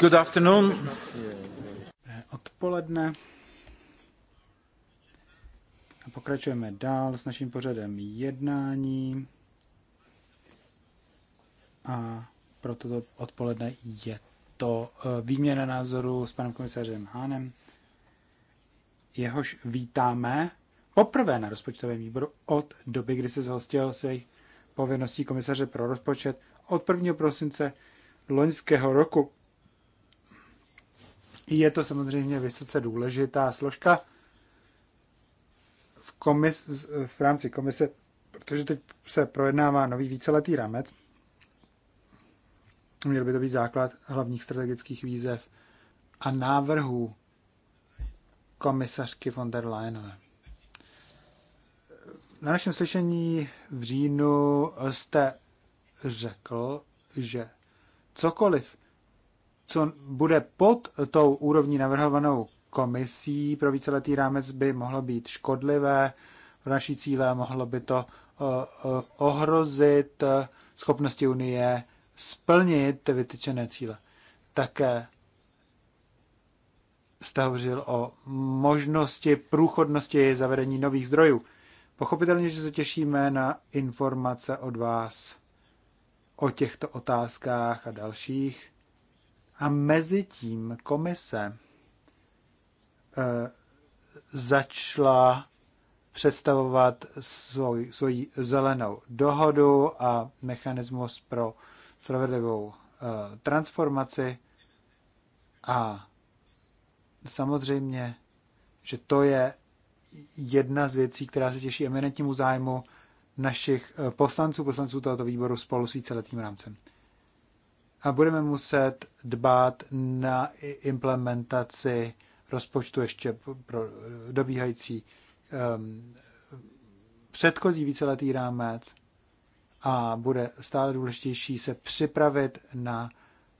Good afternoon. Odpoledne. A pokračujeme dál s naším pořadem jednání. A pro toto odpoledne je to eh, výměna názoru s panem komisařem Hánem. Jehož vítáme poprvé na rozpočtovém výboru od doby, kdy se zhostil svých povinností komisaře pro rozpočet od 1. prosince loňského roku. Je to samozřejmě vysoce důležitá složka v, komis, v rámci komise, protože teď se projednává nový víceletý rámec. Měl by to být základ hlavních strategických výzev a návrhů komisařky von der Leyenové. Na našem slyšení v říjnu jste řekl, že cokoliv co bude pod tou úrovní navrhovanou komisí pro víceletý rámec, by mohlo být škodlivé pro naší cíle, mohlo by to eh, eh, ohrozit eh, schopnosti Unie splnit vytyčené cíle. Také jste hovořil o možnosti průchodnosti zavedení nových zdrojů. Pochopitelně, že se těšíme na informace od vás o těchto otázkách a dalších. A mezi tím komise eh, začala představovat svoj, svoji zelenou dohodu a mechanismus pro spravedlivou eh, transformaci. A samozřejmě, že to je jedna z věcí, která se těší eminentnímu zájmu našich eh, poslanců, poslanců tohoto výboru spolu s víceletým rámcem a budeme muset dbát na implementaci rozpočtu ještě pro dobíhající um, předchozí víceletý rámec a bude stále důležitější se připravit na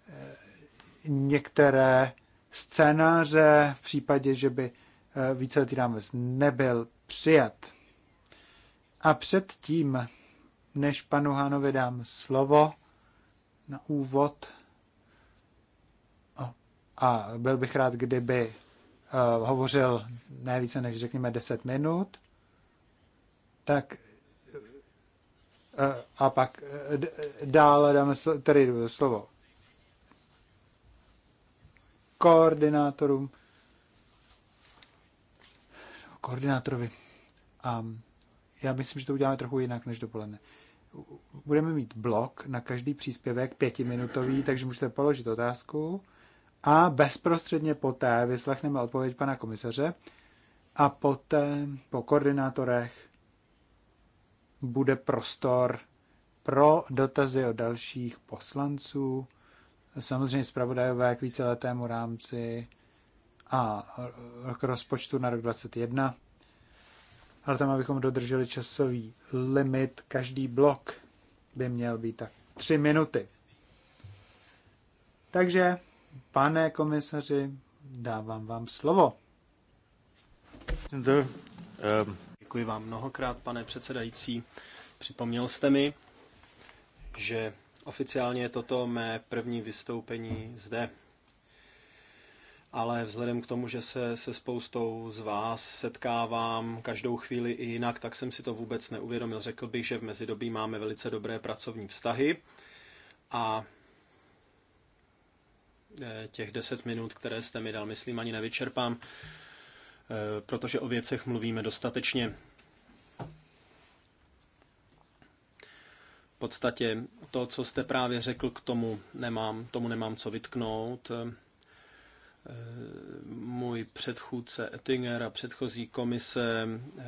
eh, některé scénáře v případě, že by eh, víceletý rámec nebyl přijat. A předtím, než panu Hánovi dám slovo, na úvod. A byl bych rád, kdyby eh, hovořil ne více než řekněme 10 minut. Tak eh, a pak eh, dále dáme tedy slovo koordinátorům, koordinátorovi. A já myslím, že to uděláme trochu jinak než dopoledne budeme mít blok na každý příspěvek pětiminutový, takže můžete položit otázku a bezprostředně poté vyslechneme odpověď pana komisaře a poté po koordinátorech bude prostor pro dotazy od dalších poslanců, samozřejmě zpravodajové k víceletému rámci a k rozpočtu na rok 2021 ale tam, abychom dodrželi časový limit, každý blok by měl být tak tři minuty. Takže, pane komisaři, dávám vám slovo. Děkuji um, vám mnohokrát, pane předsedající. Připomněl jste mi, že oficiálně je toto mé první vystoupení zde ale vzhledem k tomu, že se se spoustou z vás setkávám každou chvíli i jinak, tak jsem si to vůbec neuvědomil. Řekl bych, že v mezidobí máme velice dobré pracovní vztahy a eh, těch deset minut, které jste mi dal, myslím, ani nevyčerpám, eh, protože o věcech mluvíme dostatečně. V podstatě to, co jste právě řekl, k tomu nemám, tomu nemám co vytknout. Eh, můj předchůdce Ettinger a předchozí komise, eh,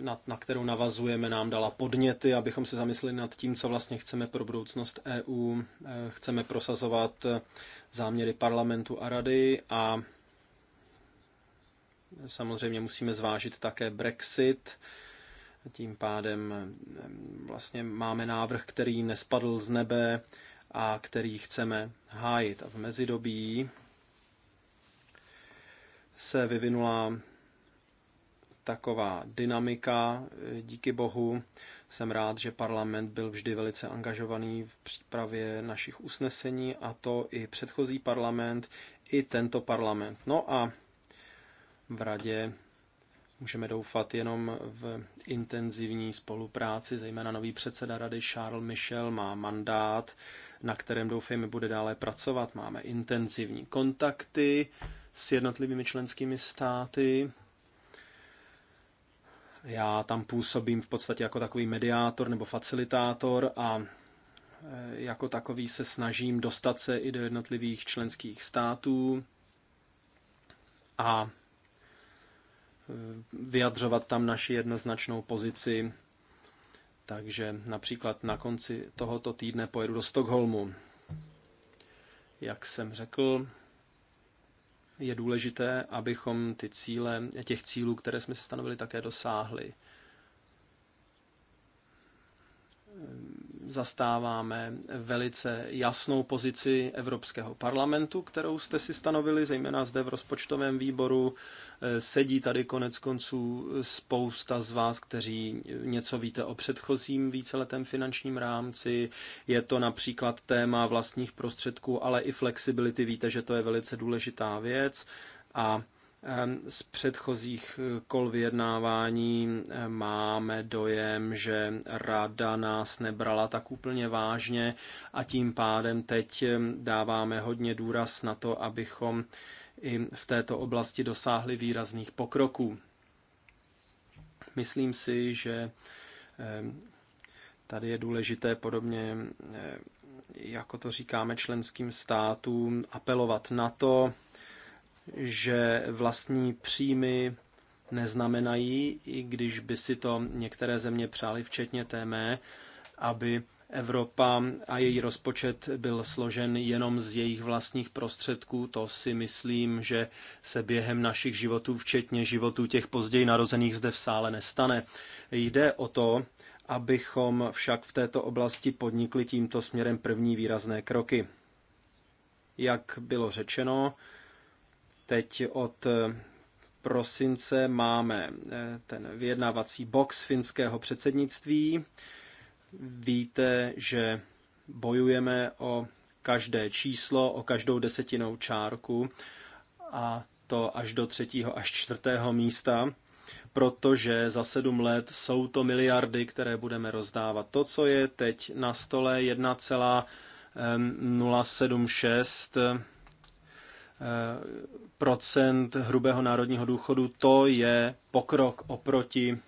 na, na kterou navazujeme, nám dala podněty, abychom se zamysleli nad tím, co vlastně chceme pro budoucnost EU. Eh, chceme prosazovat záměry parlamentu a rady a samozřejmě musíme zvážit také Brexit. Tím pádem vlastně máme návrh, který nespadl z nebe a který chceme hájit. A v mezidobí se vyvinula taková dynamika. Díky bohu jsem rád, že parlament byl vždy velice angažovaný v přípravě našich usnesení a to i předchozí parlament, i tento parlament. No a v radě Můžeme doufat jenom v intenzivní spolupráci, zejména nový předseda rady Charles Michel má mandát, na kterém doufejme bude dále pracovat. Máme intenzivní kontakty s jednotlivými členskými státy. Já tam působím v podstatě jako takový mediátor nebo facilitátor a e, jako takový se snažím dostat se i do jednotlivých členských států a vyjadřovat tam naši jednoznačnou pozici. Takže například na konci tohoto týdne pojedu do Stockholmu. Jak jsem řekl, je důležité, abychom ty cíle, těch cílů, které jsme si stanovili, také dosáhli. Zastáváme velice jasnou pozici Evropského parlamentu, kterou jste si stanovili, zejména zde v rozpočtovém výboru. Eh, sedí tady konec konců spousta z vás, kteří něco víte o předchozím víceletém finančním rámci. Je to například téma vlastních prostředků, ale i flexibility. Víte, že to je velice důležitá věc. A z předchozích eh, kol vyjednávání eh, máme dojem, že rada nás nebrala tak úplně vážně a tím pádem teď dáváme hodně důraz na to, abychom i v této oblasti dosáhli výrazných pokroků. Myslím si, že eh, tady je důležité podobně, eh, jako to říkáme členským státům, apelovat na to, že vlastní příjmy neznamenají, i když by si to některé země přáli, včetně té mé, aby Evropa a její rozpočet byl složen jenom z jejich vlastních prostředků. To si myslím, že se během našich životů, včetně životů těch později narozených zde v sále, nestane. Jde o to, abychom však v této oblasti podnikli tímto směrem první výrazné kroky. Jak bylo řečeno, teď od prosince máme eh, ten vyjednávací box finského předsednictví. Víte, že bojujeme o každé číslo, o každou desetinou čárku a to až do třetího až čtvrtého místa, protože za sedm let jsou to miliardy, které budeme rozdávat. To, co je teď na stole 1,076 ehm, ehm, procent hrubého národního důchodu, to je pokrok oproti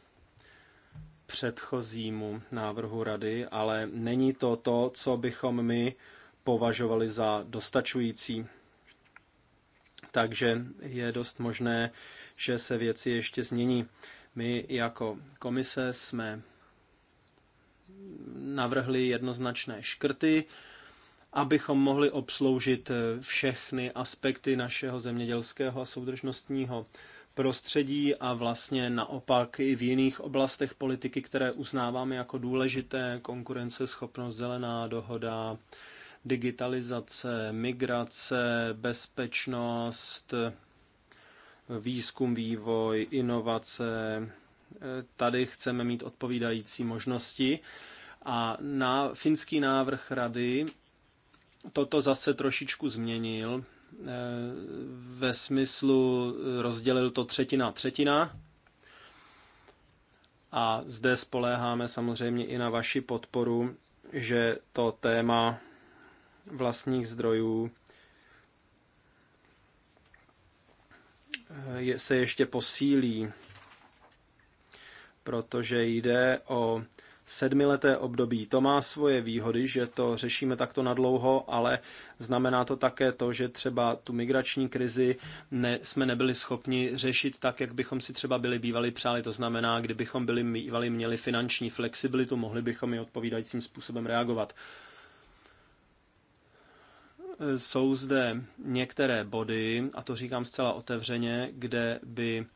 předchozímu návrhu rady, ale není to to, co bychom my považovali za dostačující. Takže je dost možné, že se věci ještě změní. My jako komise jsme navrhli jednoznačné škrty, abychom mohli obsloužit všechny aspekty našeho zemědělského a soudržnostního prostředí a vlastně naopak i v jiných oblastech politiky, které uznáváme jako důležité, konkurenceschopnost, zelená dohoda, digitalizace, migrace, bezpečnost, výzkum, vývoj, inovace. Tady chceme mít odpovídající možnosti. A na finský návrh rady toto zase trošičku změnil Eh, ve smyslu eh, rozdělil to třetina třetina. A zde spoléháme samozřejmě i na vaši podporu, že to téma vlastních zdrojů eh, se ještě posílí, protože jde o sedmileté období. To má svoje výhody, že to řešíme takto nadlouho, ale znamená to také to, že třeba tu migrační krizi ne, jsme nebyli schopni řešit tak, jak bychom si třeba byli bývali přáli. To znamená, kdybychom byli bývali měli finanční flexibilitu, mohli bychom i odpovídajícím způsobem reagovat. Jsou zde některé body, a to říkám zcela otevřeně, kde by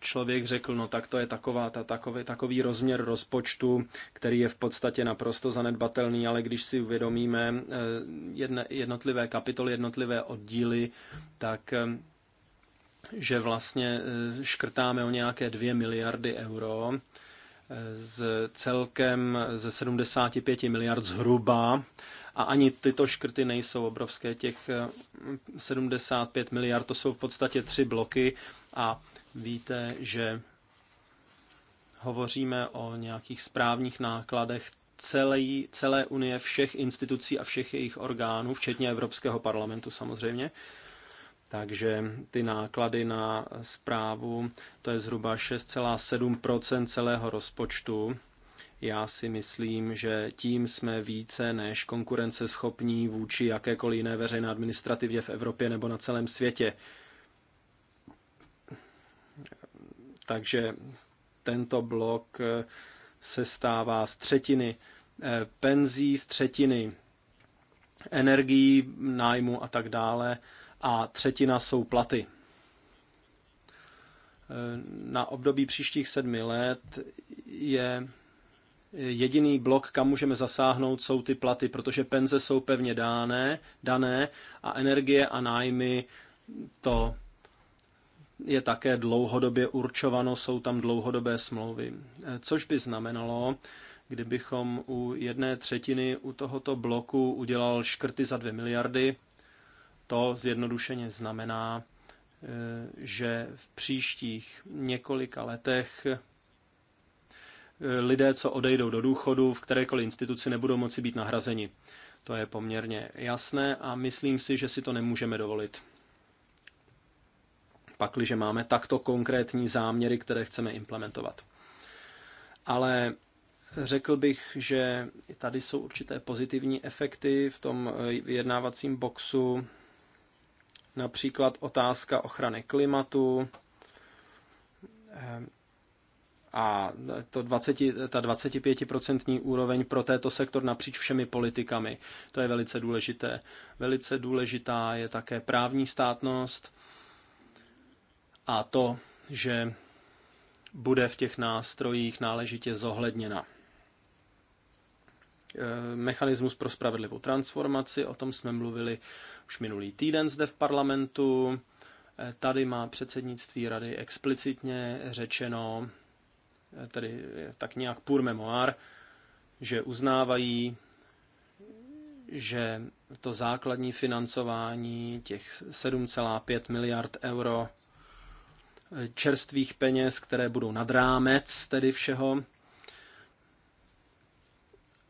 člověk řekl, no tak to je taková, ta, takový, takový rozměr rozpočtu, který je v podstatě naprosto zanedbatelný, ale když si uvědomíme eh, jedne, jednotlivé kapitoly, jednotlivé oddíly, tak že vlastně eh, škrtáme o nějaké 2 miliardy euro eh, z celkem ze 75 miliard zhruba a ani tyto škrty nejsou obrovské. Těch 75 miliard to jsou v podstatě tři bloky a Víte, že hovoříme o nějakých správních nákladech celé, celé unie, všech institucí a všech jejich orgánů, včetně Evropského parlamentu samozřejmě. Takže ty náklady na zprávu, to je zhruba 6,7 celého rozpočtu. Já si myslím, že tím jsme více než konkurenceschopní vůči jakékoliv jiné veřejné administrativě v Evropě nebo na celém světě. Takže tento blok eh, se stává z třetiny eh, penzí, z třetiny energií, nájmu a tak dále a třetina jsou platy. Eh, na období příštích sedmi let je jediný blok, kam můžeme zasáhnout, jsou ty platy, protože penze jsou pevně dané, dané a energie a nájmy to je také dlouhodobě určováno, jsou tam dlouhodobé smlouvy. E, což by znamenalo, kdybychom u jedné třetiny u tohoto bloku udělal škrty za 2 miliardy, to zjednodušeně znamená, e, že v příštích několika letech e, lidé, co odejdou do důchodu, v kterékoliv instituci nebudou moci být nahrazeni. To je poměrně jasné a myslím si, že si to nemůžeme dovolit pakliže máme takto konkrétní záměry, které chceme implementovat. Ale řekl bych, že tady jsou určité pozitivní efekty v tom eh, vyjednávacím boxu, například otázka ochrany klimatu eh, a to 20, ta 25% úroveň pro této sektor napříč všemi politikami. To je velice důležité. Velice důležitá je také právní státnost, a to, že bude v těch nástrojích náležitě zohledněna. E, mechanismus pro spravedlivou transformaci, o tom jsme mluvili už minulý týden zde v parlamentu. E, tady má předsednictví rady explicitně řečeno, e, tedy tak nějak pur memoir, že uznávají, že to základní financování těch 7,5 miliard euro čerstvých peněz, které budou nad rámec tedy všeho.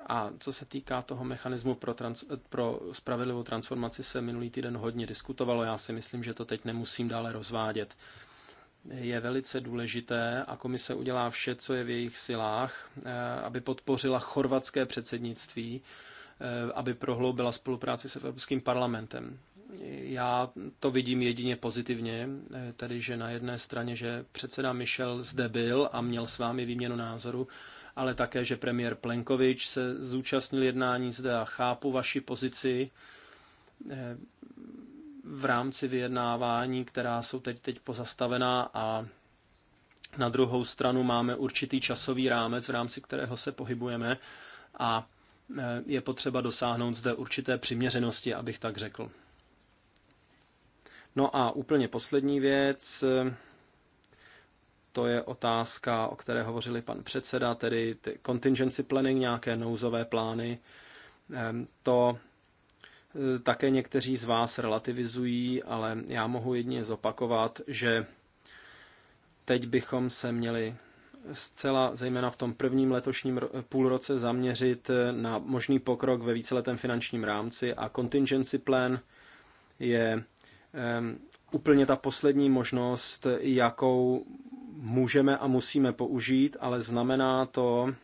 A co se týká toho mechanismu pro, trans, pro spravedlivou transformaci, se minulý týden hodně diskutovalo. Já si myslím, že to teď nemusím dále rozvádět. Je velice důležité a komise udělá vše, co je v jejich silách, eh, aby podpořila chorvatské předsednictví, eh, aby prohloubila spolupráci s Evropským parlamentem já to vidím jedině pozitivně, eh, tedy že na jedné straně, že předseda Michel zde byl a měl s vámi výměnu názoru, ale také, že premiér Plenkovič se zúčastnil jednání zde a chápu vaši pozici eh, v rámci vyjednávání, která jsou teď, teď pozastavená a na druhou stranu máme určitý časový rámec, v rámci kterého se pohybujeme a eh, je potřeba dosáhnout zde určité přiměřenosti, abych tak řekl. No a úplně poslední věc, to je otázka, o které hovořili pan předseda, tedy ty contingency planning, nějaké nouzové plány. Ehm, to eh, také někteří z vás relativizují, ale já mohu jedině zopakovat, že teď bychom se měli zcela, zejména v tom prvním letošním půlroce, zaměřit eh, na možný pokrok ve víceletém finančním rámci a contingency plan je Ehm, úplně ta poslední možnost, jakou můžeme a musíme použít, ale znamená to,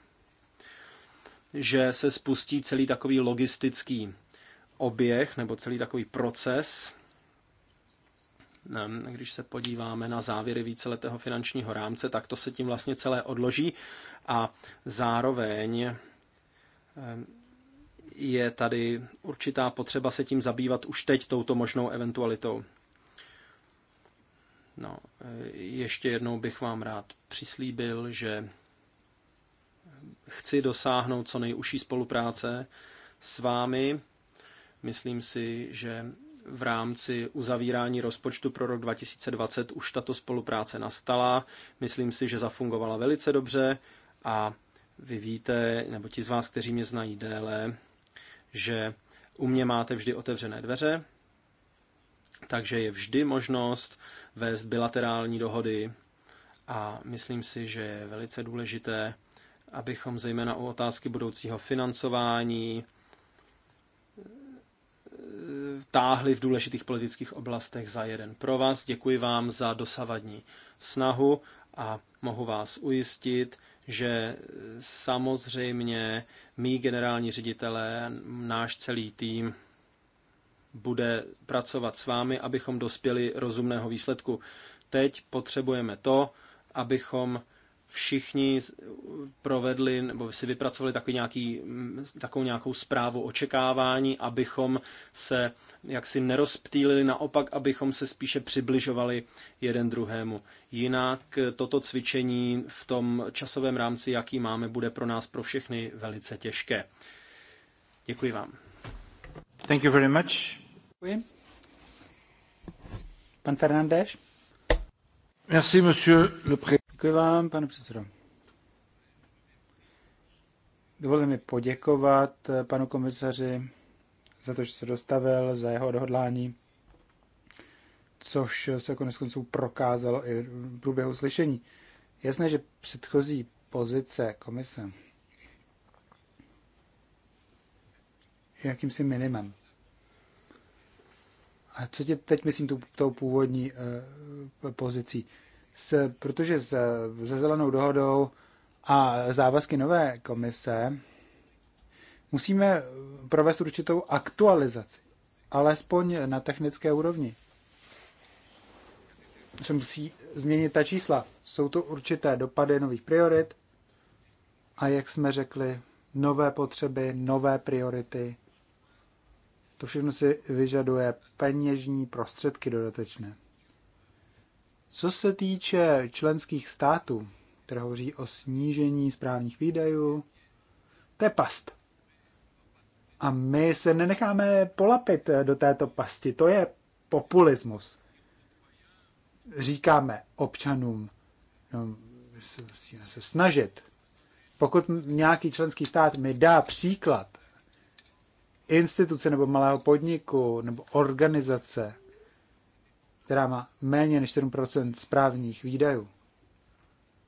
že se spustí celý takový logistický oběh nebo celý takový proces. Ehm, když se podíváme na závěry víceletého finančního rámce, tak to se tím vlastně celé odloží a zároveň ehm, je tady určitá potřeba se tím zabývat už teď touto možnou eventualitou. No, eh, ještě jednou bych vám rád přislíbil, že chci dosáhnout co nejužší spolupráce s vámi. Myslím si, že v rámci uzavírání rozpočtu pro rok 2020 už tato spolupráce nastala. Myslím si, že zafungovala velice dobře a vy víte, nebo ti z vás, kteří mě znají déle, že u mě máte vždy otevřené dveře, takže je vždy možnost vést bilaterální dohody a myslím si, že je velice důležité, abychom zejména u otázky budoucího financování eh, táhli v důležitých politických oblastech za jeden pro vás. Děkuji vám za dosavadní snahu a mohu vás ujistit, že e, samozřejmě mý generální ředitelé, náš celý tým bude pracovat s vámi, abychom dospěli rozumného výsledku. Teď potřebujeme to, abychom všichni provedli nebo si vypracovali takový nějaký, mm, takovou nějakou zprávu očekávání, abychom se jaksi nerozptýlili, naopak, abychom se spíše přibližovali jeden druhému. Jinak eh, toto cvičení v tom časovém rámci, jaký máme, bude pro nás pro všechny velice těžké. Děkuji vám. Thank you very much. Děkuji. Pan Fernandez. Merci, monsieur le président. Děkuji vám, pane předsedo. Dovolte mi poděkovat eh, panu komisaři za to, že se dostavil, za jeho odhodlání, což se konec konců prokázalo i v průběhu slyšení. Jasné, že předchozí pozice komise je jakýmsi minimem. A co tě teď myslím tou, tou původní uh, pozicí? s, protože se zelenou dohodou a závazky nové komise musíme provést určitou aktualizaci, alespoň na technické úrovni. Se musí změnit ta čísla. Jsou to určité dopady nových priorit a jak jsme řekli, nové potřeby, nové priority. To všechno si vyžaduje peněžní prostředky dodatečné. Co se týče členských států, které hovoří o snížení správních výdajů, to je past. A my se nenecháme polapit eh, do této pasti. To je populismus. Říkáme občanům, no, musíme se snažit. Pokud nějaký členský stát mi dá příklad instituce nebo malého podniku nebo organizace, která má méně než 7% správních výdajů,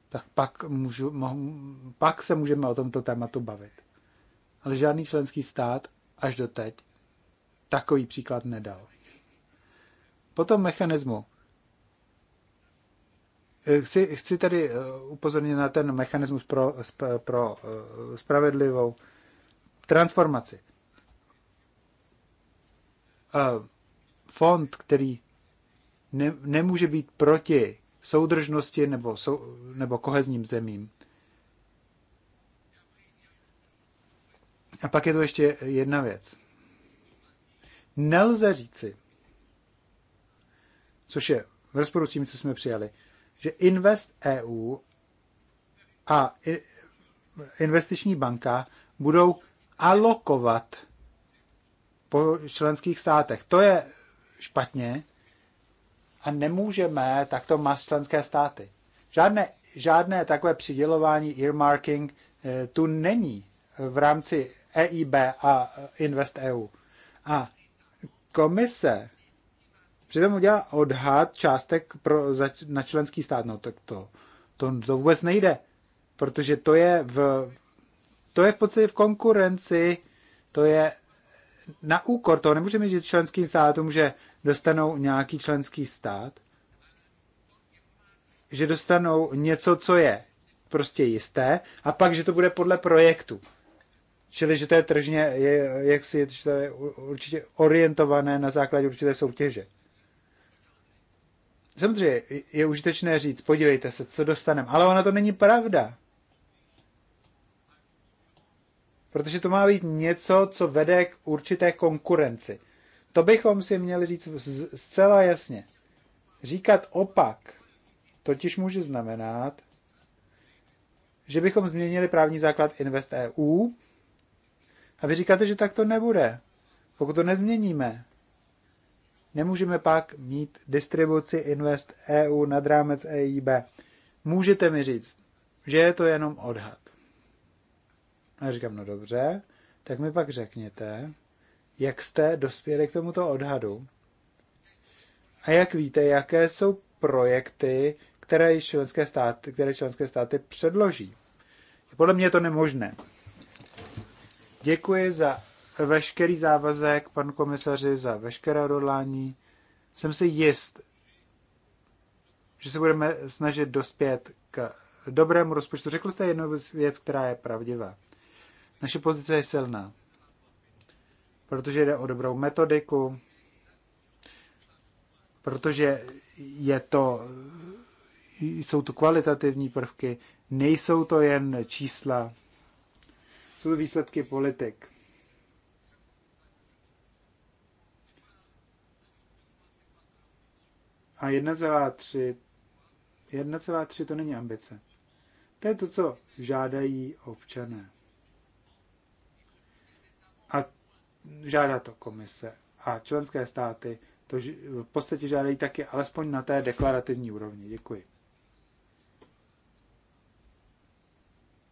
tak pak, můžu, mohu, pak se můžeme o tomto tématu bavit. Ale žádný členský stát až do teď takový příklad nedal. Potom mechanismu. Chci, chci tady eh, upozornit na ten mechanismus pro, pro eh, spravedlivou transformaci. Eh, fond, který ne, nemůže být proti soudržnosti nebo, sou, nebo kohezním zemím. A pak je tu ještě jedna věc. Nelze říci, což je v rozporu s tím, co jsme přijali, že Invest EU a investiční banka budou alokovat po členských státech. To je špatně, a nemůžeme takto mást členské státy. Žádné, žádné takové přidělování earmarking eh, tu není v rámci EIB a eh, Invest EU. A komise přitom udělá odhad částek pro, za, na členský stát. No tak to, to, to vůbec nejde, protože to je v, to je v podstatě v konkurenci, to je na úkor toho nemůžeme říct členským státům, že dostanou nějaký členský stát, že dostanou něco, co je prostě jisté, a pak, že to bude podle projektu. Čili, že to je tržně, je, jak si je, to je určitě orientované na základě určité soutěže. Samozřejmě je užitečné říct, podívejte se, co dostaneme, ale ona to není pravda. protože to má být něco, co vede k určité konkurenci. To bychom si měli říct zcela jasně. Říkat opak totiž může znamenat, že bychom změnili právní základ Invest EU a vy říkáte, že tak to nebude. Pokud to nezměníme, nemůžeme pak mít distribuci Invest EU nad rámec EIB. Můžete mi říct, že je to jenom odhad. A já říkám, no dobře, tak mi pak řekněte, jak jste dospěli k tomuto odhadu a jak víte, jaké jsou projekty, které členské státy, které členské státy předloží. Podle mě je to nemožné. Děkuji za veškerý závazek, panu komisaři, za veškeré odhodlání. Jsem si jist, že se budeme snažit dospět k dobrému rozpočtu. Řekl jste jednu věc, která je pravdivá. Naše pozice je silná, protože jde o dobrou metodiku, protože je to, jsou to kvalitativní prvky, nejsou to jen čísla, jsou to výsledky politik. A 1,3 1,3 to není ambice. To je to, co žádají občané. žádá to komise a členské státy to v podstatě žádají taky alespoň na té deklarativní úrovni. Děkuji.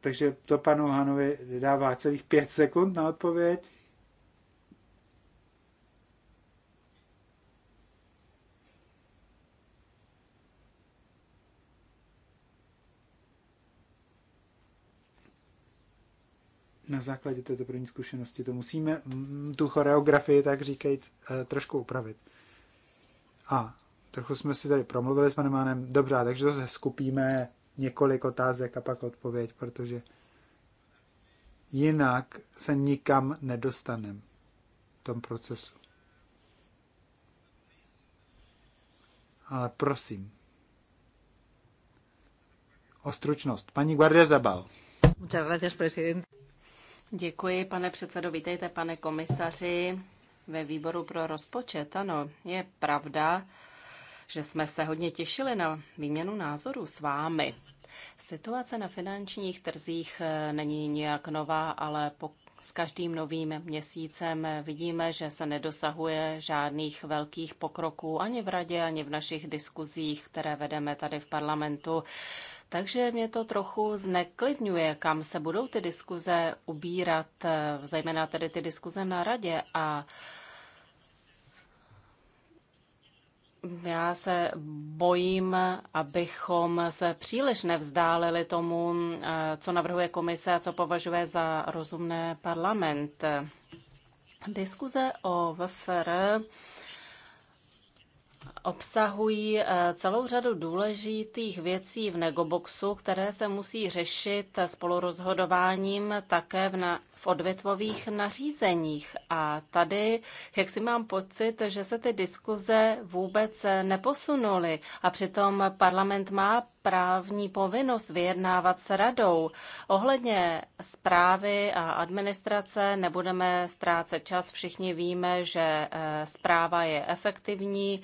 Takže to panu Hanovi dává celých pět sekund na odpověď. na základě této první zkušenosti to musíme mm, tu choreografii, tak říkajíc, eh, trošku upravit. A trochu jsme si tady promluvili s panem Mánem. Dobře, takže to skupíme několik otázek a pak odpověď, protože jinak se nikam nedostaneme v tom procesu. Ale prosím. O stručnost. Paní Guardia Zabal. Děkuji, pane předsedo. Vítejte, pane komisaři, ve výboru pro rozpočet. Ano, je pravda, že jsme se hodně těšili na výměnu názorů s vámi. Situace na finančních trzích eh, není nijak nová, ale po, s každým novým měsícem vidíme, že se nedosahuje žádných velkých pokroků ani v radě, ani v našich diskuzích, které vedeme tady v parlamentu. Takže mě to trochu zneklidňuje, kam se budou ty diskuze ubírat, eh, zejména tedy ty diskuze na radě a já se bojím, abychom se příliš nevzdálili tomu, eh, co navrhuje komise a co považuje za rozumné parlament. Diskuze o VFR obsahují eh, celou řadu důležitých věcí v negoboxu, které se musí řešit spolurozhodováním také v, na, v odvětvových nařízeních. A tady, jak si mám pocit, že se ty diskuze vůbec neposunuly a přitom parlament má právní povinnost vyjednávat s radou. Ohledně zprávy a administrace nebudeme ztrácet čas. Všichni víme, že eh, zpráva je efektivní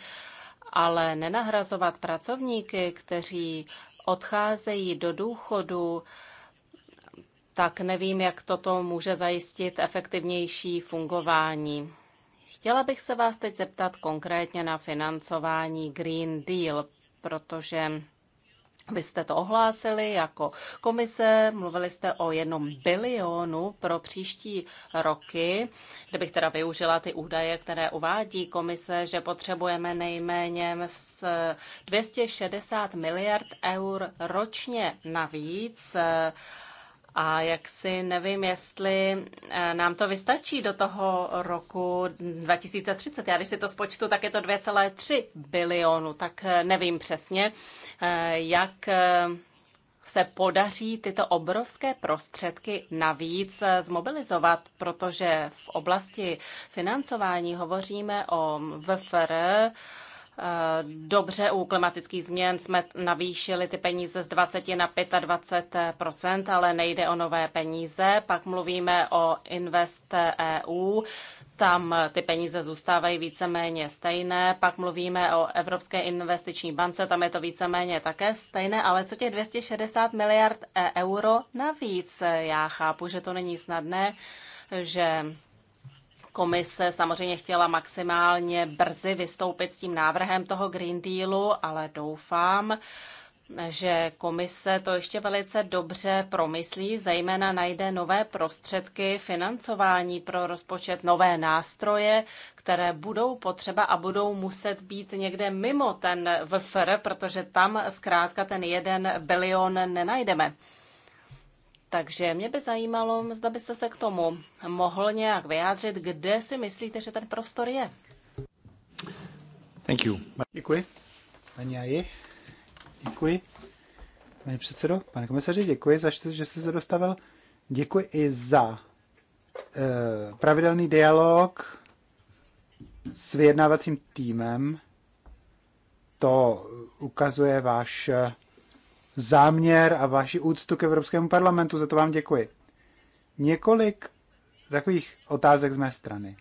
ale nenahrazovat pracovníky, kteří odcházejí do důchodu, tak nevím, jak toto může zajistit efektivnější fungování. Chtěla bych se vás teď zeptat konkrétně na financování Green Deal, protože vy jste to ohlásili jako komise, mluvili jste o jednom bilionu pro příští roky. bych teda využila ty údaje, které uvádí komise, že potřebujeme nejméně 260 miliard eur ročně navíc, a jak si nevím, jestli eh, nám to vystačí do toho roku 2030. Já když si to spočtu, tak je to 2,3 bilionu, tak eh, nevím přesně. Eh, jak eh, se podaří tyto obrovské prostředky navíc eh, zmobilizovat, protože v oblasti financování hovoříme o VFR, Dobře, u klimatických změn jsme navýšili ty peníze z 20 na 25 ale nejde o nové peníze. Pak mluvíme o Invest EU, tam ty peníze zůstávají víceméně stejné. Pak mluvíme o Evropské investiční bance, tam je to víceméně také stejné, ale co těch 260 miliard e- euro navíc? Já chápu, že to není snadné, že komise samozřejmě chtěla maximálně brzy vystoupit s tím návrhem toho Green Dealu, ale doufám, že komise to ještě velice dobře promyslí, zejména najde nové prostředky financování pro rozpočet, nové nástroje, které budou potřeba a budou muset být někde mimo ten VFR, protože tam zkrátka ten jeden bilion nenajdeme. Takže mě by zajímalo, zda byste se k tomu mohl nějak vyjádřit, kde si myslíte, že ten prostor je. Thank you. Děkuji. je. Děkuji. Pane předsedo, pane komisaři, děkuji, za, to, že jste se dostavil. Děkuji i za e, pravidelný dialog s vyjednávacím týmem. To ukazuje váš eh, záměr a vaši úctu k Evropskému parlamentu. Za to vám děkuji. Několik takových otázek z mé strany.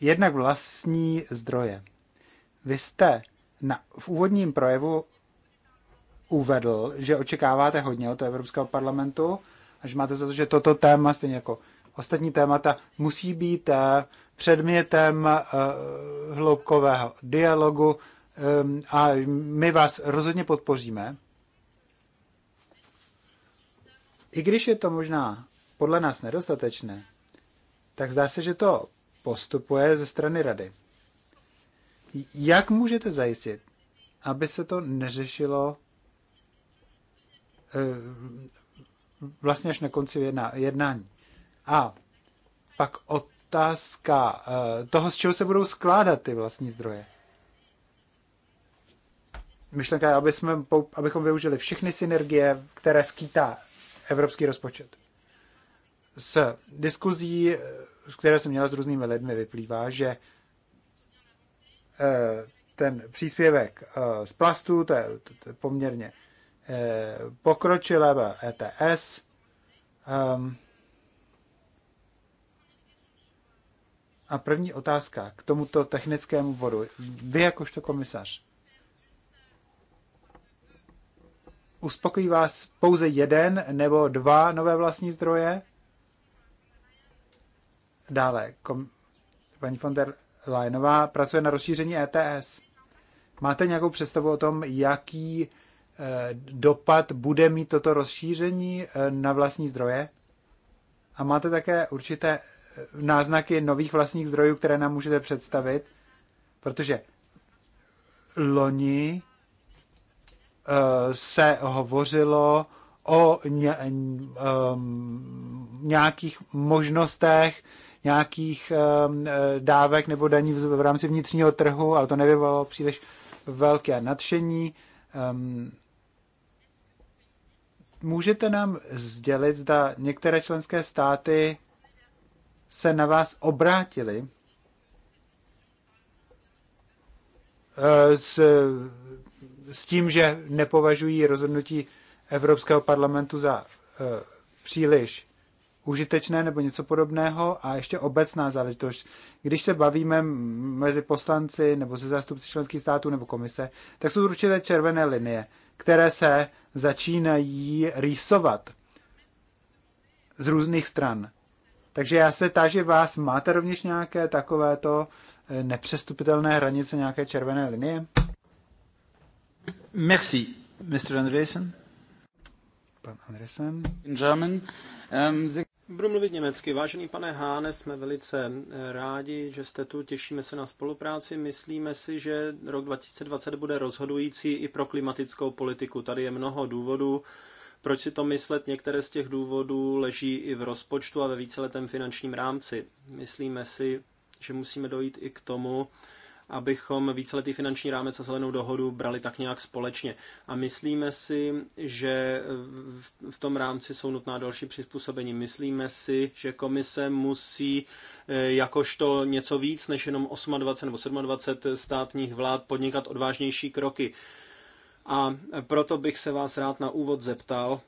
Jednak vlastní zdroje. Vy jste na, v úvodním projevu uvedl, že očekáváte hodně od Evropského parlamentu a že máte za to, že toto téma, stejně jako ostatní témata, musí být eh, předmětem eh, hloubkového dialogu ehm, a my vás rozhodně podpoříme. I když je to možná podle nás nedostatečné, tak zdá se, že to postupuje ze strany rady. Jak můžete zajistit, aby se to neřešilo eh, vlastně až na konci jednání? A pak otázka eh, toho, z čeho se budou skládat ty vlastní zdroje. Myšlenka je, aby jsme, abychom využili všechny synergie, které skýtá evropský rozpočet. Z diskuzí, eh, které jsem měla s různými lidmi, vyplývá, že Eh, ten příspěvek eh, z plastu, to je, to je poměrně eh, pokročilé, ETS. Ehm, a první otázka k tomuto technickému bodu. Vy jakožto komisař, uspokojí vás pouze jeden nebo dva nové vlastní zdroje? Dále, kom, paní von der Lajnová pracuje na rozšíření ETS. Máte nějakou představu o tom, jaký eh, dopad bude mít toto rozšíření eh, na vlastní zdroje? A máte také určité eh, náznaky nových vlastních zdrojů, které nám můžete představit? Protože loni se hovořilo o nějakých možnostech nějakých ehm, eh, dávek nebo daní v rámci vnitřního trhu, ale to nevyvolalo příliš velké nadšení. Ehm, můžete nám sdělit, zda některé členské státy se na vás obrátili eh, s, s tím, že nepovažují rozhodnutí Evropského parlamentu za eh, příliš užitečné nebo něco podobného a ještě obecná záležitost. Když se bavíme mezi poslanci nebo se zástupci členských států nebo komise, tak jsou určité červené linie, které se začínají rýsovat z různých stran. Takže já se táži vás, máte rovněž nějaké takovéto eh, nepřestupitelné hranice, nějaké červené linie? Merci, Mr. Andresen. Pan Andresen. In German. Um, the... Budu mluvit německy. Vážený pane Háne, jsme velice eh, rádi, že jste tu, těšíme se na spolupráci. Myslíme si, že rok 2020 bude rozhodující i pro klimatickou politiku. Tady je mnoho důvodů, proč si to myslet. Některé z těch důvodů leží i v rozpočtu a ve víceletém finančním rámci. Myslíme si, že musíme dojít i k tomu, abychom víceletý finanční rámec a zelenou dohodu brali tak nějak společně. A myslíme si, že v tom rámci jsou nutná další přizpůsobení. Myslíme si, že komise musí eh, jakožto něco víc než jenom 28 nebo 27 státních vlád podnikat odvážnější kroky. A proto bych se vás rád na úvod zeptal,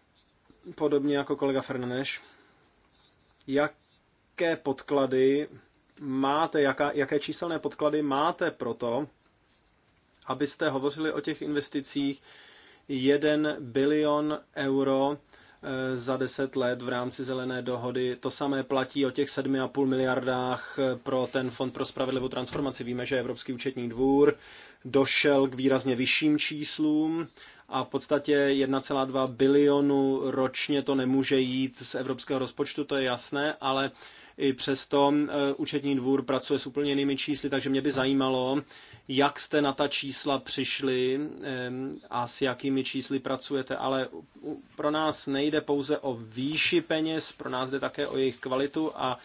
podobně jako kolega Fernaneš, jaké podklady máte, jaká, jaké číselné podklady máte pro to, abyste hovořili o těch investicích 1 bilion euro eh, za 10 let v rámci zelené dohody. To samé platí o těch 7,5 miliardách eh, pro ten Fond pro spravedlivou transformaci. Víme, že Evropský účetní dvůr došel k výrazně vyšším číslům a v podstatě 1,2 bilionu ročně to nemůže jít z evropského rozpočtu, to je jasné, ale i přesto eh, účetní dvůr pracuje s úplně jinými čísly, takže mě by zajímalo, jak jste na ta čísla přišli a s jakými čísly pracujete. Ale pro nás nejde pouze o výši peněz, pro nás jde také o jejich kvalitu a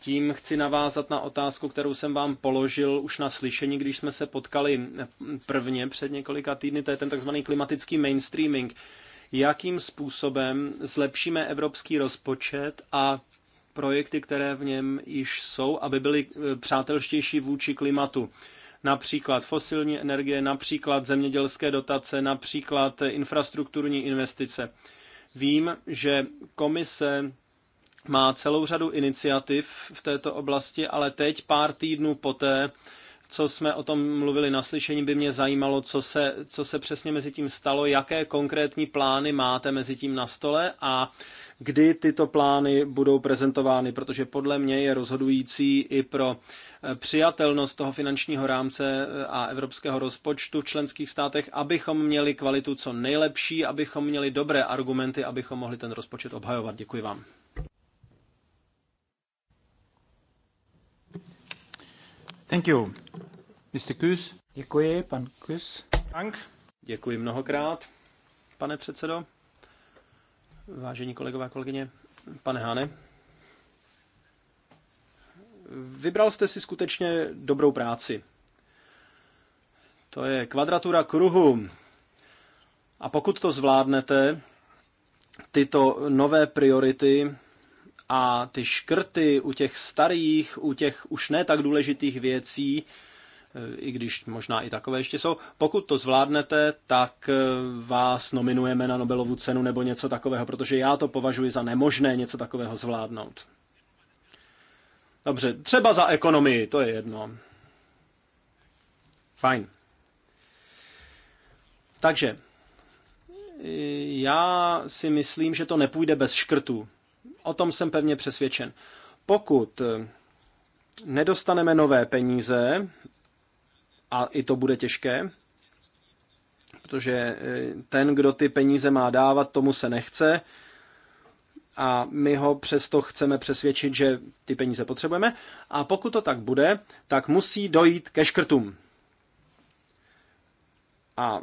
tím chci navázat na otázku, kterou jsem vám položil už na slyšení, když jsme se potkali eh, prvně před několika týdny, to je ten takzvaný klimatický mainstreaming. Jakým způsobem zlepšíme evropský rozpočet a projekty, které v něm již jsou, aby byly e, přátelštější vůči klimatu. Například fosilní energie, například zemědělské dotace, například infrastrukturní investice. Vím, že komise má celou řadu iniciativ v této oblasti, ale teď pár týdnů poté, co jsme o tom mluvili na slyšení, by mě zajímalo, co se, co se přesně mezi tím stalo, jaké konkrétní plány máte mezi tím na stole a kdy tyto plány budou prezentovány, protože podle mě je rozhodující i pro eh, přijatelnost toho finančního rámce eh, a evropského rozpočtu v členských státech, abychom měli kvalitu co nejlepší, abychom měli dobré argumenty, abychom mohli ten rozpočet obhajovat. Děkuji vám. Thank you. Mr. Kus. Děkuji, pan Kus. Dank. Děkuji mnohokrát, pane předsedo. Vážení kolegové a kolegyně, pane Hane, vybral jste si skutečně dobrou práci. To je kvadratura kruhu. A pokud to zvládnete, tyto nové priority a ty škrty u těch starých, u těch už ne tak důležitých věcí, e, i když možná i takové ještě jsou. Pokud to zvládnete, tak e, vás nominujeme na Nobelovu cenu nebo něco takového, protože já to považuji za nemožné něco takového zvládnout. Dobře, třeba za ekonomii, to je jedno. Fajn. Takže, e, já si myslím, že to nepůjde bez škrtů. O tom jsem pevně přesvědčen. Pokud eh, nedostaneme nové peníze, a i to bude těžké, protože eh, ten, kdo ty peníze má dávat, tomu se nechce a my ho přesto chceme přesvědčit, že ty peníze potřebujeme a pokud to tak bude, tak musí dojít ke škrtům. A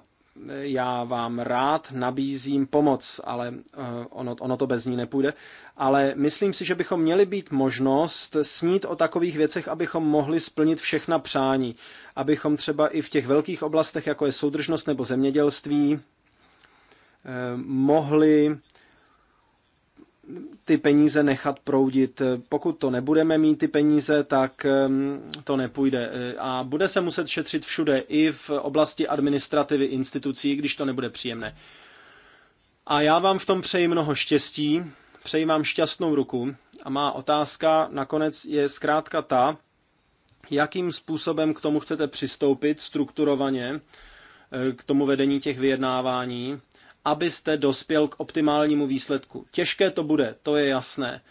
já vám rád nabízím pomoc, ale eh, ono, ono to bez ní nepůjde. Ale myslím si, že bychom měli být možnost snít o takových věcech, abychom mohli splnit všechna přání. Abychom třeba i v těch velkých oblastech, jako je soudržnost nebo zemědělství, eh, mohli ty peníze nechat proudit. Pokud to nebudeme mít ty peníze, tak to nepůjde. E, a bude se muset šetřit všude, i v oblasti administrativy institucí, když to nebude příjemné. A já vám v tom přeji mnoho štěstí, přeji vám šťastnou ruku. A má otázka nakonec je zkrátka ta, jakým způsobem k tomu chcete přistoupit strukturovaně, e, k tomu vedení těch vyjednávání, abyste dospěl k optimálnímu výsledku. Těžké to bude, to je jasné.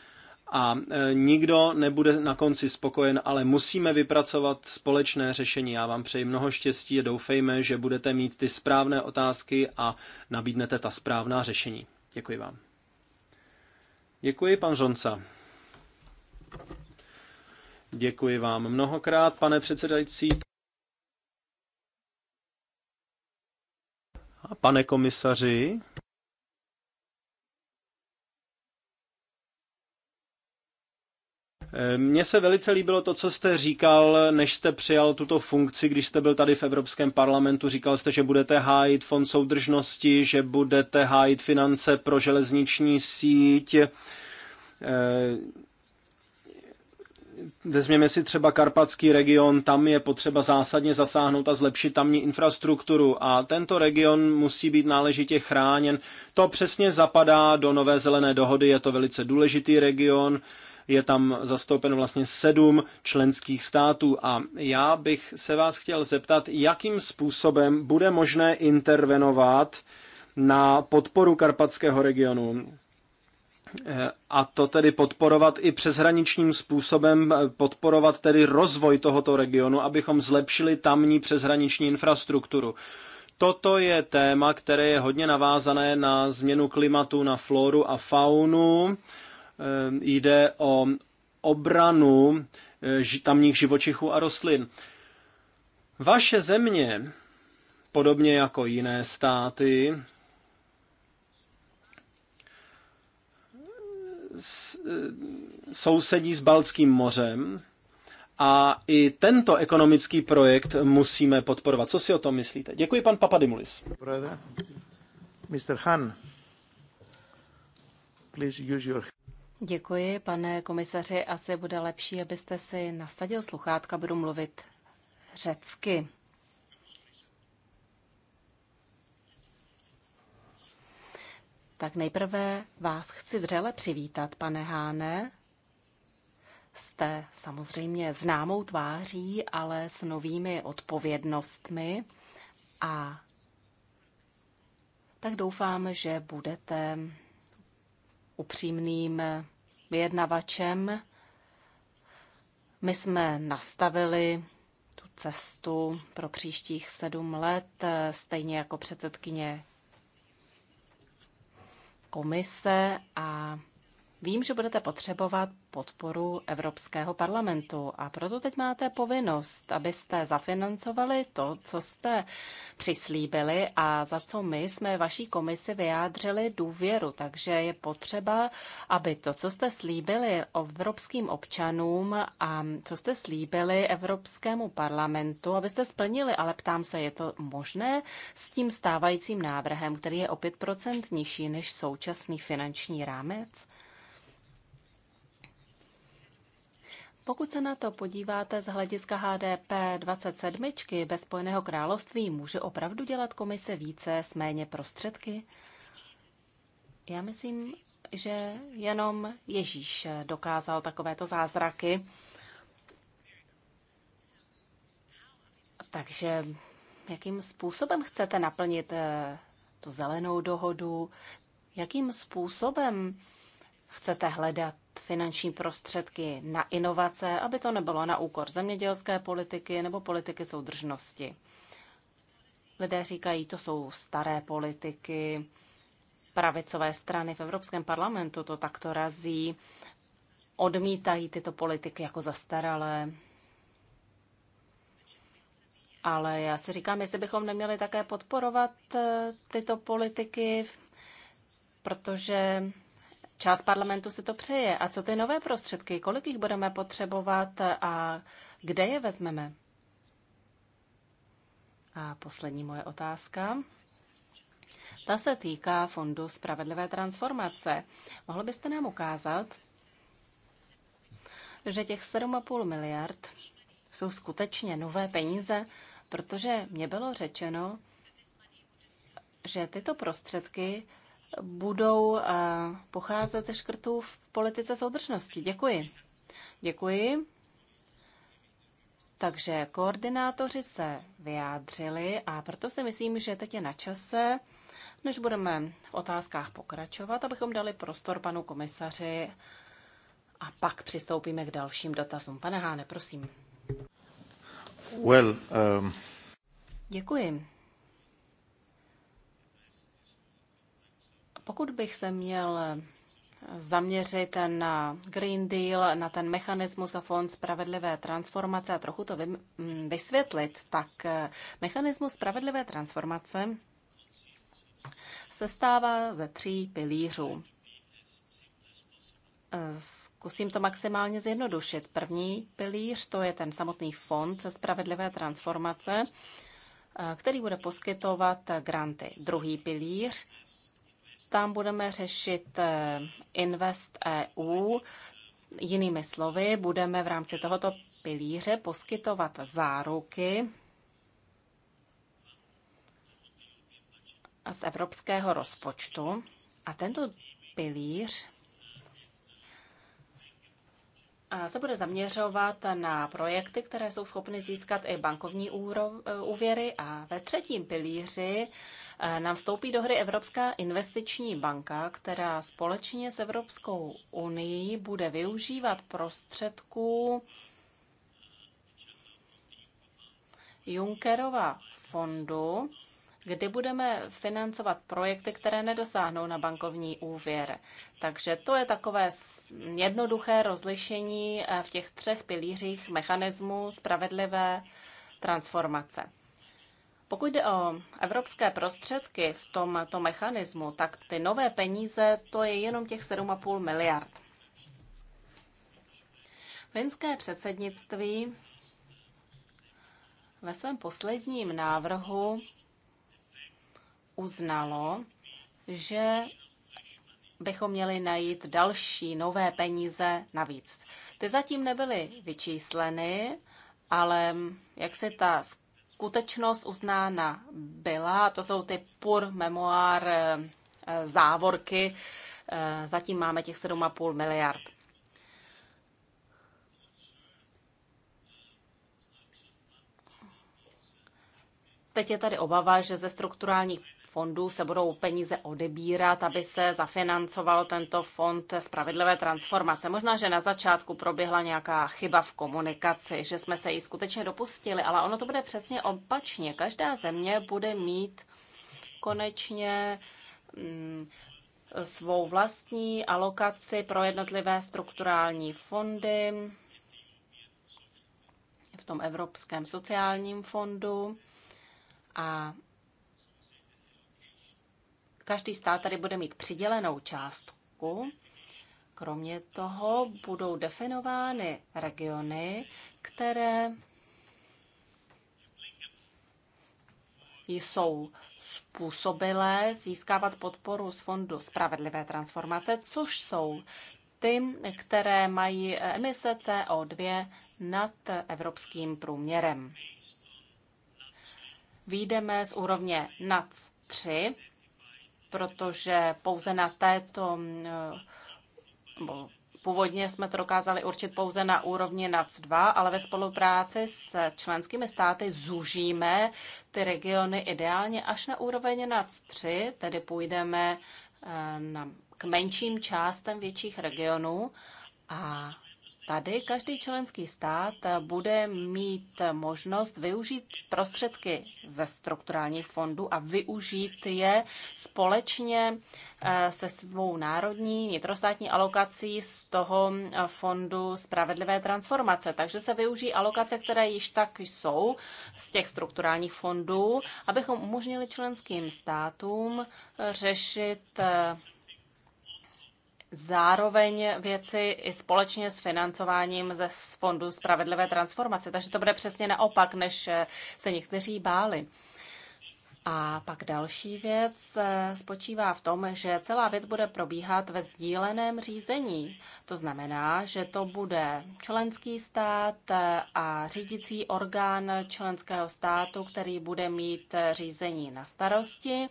A e, nikdo nebude na konci spokojen, ale musíme vypracovat společné řešení. Já vám přeji mnoho štěstí a doufejme, že budete mít ty správné otázky a nabídnete ta správná řešení. Děkuji vám. Děkuji, pan Žonca. Děkuji vám mnohokrát, pane předsedající. A pane komisaři, Mně se velice líbilo to, co jste říkal, než jste přijal tuto funkci, když jste byl tady v Evropském parlamentu. Říkal jste, že budete hájit fond soudržnosti, že budete hájit finance pro železniční síť eh, vezměme si třeba karpatský region, tam je potřeba zásadně zasáhnout a zlepšit tamní infrastrukturu a tento region musí být náležitě chráněn. To přesně zapadá do Nové zelené dohody, je to velice důležitý region, je tam zastoupen vlastně sedm členských států a já bych se vás chtěl zeptat, jakým způsobem bude možné intervenovat na podporu karpatského regionu a to tedy podporovat i přeshraničním způsobem, eh, podporovat tedy rozvoj tohoto regionu, abychom zlepšili tamní přeshraniční infrastrukturu. Toto je téma, které je hodně navázané na změnu klimatu, na floru a faunu. Eh, jde o obranu eh, tamních živočichů a rostlin. Vaše země, podobně jako jiné státy, Eh, sousedí s Balckým mořem a i tento ekonomický projekt musíme podporovat. Co si o tom myslíte? Děkuji, pan Papadimulis. Mr. Han, please use your... Děkuji, pane komisaři. Asi bude lepší, abyste si nasadil sluchátka, budu mluvit řecky. Tak nejprve vás chci vřele přivítat, pane Háne. Jste samozřejmě známou tváří, ale s novými odpovědnostmi a tak doufám, že budete upřímným vyjednavačem. My jsme nastavili tu cestu pro příštích sedm let, stejně jako předsedkyně komise a Vím, že budete potřebovat podporu Evropského parlamentu a proto teď máte povinnost, abyste zafinancovali to, co jste přislíbili a za co my jsme vaší komisi vyjádřili důvěru. Takže je potřeba, aby to, co jste slíbili evropským občanům a co jste slíbili Evropskému parlamentu, abyste splnili. Ale ptám se, je to možné s tím stávajícím návrhem, který je o 5% nižší než současný finanční rámec? Pokud se na to podíváte z hlediska HDP 27 bez Spojeného království, může opravdu dělat komise více s méně prostředky? Já myslím, že jenom Ježíš dokázal takovéto zázraky. Takže jakým způsobem chcete naplnit eh, tu zelenou dohodu? Jakým způsobem chcete hledat finanční prostředky na inovace, aby to nebylo na úkor zemědělské politiky nebo politiky soudržnosti. Lidé říkají, to jsou staré politiky, pravicové strany v Evropském parlamentu to takto razí, odmítají tyto politiky jako zastaralé. Ale já si říkám, jestli bychom neměli také podporovat eh, tyto politiky, protože Část parlamentu si to přeje. A co ty nové prostředky? Kolik jich budeme potřebovat a kde je vezmeme? A poslední moje otázka. Ta se týká Fondu spravedlivé transformace. Mohl byste nám ukázat, že těch 7,5 miliard jsou skutečně nové peníze, protože mě bylo řečeno, že tyto prostředky budou eh, pocházet ze škrtů v politice soudržnosti. Děkuji. Děkuji. Takže koordinátoři se vyjádřili a proto si myslím, že teď je na čase, než budeme v otázkách pokračovat, abychom dali prostor panu komisaři a pak přistoupíme k dalším dotazům. Pane Háne, prosím. Well, um... Děkuji. Pokud bych se měl zaměřit na Green Deal, na ten mechanismus a fond spravedlivé transformace a trochu to mm, vysvětlit, tak eh, mechanismus spravedlivé transformace se stává ze tří pilířů. Eh, zkusím to maximálně zjednodušit. První pilíř to je ten samotný fond spravedlivé transformace, eh, který bude poskytovat granty. Druhý pilíř tam budeme řešit eh, Invest EU. Jinými slovy, budeme v rámci tohoto pilíře poskytovat záruky z evropského rozpočtu. A tento pilíř eh, se bude zaměřovat na projekty, které jsou schopny získat i bankovní eh, úvěry a ve třetím pilíři Eh, nám vstoupí do hry Evropská investiční banka, která společně s Evropskou unii bude využívat prostředků Junckerova fondu, kdy budeme financovat projekty, které nedosáhnou na bankovní úvěr. Takže to je takové jednoduché rozlišení eh, v těch třech pilířích mechanismu, spravedlivé transformace. Pokud jde o evropské prostředky v tomto mechanismu, tak ty nové peníze, to je jenom těch 7,5 miliard. Finské předsednictví ve svém posledním návrhu uznalo, že bychom měli najít další nové peníze navíc. Ty zatím nebyly vyčísleny, ale jak se ta skutečnost uznána byla. To jsou ty pur memoir eh, eh, závorky. Eh, zatím máme těch 7,5 miliard. Teď je tady obava, že ze strukturálních fondů se budou peníze odebírat, aby se zafinancoval tento fond spravedlivé transformace. Možná, že na začátku proběhla nějaká chyba v komunikaci, že jsme se ji skutečně dopustili, ale ono to bude přesně opačně. Každá země bude mít konečně mm, svou vlastní alokaci pro jednotlivé strukturální fondy v tom Evropském sociálním fondu a Každý stát tady bude mít přidělenou částku. Kromě toho budou definovány regiony, které jsou způsobilé získávat podporu z Fondu Spravedlivé transformace, což jsou ty, které mají emise CO2 nad evropským průměrem. Výjdeme z úrovně NAC 3, protože pouze na této eh, Původně jsme to dokázali určit pouze na úrovni NAC2, ale ve spolupráci s členskými státy zužíme ty regiony ideálně až na úroveň NAC3, tedy půjdeme eh, na, k menším částem větších regionů a Tady každý členský stát bude mít možnost využít prostředky ze strukturálních fondů a využít je společně eh, se svou národní vnitrostátní alokací z toho eh, fondu spravedlivé transformace. Takže se využijí alokace, které již tak jsou z těch strukturálních fondů, abychom umožnili členským státům řešit eh, zároveň věci i společně s financováním ze Fondu Spravedlivé transformace. Takže to bude přesně naopak, než eh, se někteří báli. A pak další věc eh, spočívá v tom, že celá věc bude probíhat ve sdíleném řízení. To znamená, že to bude členský stát eh, a řídící orgán členského státu, který bude mít řízení na starosti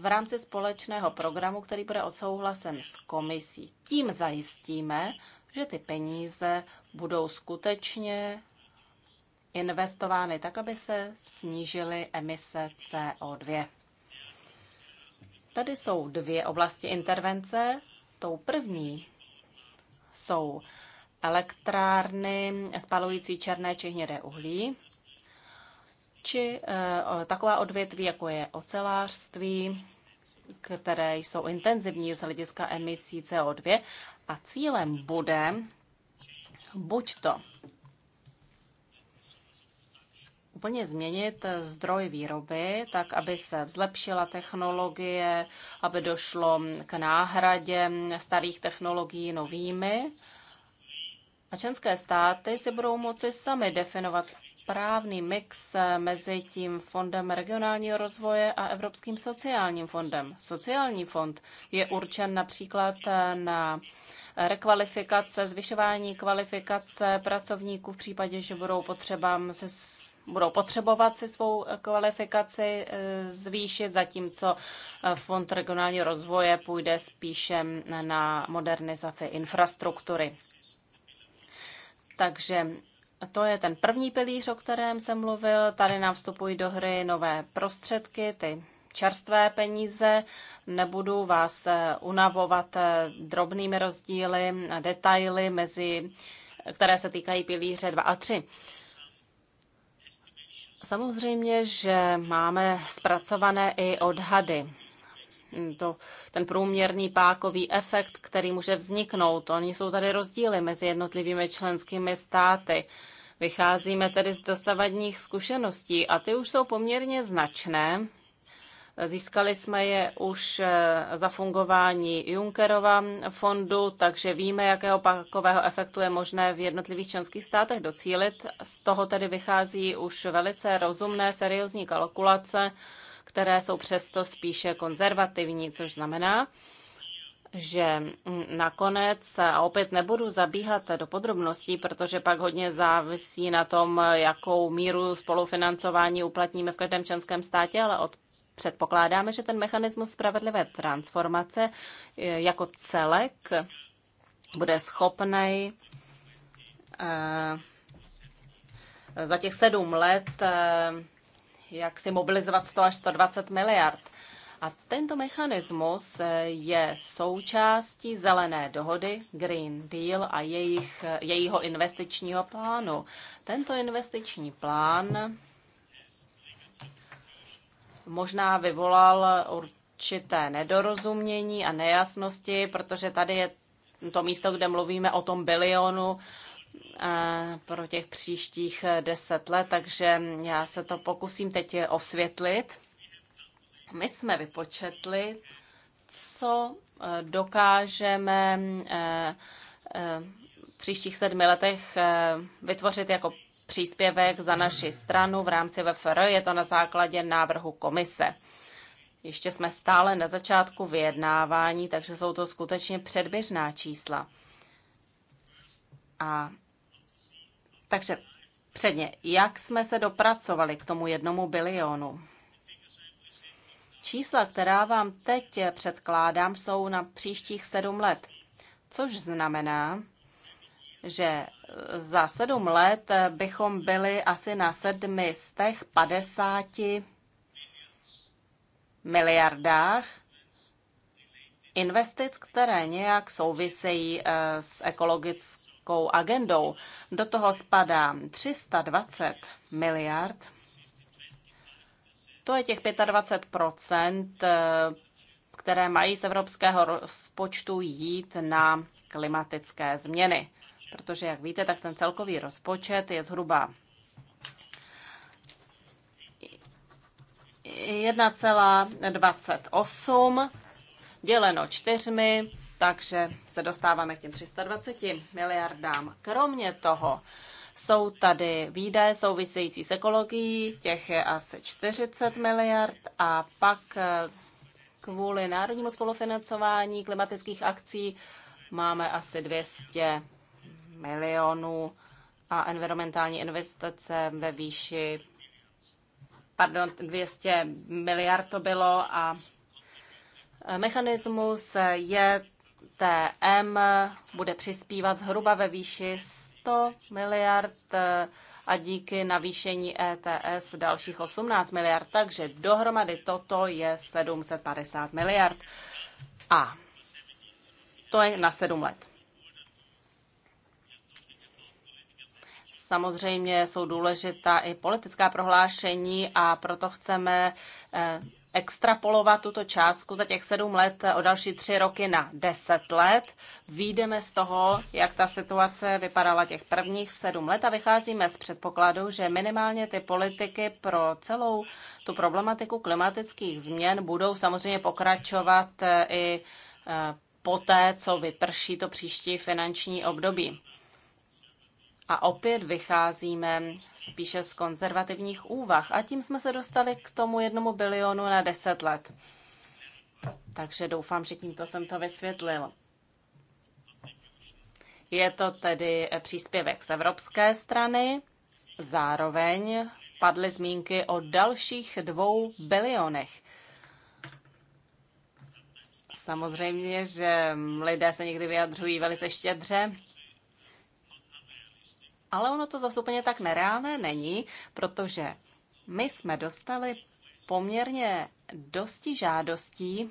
v rámci společného programu, který bude odsouhlasen s komisí. Tím zajistíme, že ty peníze budou skutečně investovány tak, aby se snížily emise CO2. Tady jsou dvě oblasti intervence. Tou první jsou elektrárny spalující černé či hnědé uhlí či eh, taková odvětví, jako je ocelářství, které jsou intenzivní z hlediska emisí CO2 a cílem bude buď to úplně změnit zdroj výroby, tak aby se zlepšila technologie, aby došlo k náhradě starých technologií novými. A členské státy si budou moci sami definovat správný mix eh, mezi tím fondem regionálního rozvoje a Evropským sociálním fondem. Sociální fond je určen například eh, na rekvalifikace, zvyšování kvalifikace pracovníků v případě, že budou, potřeba se, budou potřebovat si svou eh, kvalifikaci zvýšit, zatímco Fond regionálního rozvoje půjde spíše na modernizaci infrastruktury. Takže to je ten první pilíř, o kterém jsem mluvil. Tady nám vstupují do hry nové prostředky, ty čerstvé peníze. Nebudu vás eh, unavovat eh, drobnými rozdíly a detaily, mezi, které se týkají pilíře 2 a 3. Samozřejmě, že máme zpracované i odhady. To, ten průměrný pákový efekt, který může vzniknout. Oni jsou tady rozdíly mezi jednotlivými členskými státy. Uh, Vycházíme tedy z dosavadních zkušeností a ty už jsou poměrně značné. Získali jsme je už eh, za fungování Junckerova fondu, takže víme, jakého pakového efektu je možné v jednotlivých členských státech docílit. Z toho tedy vychází už velice rozumné, seriózní kalkulace, které jsou přesto spíše konzervativní, což znamená, že nakonec, a opět nebudu zabíhat do podrobností, protože pak hodně závisí na tom, jakou míru spolufinancování uplatníme v každém členském státě, ale od Předpokládáme, že ten mechanismus spravedlivé transformace e, jako celek bude schopný e, za těch sedm let e, jak si mobilizovat 100 až 120 miliard. A tento mechanismus eh, je součástí zelené dohody Green Deal a jejich, eh, jejího investičního plánu. Tento investiční plán možná vyvolal určité nedorozumění a nejasnosti, protože tady je to místo, kde mluvíme o tom bilionu eh, pro těch příštích deset let, takže já se to pokusím teď osvětlit. My jsme vypočetli, co eh, dokážeme eh, eh, v příštích sedmi letech vytvořit jako příspěvek za naši stranu v rámci VFR. Je to na základě návrhu komise. Ještě jsme stále na začátku vyjednávání, takže jsou to skutečně předběžná čísla. A takže předně, jak jsme se dopracovali k tomu jednomu bilionu? Čísla, která vám teď předkládám, jsou na příštích sedm let, což znamená, že za sedm let bychom byli asi na sedmi z těch padesáti miliardách investic, které nějak souvisejí eh, s ekologickou agendou. Do toho spadá 320 miliard to je těch 25 eh, které mají z evropského rozpočtu jít na klimatické změny. Protože, jak víte, tak ten celkový rozpočet je zhruba 1,28 děleno čtyřmi, takže se dostáváme k těm 320 miliardám. Kromě toho, jsou tady výdaje související s ekologií, těch je asi 40 miliard a pak eh, kvůli národnímu spolufinancování klimatických akcí máme asi 200 milionů a environmentální investice ve výši pardon, 200 miliard to bylo a eh, mechanismus eh, je TM bude přispívat zhruba ve výši 100 miliard eh, a díky navýšení ETS dalších 18 miliard, takže dohromady toto je 750 miliard. A to je na 7 let. Samozřejmě jsou důležitá i politická prohlášení a proto chceme eh, extrapolovat tuto částku za těch sedm let o další tři roky na deset let. Výjdeme z toho, jak ta situace vypadala těch prvních sedm let a vycházíme z předpokladu, že minimálně ty politiky pro celou tu problematiku klimatických změn budou samozřejmě pokračovat eh, i eh, poté, co vyprší to příští finanční období a opět vycházíme spíše z konzervativních úvah. A tím jsme se dostali k tomu jednomu bilionu na deset let. Takže doufám, že tímto jsem to vysvětlil. Je to tedy příspěvek z evropské strany. Zároveň padly zmínky o dalších dvou bilionech. Samozřejmě, že lidé se někdy vyjadřují velice štědře, ale ono to zase úplně tak nereálné není, protože my jsme dostali poměrně dosti žádostí,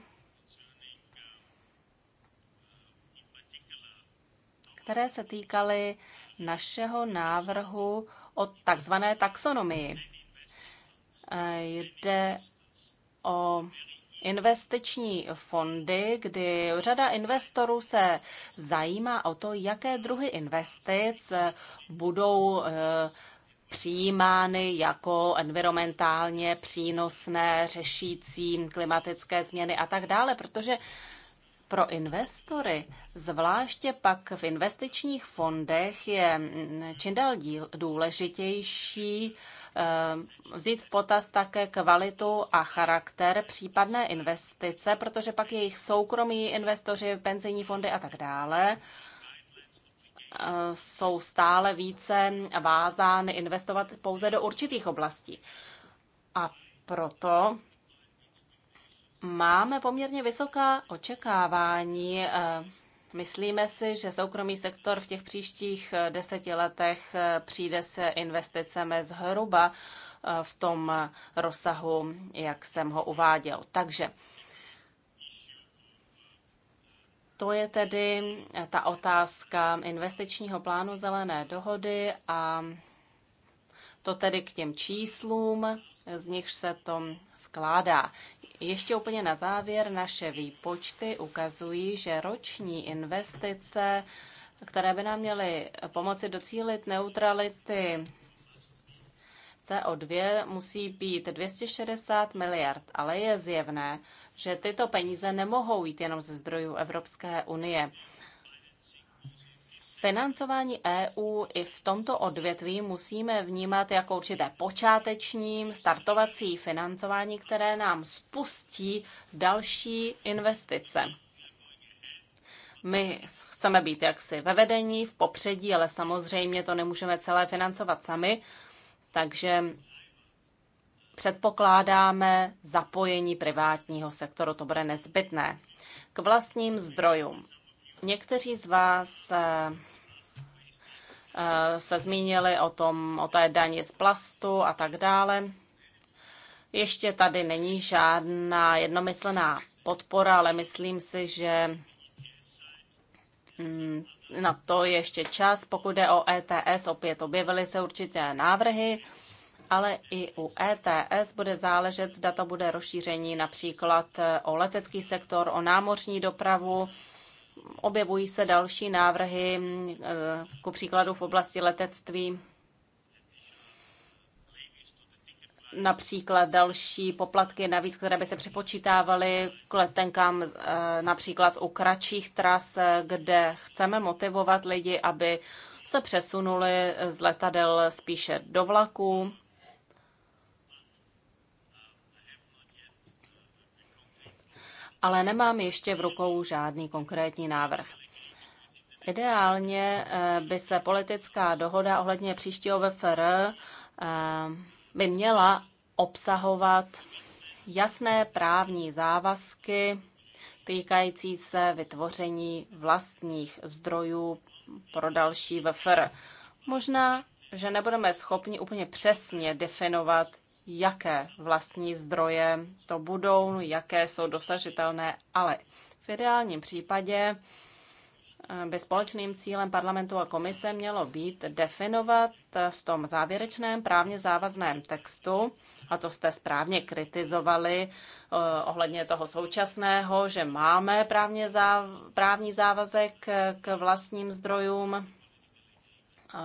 které se týkaly našeho návrhu o takzvané taxonomii. Eh, jde o investiční fondy, kdy řada investorů se zajímá o to, jaké druhy investic eh, budou eh, přijímány jako environmentálně přínosné, řešící klimatické změny a tak dále, protože pro investory, zvláště pak v investičních fondech, je čím dál důležitější eh, vzít v potaz také kvalitu a charakter případné investice, protože pak jejich soukromí investoři, penzijní fondy a tak dále eh, jsou stále více vázány investovat pouze do určitých oblastí. A proto máme poměrně vysoká očekávání. Eh, myslíme si, že soukromý sektor v těch příštích eh, deseti letech eh, přijde se investicemi zhruba v tom rozsahu, jak jsem ho uváděl. Takže to je tedy ta otázka investičního plánu zelené dohody a to tedy k těm číslům, z nichž se to skládá. Ještě úplně na závěr naše výpočty ukazují, že roční investice, které by nám měly pomoci docílit neutrality CO2, musí být 260 miliard, ale je zjevné, že tyto peníze nemohou jít jenom ze zdrojů Evropské unie. Financování EU i v tomto odvětví musíme vnímat jako určité počáteční startovací financování, které nám spustí další investice. My chceme být jaksi ve vedení, v popředí, ale samozřejmě to nemůžeme celé financovat sami, takže předpokládáme zapojení privátního sektoru, to bude nezbytné. K vlastním zdrojům. Někteří z vás eh, Eh, se zmínili o, tom, o té daně z plastu a tak dále. Ještě tady není žádná jednomyslná podpora, ale myslím si, že mm, na to je ještě čas. Pokud jde o ETS, opět objevily se určité návrhy, ale i u ETS bude záležet, zda to bude rozšíření například o letecký sektor, o námořní dopravu, Objevují se další návrhy, mm, eh, ku příkladu v oblasti letectví, například další poplatky navíc, které by se přepočítávaly k letenkám eh, například u kratších tras, eh, kde chceme motivovat lidi, aby se přesunuli z letadel spíše do vlaků. ale nemám ještě v rukou žádný konkrétní návrh. Ideálně eh, by se politická dohoda ohledně příštího VFR eh, by měla obsahovat jasné právní závazky týkající se vytvoření vlastních zdrojů pro další VFR. Možná, že nebudeme schopni úplně přesně definovat, jaké vlastní zdroje to budou, jaké jsou dosažitelné, ale v ideálním případě eh, by společným cílem parlamentu a komise mělo být definovat eh, v tom závěrečném právně závazném textu, a to jste správně kritizovali eh, ohledně toho současného, že máme právně záv- právní závazek k vlastním zdrojům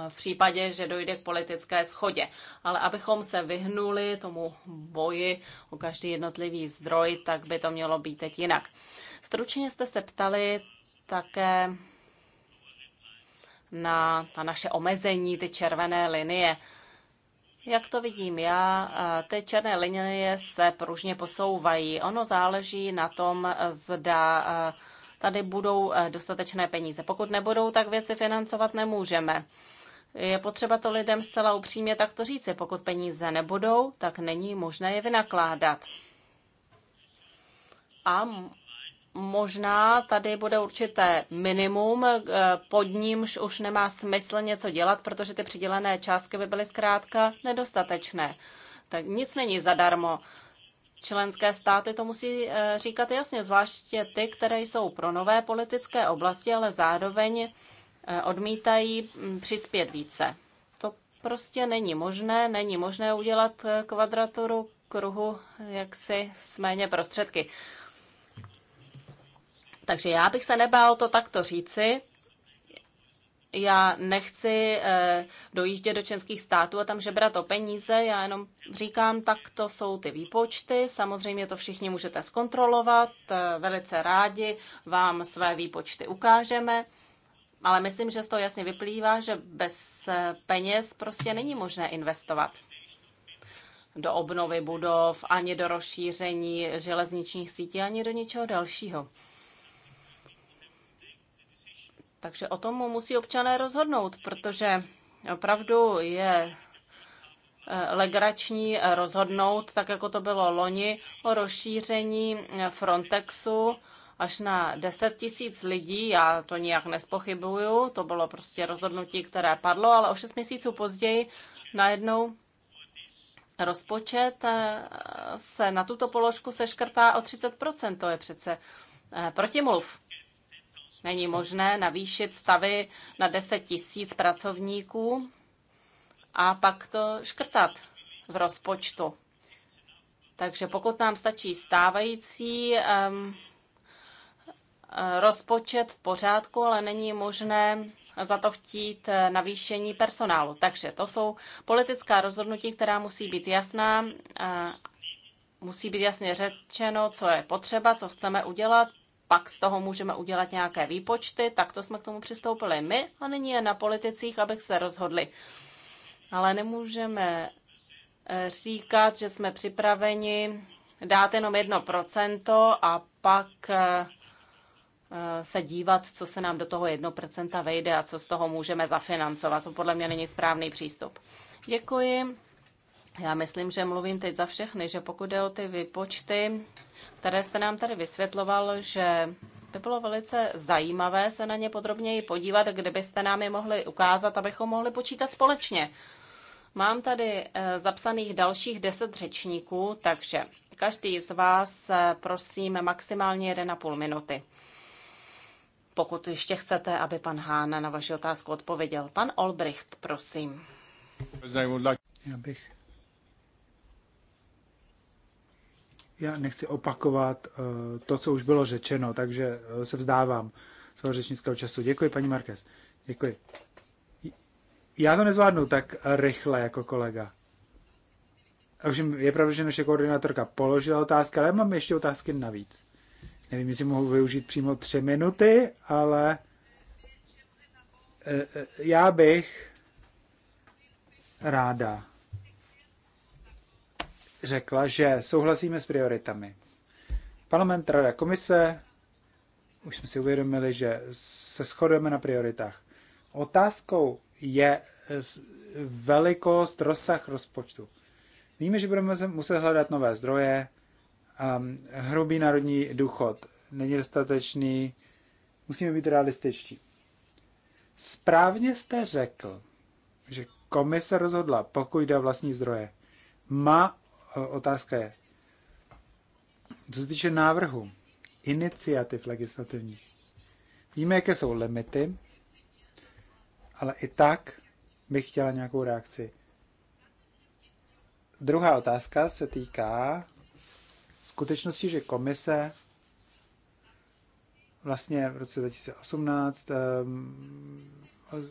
v případě, že dojde k politické schodě. Ale abychom se vyhnuli tomu boji o každý jednotlivý zdroj, tak by to mělo být teď jinak. Stručně jste se ptali také na ta naše omezení, ty červené linie. Jak to vidím já, ty černé linie se pružně posouvají. Ono záleží na tom, zda tady budou e, dostatečné peníze. Pokud nebudou, tak věci financovat nemůžeme. Je potřeba to lidem zcela upřímně takto říci. Pokud peníze nebudou, tak není možné je vynakládat. A možná tady bude určité minimum, eh, pod nímž už nemá smysl něco dělat, protože ty přidělené částky by byly zkrátka nedostatečné. Tak nic není zadarmo. Členské státy to musí eh, říkat jasně, zvláště ty, které jsou pro nové politické oblasti, ale zároveň odmítají mm, přispět více. To prostě není možné, není možné udělat eh, kvadraturu kruhu jaksi s méně prostředky. Takže já bych se nebál to takto říci. Já nechci eh, dojíždět do českých států a tam žebrat o peníze, já jenom říkám, tak to jsou ty výpočty. Samozřejmě to všichni můžete zkontrolovat, eh, velice rádi vám své výpočty ukážeme ale myslím, že z toho jasně vyplývá, že bez eh, peněz prostě není možné investovat do obnovy budov, ani do rozšíření železničních sítí, ani do ničeho dalšího. Takže o tom musí občané rozhodnout, protože opravdu je eh, legrační rozhodnout, tak jako to bylo loni, o rozšíření eh, Frontexu až na 10 tisíc lidí, já to nijak nespochybuju, to bylo prostě rozhodnutí, které padlo, ale o 6 měsíců později najednou rozpočet eh, se na tuto položku seškrtá o 30%, to je přece eh, protimluv. Není možné navýšit stavy na 10 tisíc pracovníků a pak to škrtat v rozpočtu. Takže pokud nám stačí stávající um, Eh, rozpočet v pořádku, ale není možné za to chtít eh, navýšení personálu. Takže to jsou politická rozhodnutí, která musí být jasná, eh, musí být jasně řečeno, co je potřeba, co chceme udělat, pak z toho můžeme udělat nějaké výpočty, tak to jsme k tomu přistoupili my a nyní je na politicích, abych se rozhodli. Ale nemůžeme říkat, že jsme připraveni dát jenom jedno procento a pak Eh, se dívat, co se nám do toho 1% vejde a co z toho můžeme zafinancovat. To podle mě není správný přístup. Děkuji. Já myslím, že mluvím teď za všechny, že pokud jde o ty vypočty, které jste nám tady vysvětloval, že by bylo velice zajímavé se na ně podrobněji podívat, kdybyste nám je mohli ukázat, abychom mohli počítat společně. Mám tady eh, zapsaných dalších deset řečníků, takže každý z vás eh, prosím maximálně 1,5 minuty pokud ještě chcete, aby pan Hána na vaši otázku odpověděl. Pan Olbricht, prosím. Já bych... Já nechci opakovat eh, to, co už bylo řečeno, takže eh, se vzdávám svého řečnického času. Děkuji, paní Marquez. Děkuji. Já to nezvládnu tak rychle jako kolega. Ovšem je pravda, že naše koordinátorka položila otázky, ale mám ještě otázky navíc. Nevím, jestli mohu využít přímo tři minuty, ale eh, eh, já bych ráda řekla, že souhlasíme s prioritami. Parlament, rada, komise, už jsme si uvědomili, že se shodujeme na prioritách. Otázkou je eh, velikost, rozsah rozpočtu. Víme, že budeme muset hledat nové zdroje, Um, hrubý národní důchod není dostatečný, musíme být realističtí. Správně jste řekl, že komise rozhodla, pokud jde o vlastní zdroje. Má otázka je, co se týče návrhu, iniciativ legislativních, víme, jaké jsou limity, ale i tak bych chtěla nějakou reakci. Druhá otázka se týká skutečnosti, že komise vlastně v roce 2018 ehm,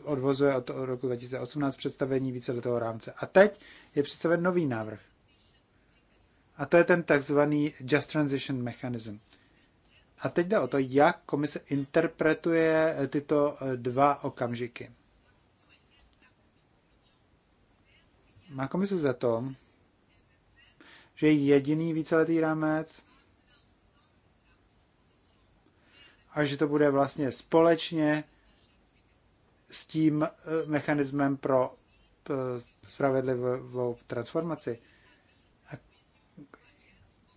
odvozuje od roku 2018 představení toho rámce. A teď je představen nový návrh. A to je ten takzvaný Just Transition Mechanism. A teď jde o to, jak komise interpretuje eh, tyto eh, dva okamžiky. Má komise za to, že jediný víceletý rámec a že to bude vlastně společně s tím eh, mechanismem pro eh, spravedlivou transformaci. A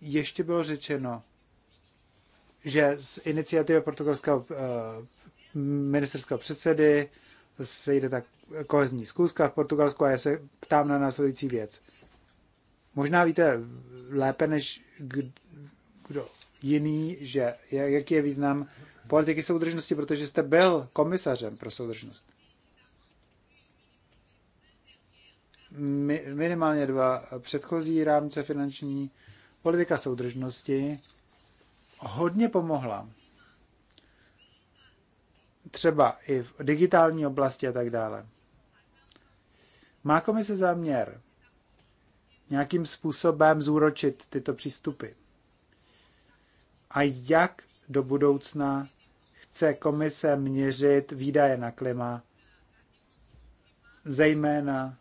ještě bylo řečeno, že z iniciativy portugalského eh, ministerského předsedy se jde tak kohezní zkuska v Portugalsku a já se ptám na následující věc. Možná víte lépe než kdo jiný, že jaký je význam politiky soudržnosti, protože jste byl komisařem pro soudržnost. minimálně dva předchozí rámce finanční politika soudržnosti hodně pomohla. Třeba i v digitální oblasti a tak dále. Má komise záměr nějakým způsobem zúročit tyto přístupy. A jak do budoucna chce komise měřit výdaje na klima, zejména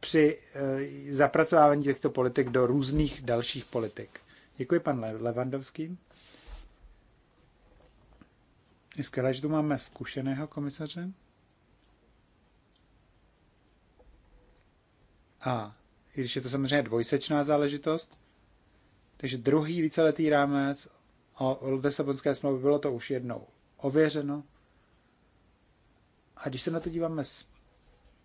při eh, zapracování těchto politik do různých dalších politik. Děkuji, pan Levandovský. Je skvělé, že tu máme zkušeného komisaře. A i když je to samozřejmě dvojsečná záležitost, takže druhý víceletý rámec o Lisabonské smlouvy bylo to už jednou ověřeno. A když se na to díváme z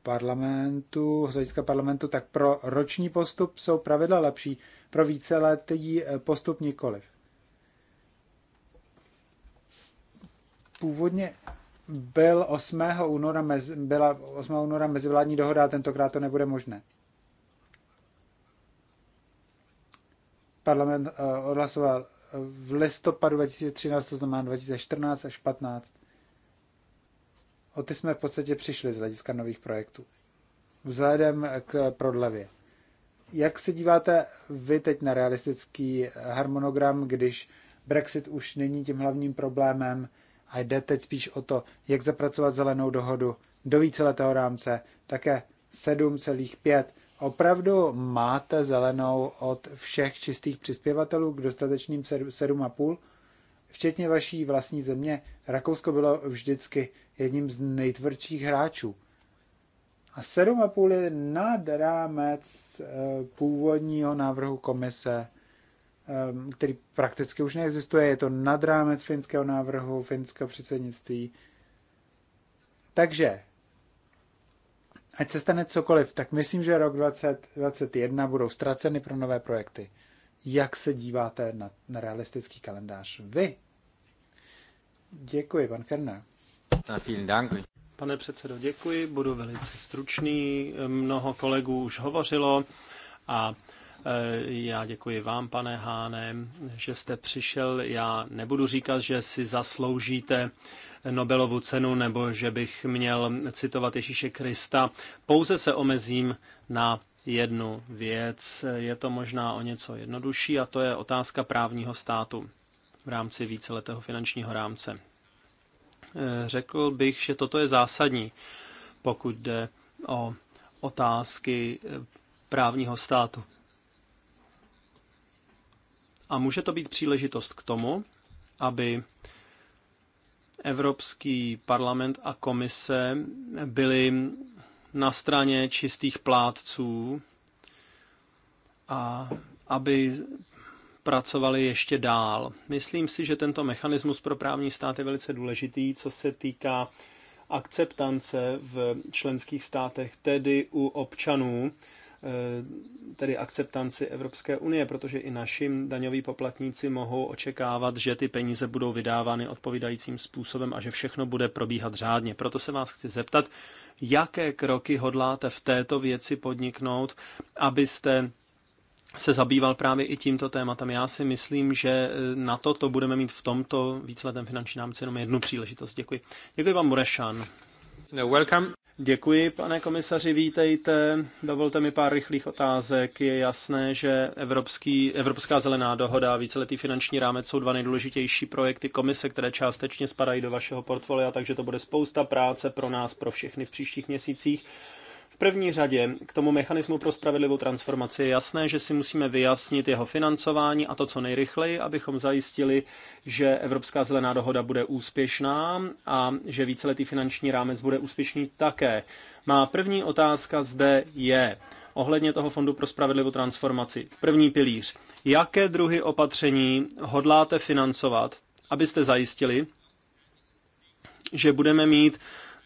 parlamentu, z hlediska parlamentu, tak pro roční postup jsou pravidla lepší, pro víceletý eh, postup nikoliv. Původně byl 8. února, mezi, byla 8. února mezivládní dohoda a tentokrát to nebude možné. parlament eh, odhlasoval eh, v listopadu 2013, to znamená 2014 až 2015. O ty jsme v podstatě přišli z hlediska nových projektů. Vzhledem k prodlevě. Jak se díváte vy teď na realistický harmonogram, když Brexit už není tím hlavním problémem a jde teď spíš o to, jak zapracovat zelenou dohodu do víceletého rámce, také 7,5 Opravdu máte zelenou od všech čistých přispěvatelů k dostatečným 7,5, včetně vaší vlastní země. Rakousko bylo vždycky jedním z nejtvrdších hráčů. A 7,5 je nad rámec eh, původního návrhu komise, ehm, který prakticky už neexistuje. Je to nad rámec finského návrhu, finského předsednictví. Takže ať se stane cokoliv, tak myslím, že rok 2021 budou ztraceny pro nové projekty. Jak se díváte na, na realistický kalendář vy? Děkuji, pan Kerner. Pane předsedo, děkuji, budu velice stručný. Mnoho kolegů už hovořilo a Eh, já děkuji vám, pane Háne, že jste přišel. Já nebudu říkat, že si zasloužíte Nobelovu cenu nebo že bych měl citovat Ježíše Krista. Pouze se omezím na jednu věc. Je to možná o něco jednodušší a to je otázka právního státu v rámci víceletého finančního rámce. Eh, řekl bych, že toto je zásadní, pokud jde o otázky eh, právního státu. A může to být příležitost k tomu, aby Evropský parlament a komise byly na straně čistých plátců a aby pracovali ještě dál. Myslím si, že tento mechanismus pro právní stát je velice důležitý, co se týká akceptance v členských státech, tedy u občanů, Eh, tedy akceptanci Evropské unie, protože i našim daňoví poplatníci mohou očekávat, že ty peníze budou vydávány odpovídajícím způsobem a že všechno bude probíhat řádně. Proto se vás chci zeptat, jaké kroky hodláte v této věci podniknout, abyste se zabýval právě i tímto tématem. Já si myslím, že eh, na to to budeme mít v tomto víceletém finančním námci jenom jednu příležitost. Děkuji. Děkuji vám, Murešan. No, welcome. Děkuji, pane komisaři, vítejte. Dovolte mi pár rychlých otázek. Je jasné, že Evropský, Evropská zelená dohoda a víceletý finanční rámec jsou dva nejdůležitější projekty komise, které částečně spadají do vašeho portfolia, takže to bude spousta práce pro nás, pro všechny v příštích měsících. V první řadě k tomu mechanismu pro spravedlivou transformaci je jasné, že si musíme vyjasnit jeho financování a to co nejrychleji, abychom zajistili, že Evropská zelená dohoda bude úspěšná a že víceletý finanční rámec bude úspěšný také. Má první otázka zde je ohledně toho Fondu pro spravedlivou transformaci. První pilíř. Jaké druhy opatření hodláte financovat, abyste zajistili, že budeme mít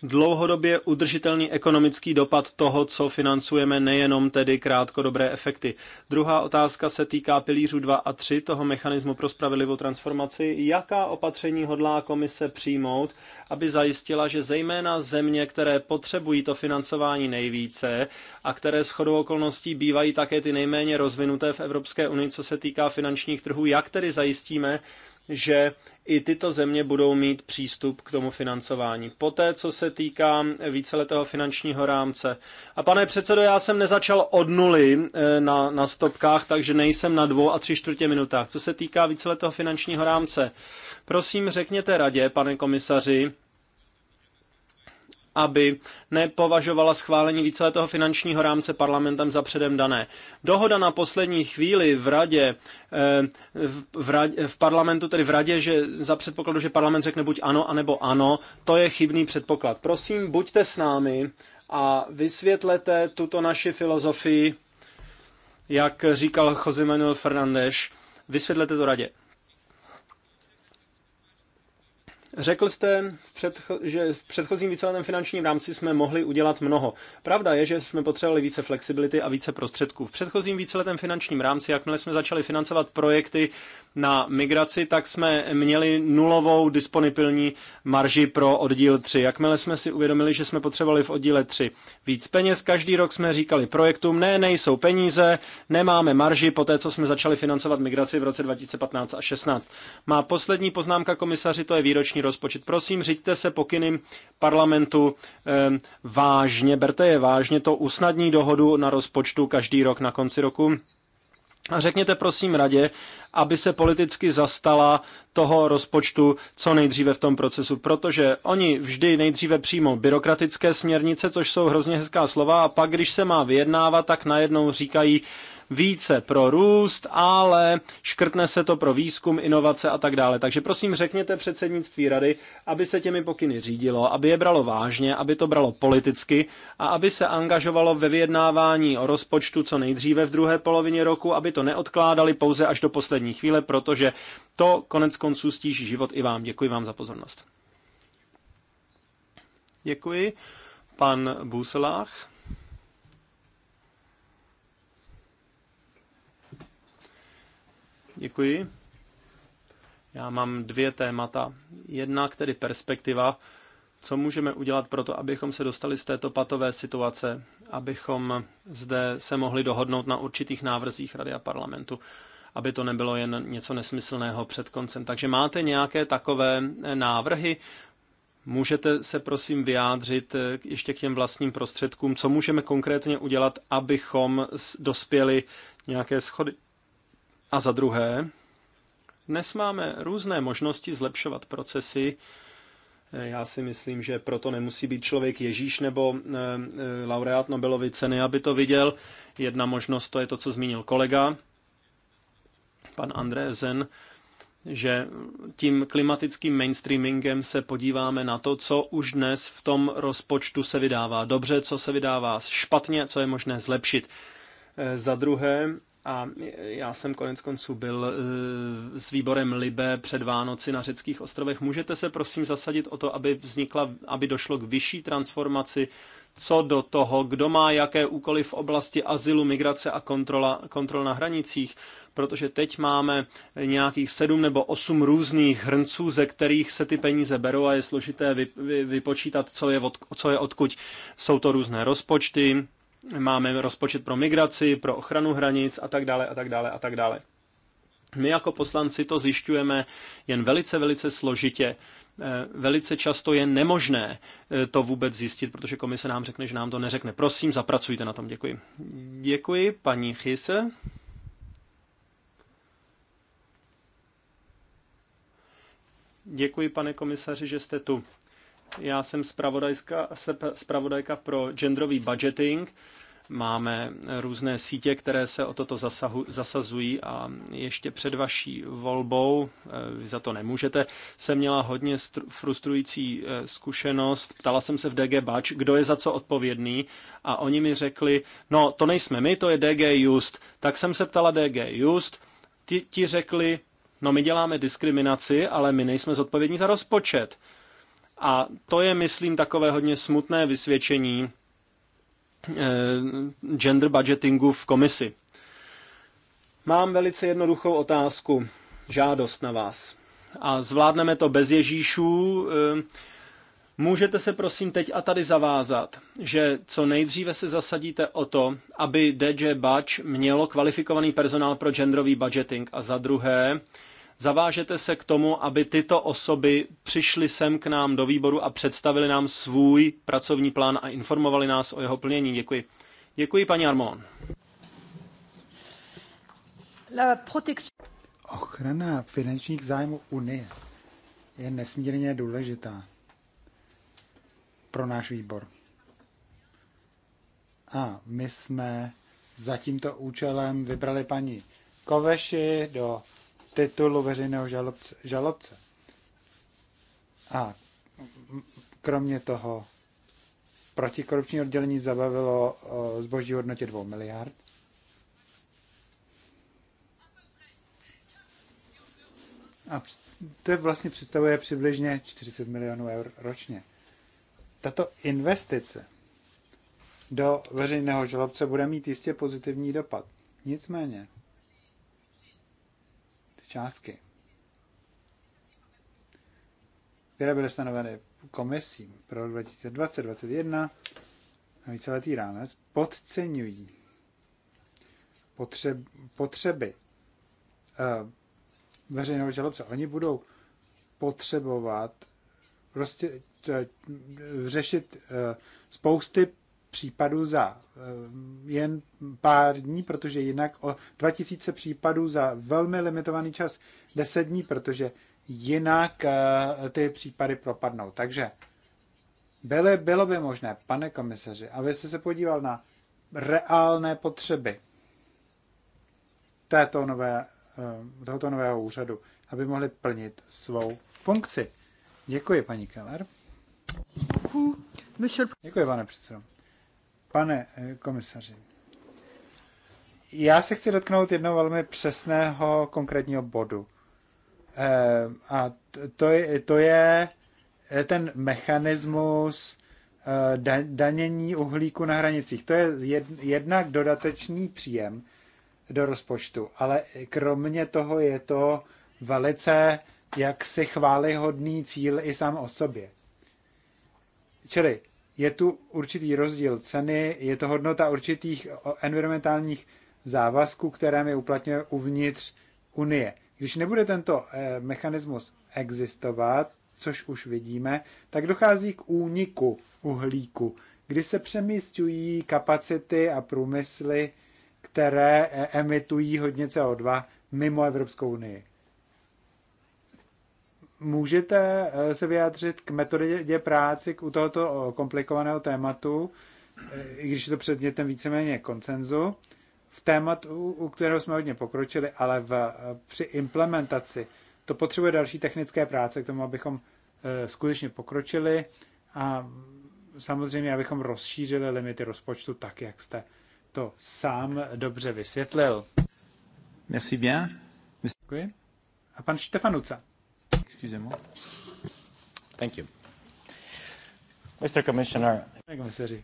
dlouhodobě udržitelný ekonomický dopad toho, co financujeme, nejenom tedy krátkodobé efekty. Druhá otázka se týká pilířů 2 a 3 toho mechanismu pro spravedlivou transformaci. Jaká opatření hodlá komise přijmout, aby zajistila, že zejména země, které potřebují to financování nejvíce a které shodou okolností bývají také ty nejméně rozvinuté v Evropské unii, co se týká finančních trhů, jak tedy zajistíme, že i tyto země budou mít přístup k tomu financování. Poté, co se týká víceletého finančního rámce. A pane předsedo, já jsem nezačal od nuly eh, na, na stopkách, takže nejsem na dvou a tři čtvrtě minutách. Co se týká víceletého finančního rámce, prosím řekněte radě, pane komisaři, aby nepovažovala schválení víceletého finančního rámce parlamentem za předem dané. Dohoda na poslední chvíli v radě, eh, v, radě, v parlamentu, tedy v radě, že za předpokladu, že parlament řekne buď ano, anebo ano, to je chybný předpoklad. Prosím, buďte s námi a vysvětlete tuto naši filozofii, jak říkal Jose Manuel Fernández, vysvětlete to radě. Řekl jste, že v předchozím víceletém finančním rámci jsme mohli udělat mnoho. Pravda je, že jsme potřebovali více flexibility a více prostředků. V předchozím víceletém finančním rámci, jakmile jsme začali financovat projekty na migraci, tak jsme měli nulovou disponibilní marži pro oddíl 3. Jakmile jsme si uvědomili, že jsme potřebovali v oddíle 3 víc peněz, každý rok jsme říkali projektům, ne, nejsou peníze, nemáme marži, po té, co jsme začali financovat migraci v roce 2015 a 16. Má poslední poznámka komisaři, to je výroční rozpočet. Prosím, řiďte se pokyny parlamentu eh, vážně, berte je vážně, to usnadní dohodu na rozpočtu každý rok na konci roku. A řekněte prosím radě, aby se politicky zastala toho rozpočtu co nejdříve v tom procesu, protože oni vždy nejdříve přijmou byrokratické směrnice, což jsou hrozně hezká slova, a pak, když se má vyjednávat, tak najednou říkají, eh, více pro růst, ale škrtne se to pro výzkum, inovace a tak dále. Takže prosím řekněte předsednictví rady, aby se těmi pokyny řídilo, aby je bralo vážně, aby to bralo politicky a aby se angažovalo ve vyjednávání o rozpočtu co nejdříve v druhé polovině roku, aby to neodkládali pouze až do poslední chvíle, protože to konec konců stíží život i vám. Děkuji vám za pozornost. Děkuji. Pan Buselach. Děkuji. Já mám dvě témata. Jedna, tedy perspektiva, co můžeme udělat pro to, abychom se dostali z této patové situace, abychom zde se mohli dohodnout na určitých návrzích Rady a parlamentu, aby to nebylo jen něco nesmyslného před koncem. Takže máte nějaké takové eh, návrhy? Můžete se prosím vyjádřit eh, ještě k těm vlastním prostředkům, co můžeme konkrétně udělat, abychom dospěli nějaké schody a za druhé, dnes máme různé možnosti zlepšovat procesy. Eh, já si myslím, že proto nemusí být člověk Ježíš nebo eh, eh, laureát Nobelovy ceny, aby to viděl. Jedna možnost, to je to, co zmínil kolega, pan André Zen, že tím klimatickým mainstreamingem se podíváme na to, co už dnes v tom rozpočtu se vydává dobře, co se vydává špatně, co je možné zlepšit. Za druhé, a já jsem konec konců byl eh, s výborem Libe před Vánoci na řeckých ostrovech. Můžete se prosím zasadit o to, aby vznikla, aby došlo k vyšší transformaci co do toho, kdo má jaké úkoly v oblasti azylu, migrace a kontrola, kontrol na hranicích, protože teď máme nějakých sedm nebo osm různých hrnců, ze kterých se ty peníze berou a je složité vypočítat, co je, od, co je odkud. Jsou to různé rozpočty, máme rozpočet pro migraci, pro ochranu hranic a tak dále a tak dále a tak dále. My jako poslanci to zjišťujeme jen velice, velice složitě. Eh, velice často je nemožné eh, to vůbec zjistit, protože komise nám řekne, že nám to neřekne. Prosím, zapracujte na tom. Děkuji. Děkuji, paní Chyse. Děkuji, pane komisaři, že jste tu. Já jsem zpravodajka pro genderový budgeting Máme různé sítě, které se o toto zasahu, zasazují a ještě před vaší volbou, eh, vy za to nemůžete, Se měla hodně frustrující eh, zkušenost. Ptala jsem se v DG Bač, kdo je za co odpovědný a oni mi řekli, no to nejsme my, to je DG Just. Tak jsem se ptala DG Just, ti, ti řekli, no my děláme diskriminaci, ale my nejsme zodpovědní za rozpočet. A to je, myslím, takové hodně smutné vysvědčení Eh, gender budgetingu v komisi. Mám velice jednoduchou otázku, žádost na vás. A zvládneme to bez Ježíšů. Eh, můžete se prosím teď a tady zavázat, že co nejdříve se zasadíte o to, aby DJ Batch mělo kvalifikovaný personál pro genderový budgeting a za druhé, Zavážete se k tomu, aby tyto osoby přišly sem k nám do výboru a představili nám svůj pracovní plán a informovali nás o jeho plnění. Děkuji. Děkuji, paní Armon. Ochrana finančních zájmů Unie je nesmírně důležitá pro náš výbor. A my jsme za tímto účelem vybrali paní Koveši do titulu veřejného žalobce. žalobce. A kromě toho protikorupční oddělení zabavilo zboží v hodnotě 2 miliard. A to vlastně představuje přibližně 40 milionů eur ročně. Tato investice do veřejného žalobce bude mít jistě pozitivní dopad. Nicméně, částky, které byly stanoveny komisí pro 2020-2021 na víceletý rámec, podceňují potřeb, potřeby uh, veřejného žalobce. Oni budou potřebovat prostě eh, řešit eh, spousty případů za eh, jen pár dní, protože jinak o 2000 případů za velmi limitovaný čas 10 dní, protože jinak eh, ty případy propadnou. Takže byly, bylo by možné, pane komisaři, abyste se podíval na reálné potřeby této nové, eh, tohoto nového úřadu, aby mohli plnit svou funkci. Děkuji, paní Keller. Děkuji, pane předsedo. Pane eh, komisaři, já se chci dotknout jednoho velmi přesného konkrétního bodu. Eh, a to je, to je eh, ten mechanismus danění uhlíku na hranicích. To je jednak dodatečný příjem do rozpočtu, ale kromě toho je to velice jaksi chválihodný cíl i sám o sobě. Čili je tu určitý rozdíl ceny, je to hodnota určitých environmentálních závazků, které my uplatňuje uvnitř Unie. Když nebude tento eh, mechanismus existovat, což už vidíme, tak dochází k úniku uhlíku, kdy se přemístují kapacity a průmysly, které eh, emitují hodně CO2 mimo Evropskou unii můžete eh, se vyjádřit k metodě práci u tohoto eh, komplikovaného tématu, eh, i když je to předmětem víceméně koncenzu, v tématu, u kterého jsme hodně pokročili, ale v, při implementaci to potřebuje další technické práce k tomu, abychom skutečně pokročili a samozřejmě, abychom rozšířili limity rozpočtu tak, jak jste to sám dobře vysvětlil. Merci bien. Děkuji. A pan Štefanuca. Excusez-moi. Thank you. Mr. Commissioner. Pane komisaři,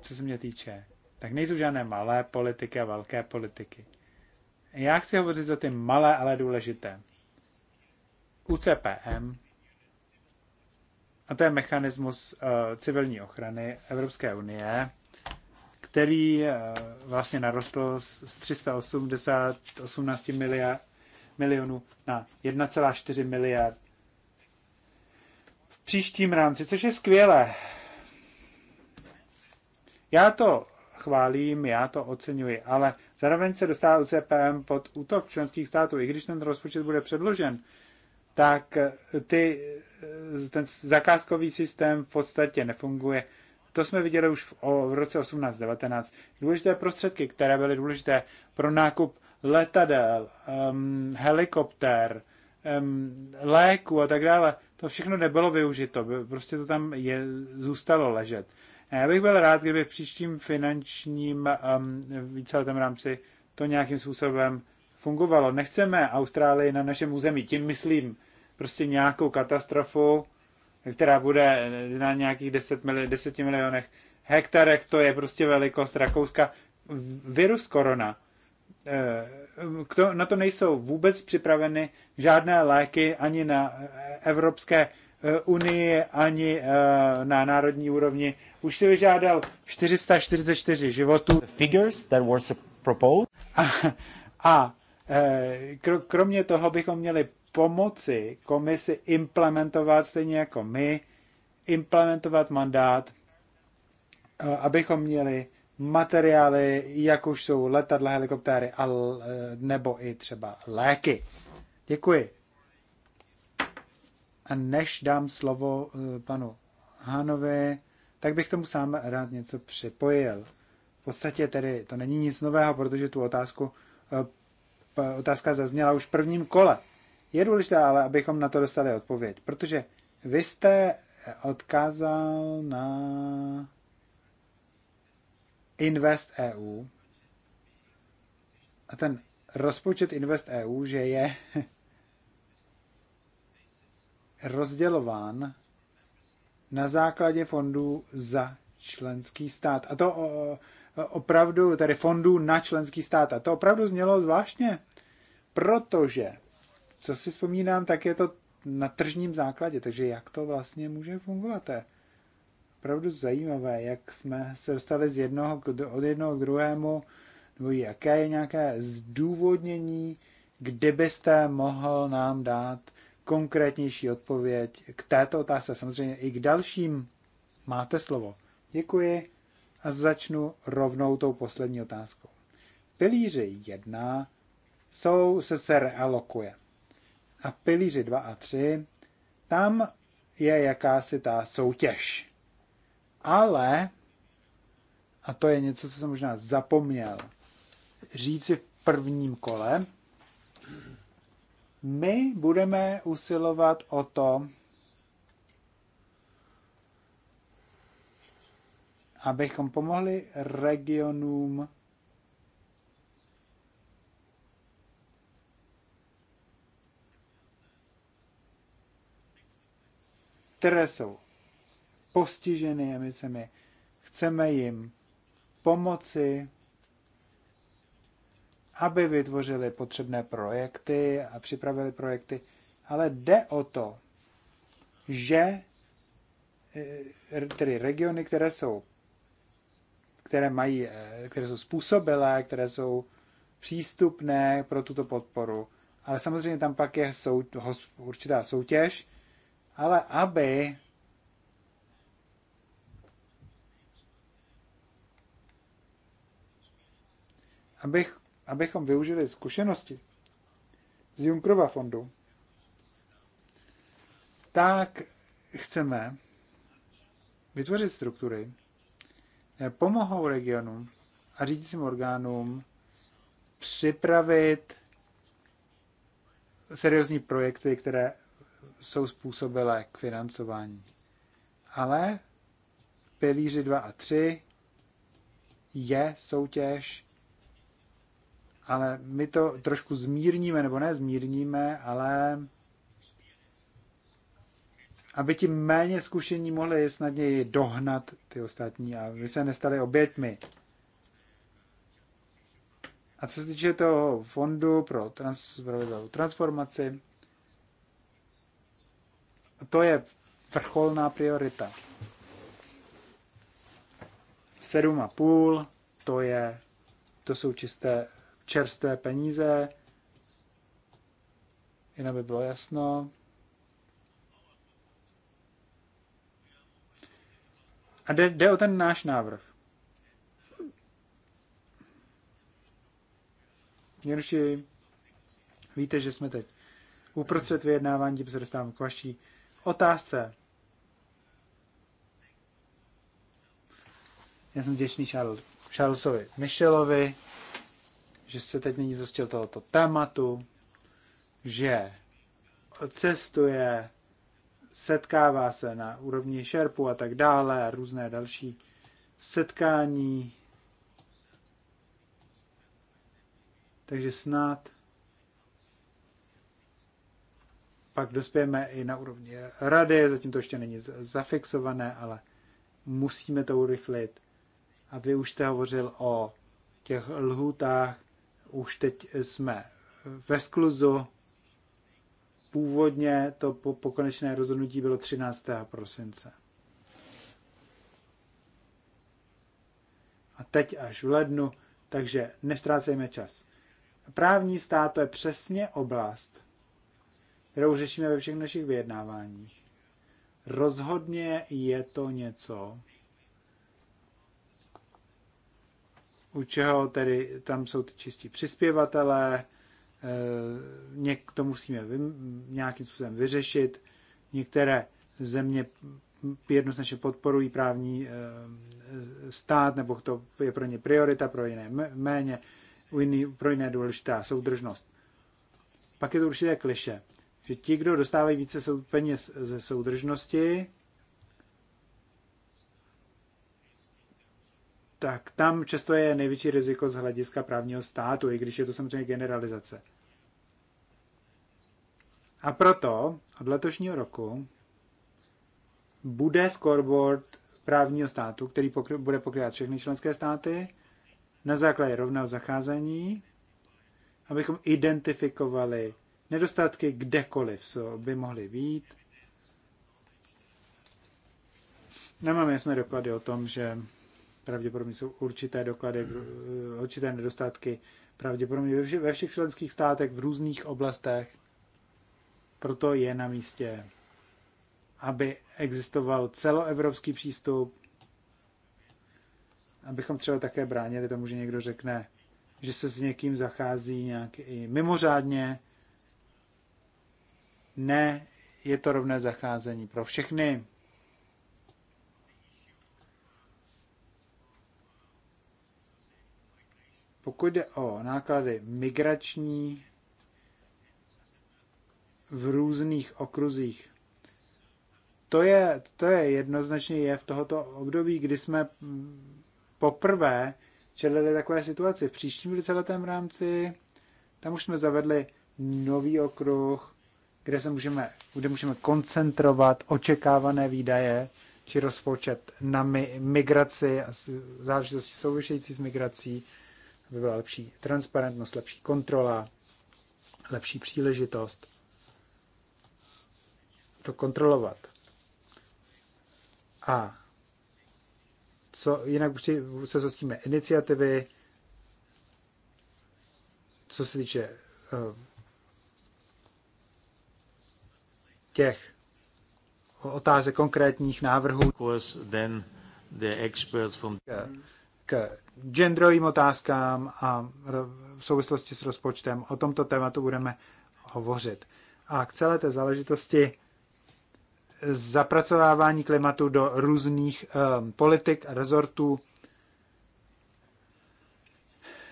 co se mě týče, tak nejsou žádné malé politiky a velké politiky. Já chci hovořit o ty malé, ale důležité. UCPM, a to je mechanismus uh, civilní ochrany Evropské unie, který uh, vlastně narostl z, z 380 18 miliard, milionů na 1,4 miliard v příštím rámci, což je skvělé. Já to chválím, já to oceňuji, ale zároveň se dostává UCPM pod útok členských států. I když ten rozpočet bude předložen, tak ty, ten zakázkový systém v podstatě nefunguje. To jsme viděli už v, o, v roce 18-19. Důležité prostředky, které byly důležité pro nákup letadel, um, helikoptér, um, léku a tak dále. To všechno nebylo využito, prostě to tam je, zůstalo ležet. A já bych byl rád, kdyby v příštím finančním um, víceletém rámci to nějakým způsobem fungovalo. Nechceme Austrálii na našem území, tím myslím prostě nějakou katastrofu, která bude na nějakých 10, mili, 10 milionech hektarech, to je prostě velikost Rakouska. Virus korona Eh, na to nejsou vůbec připraveny žádné léky ani na eh, Evropské eh, unii, ani na národní úrovni. Už si vyžádal 444 životů. Figures that were proposed. A, a kromě toho bychom měli pomoci komisi implementovat, stejně jako my, implementovat mandát, abychom měli materiály, jak už jsou letadla, helikoptéry a, e, nebo i třeba léky. Děkuji. A než dám slovo e, panu Hanovi, tak bych tomu sám rád něco připojil. V podstatě tedy to není nic nového, protože tu otázku e, otázka zazněla už v prvním kole. Je důležité ale, abychom na to dostali odpověď, protože vy jste odkázal na Invest EU a ten rozpočet Invest EU, že je rozdělován na základě fondů za členský stát. A to opravdu, tedy fondů na členský stát. A to opravdu znělo zvláštně, protože, co si vzpomínám, tak je to na tržním základě. Takže jak to vlastně může fungovat? Je? opravdu zajímavé, jak jsme se dostali z jednoho, od jednoho k druhému, nebo jaké je nějaké zdůvodnění, kde byste mohl nám dát konkrétnější odpověď k této otázce, samozřejmě i k dalším. Máte slovo. Děkuji a začnu rovnou tou poslední otázkou. Pilíři 1 jsou, se, se realokuje. A pilíři 2 a 3, tam je jakási ta soutěž. Ale, a to je něco, co jsem možná zapomněl říci v prvním kole, my budeme usilovat o to, abychom pomohli regionům které jsou postiženy emisemi. Chceme jim pomoci, aby vytvořili potřebné projekty a připravili projekty, ale jde o to, že eh, tedy regiony, které jsou které mají, eh, které jsou způsobilé, které jsou přístupné pro tuto podporu. Ale samozřejmě tam pak je sou, určitá soutěž, ale aby abych, abychom využili zkušenosti z Junkrova fondu, tak chceme vytvořit struktury, které pomohou regionům a řídícím orgánům připravit seriózní projekty, které jsou způsobilé k financování. Ale pilíři 2 a 3 je soutěž ale my to trošku zmírníme, nebo ne zmírníme, ale aby ti méně zkušení mohli snadněji dohnat ty ostatní a aby se nestali oběťmi. A co se týče toho fondu pro transformaci, to je vrcholná priorita. 7,5 to je, to jsou čisté čerstvé peníze, jen aby bylo jasno. A jde, jde o ten náš návrh. Jirši, víte, že jsme teď uprostřed vyjednávání, tím se dostávám k vaší otázce. Já jsem vděčný Charlesovi Michelovi že se teď není zhostil tohoto tématu, že cestuje, setkává se na úrovni šerpu a tak dále a různé další setkání. Takže snad pak dospějeme i na úrovni rady, zatím to ještě není zafixované, ale musíme to urychlit. A vy už jste hovořil o těch lhůtách už teď jsme ve skluzu. Původně to po, po konečné rozhodnutí bylo 13. prosince. A teď až v lednu, takže nestrácejme čas. Právní stát to je přesně oblast, kterou řešíme ve všech našich vyjednáváních. Rozhodně je to něco, u čeho tedy tam jsou ty čistí přispěvatelé, eh, to musíme vy, nějakým způsobem vyřešit. Některé země jednoznačně podporují právní eh, stát, nebo to je pro ně priorita, pro jiné méně, u jiný, pro jiné důležitá soudržnost. Pak je to určité kliše, že ti, kdo dostávají více peněz ze soudržnosti, tak tam často je největší riziko z hlediska právního státu, i když je to samozřejmě generalizace. A proto od letošního roku bude scoreboard právního státu, který pokry, bude pokrývat všechny členské státy, na základě rovného zacházení, abychom identifikovali nedostatky kdekoliv, co by mohly být. Nemám jasné doklady o tom, že pravděpodobně jsou určité doklady, eh, určité nedostatky, pravděpodobně ve všech členských státech, v různých oblastech. Proto je na místě, aby existoval celoevropský přístup, abychom třeba také bránili tomu, že někdo řekne, že se s někým zachází nějak i mimořádně. Ne, je to rovné zacházení pro všechny. Pokud jde o náklady migrační v různých okruzích, to je, to je jednoznačně je v tohoto období, kdy jsme poprvé čelili takové situaci. V příštím víceletém rámci tam už jsme zavedli nový okruh, kde se můžeme, kde můžeme koncentrovat očekávané výdaje či rozpočet na migraci a záležitosti související s migrací by byla lepší transparentnost, lepší kontrola, lepší příležitost to kontrolovat. A co jinak se zhostíme iniciativy, co se týče eh, těch otázek konkrétních návrhů. Of course, then the experts from k genderovým otázkám a v souvislosti s rozpočtem. O tomto tématu budeme hovořit. A k celé té záležitosti zapracovávání klimatu do různých um, politik a rezortů,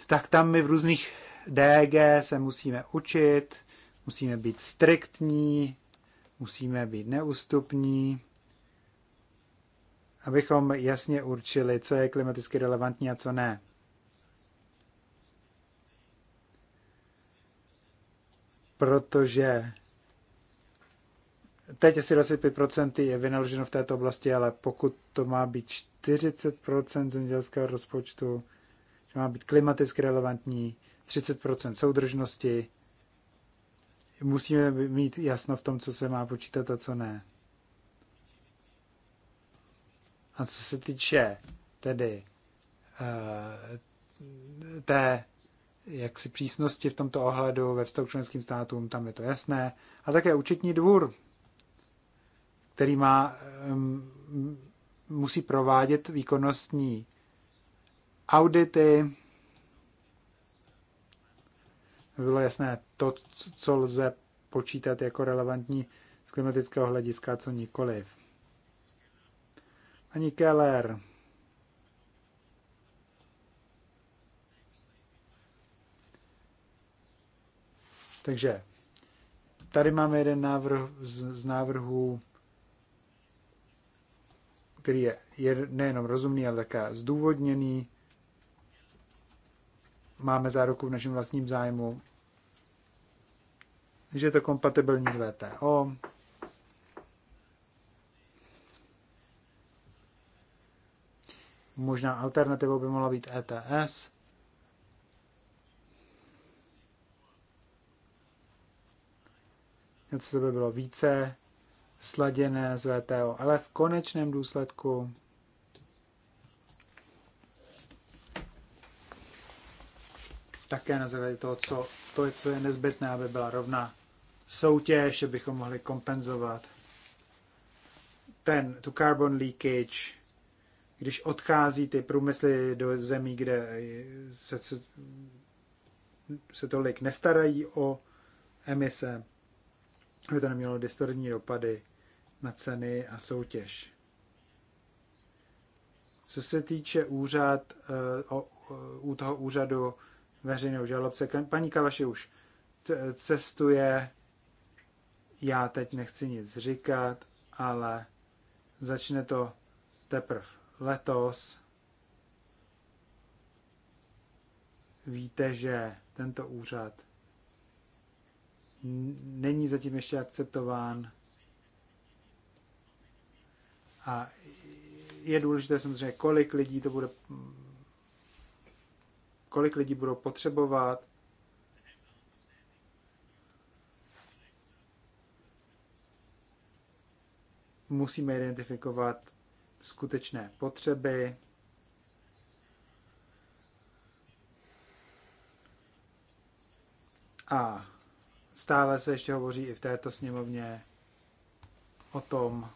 tak tam my v různých DG se musíme učit, musíme být striktní, musíme být neústupní abychom jasně určili, co je klimaticky relevantní a co ne. Protože teď asi 25% je vynaloženo v této oblasti, ale pokud to má být 40% zemědělského rozpočtu, že má být klimaticky relevantní, 30% soudržnosti, musíme mít jasno v tom, co se má počítat a co ne. A co se týče tedy eh, té jaksi přísnosti v tomto ohledu ve vztahu k členským státům, tam je to jasné. A také účetní dvůr, který má, musí provádět výkonnostní audity, bylo jasné to, co lze počítat jako relevantní z klimatického hlediska, co nikoliv. Ani Keller. Takže tady máme jeden návrh z, z návrhů, který je, je nejenom rozumný, ale také zdůvodněný. Máme záruku v našem vlastním zájmu, že je to kompatibilní s VTO, Možná alternativou by mohla být ETS. Něco, co by bylo více sladěné z VTO, ale v konečném důsledku také na základě toho, co, to, co je nezbytné, aby byla rovná soutěž, abychom mohli kompenzovat ten, tu carbon leakage, když odchází ty průmysly do zemí, kde se, se, se tolik nestarají o emise, aby to nemělo distorzní dopady na ceny a soutěž. Co se týče úřad, eh, o, u toho úřadu veřejného žalobce, paní Kavaši už cestuje, já teď nechci nic říkat, ale začne to teprve letos víte, že tento úřad není zatím ještě akceptován a je důležité samozřejmě, kolik lidí to bude, kolik lidí budou potřebovat, musíme identifikovat skutečné potřeby, A stále se ještě hovoří i v této sněmovně o tom,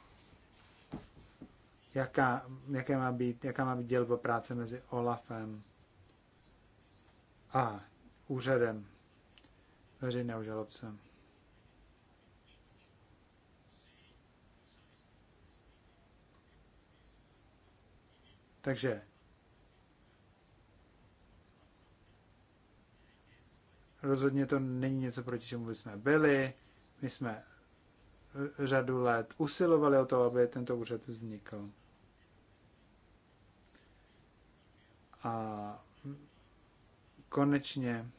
jaká, jaké má být, jaká má být dělba práce mezi OLAFem a úřadem veřejného žalobce. Takže rozhodně to není něco, proti čemu bychom byli. My jsme řadu let usilovali o to, aby tento úřad vznikl. A konečně,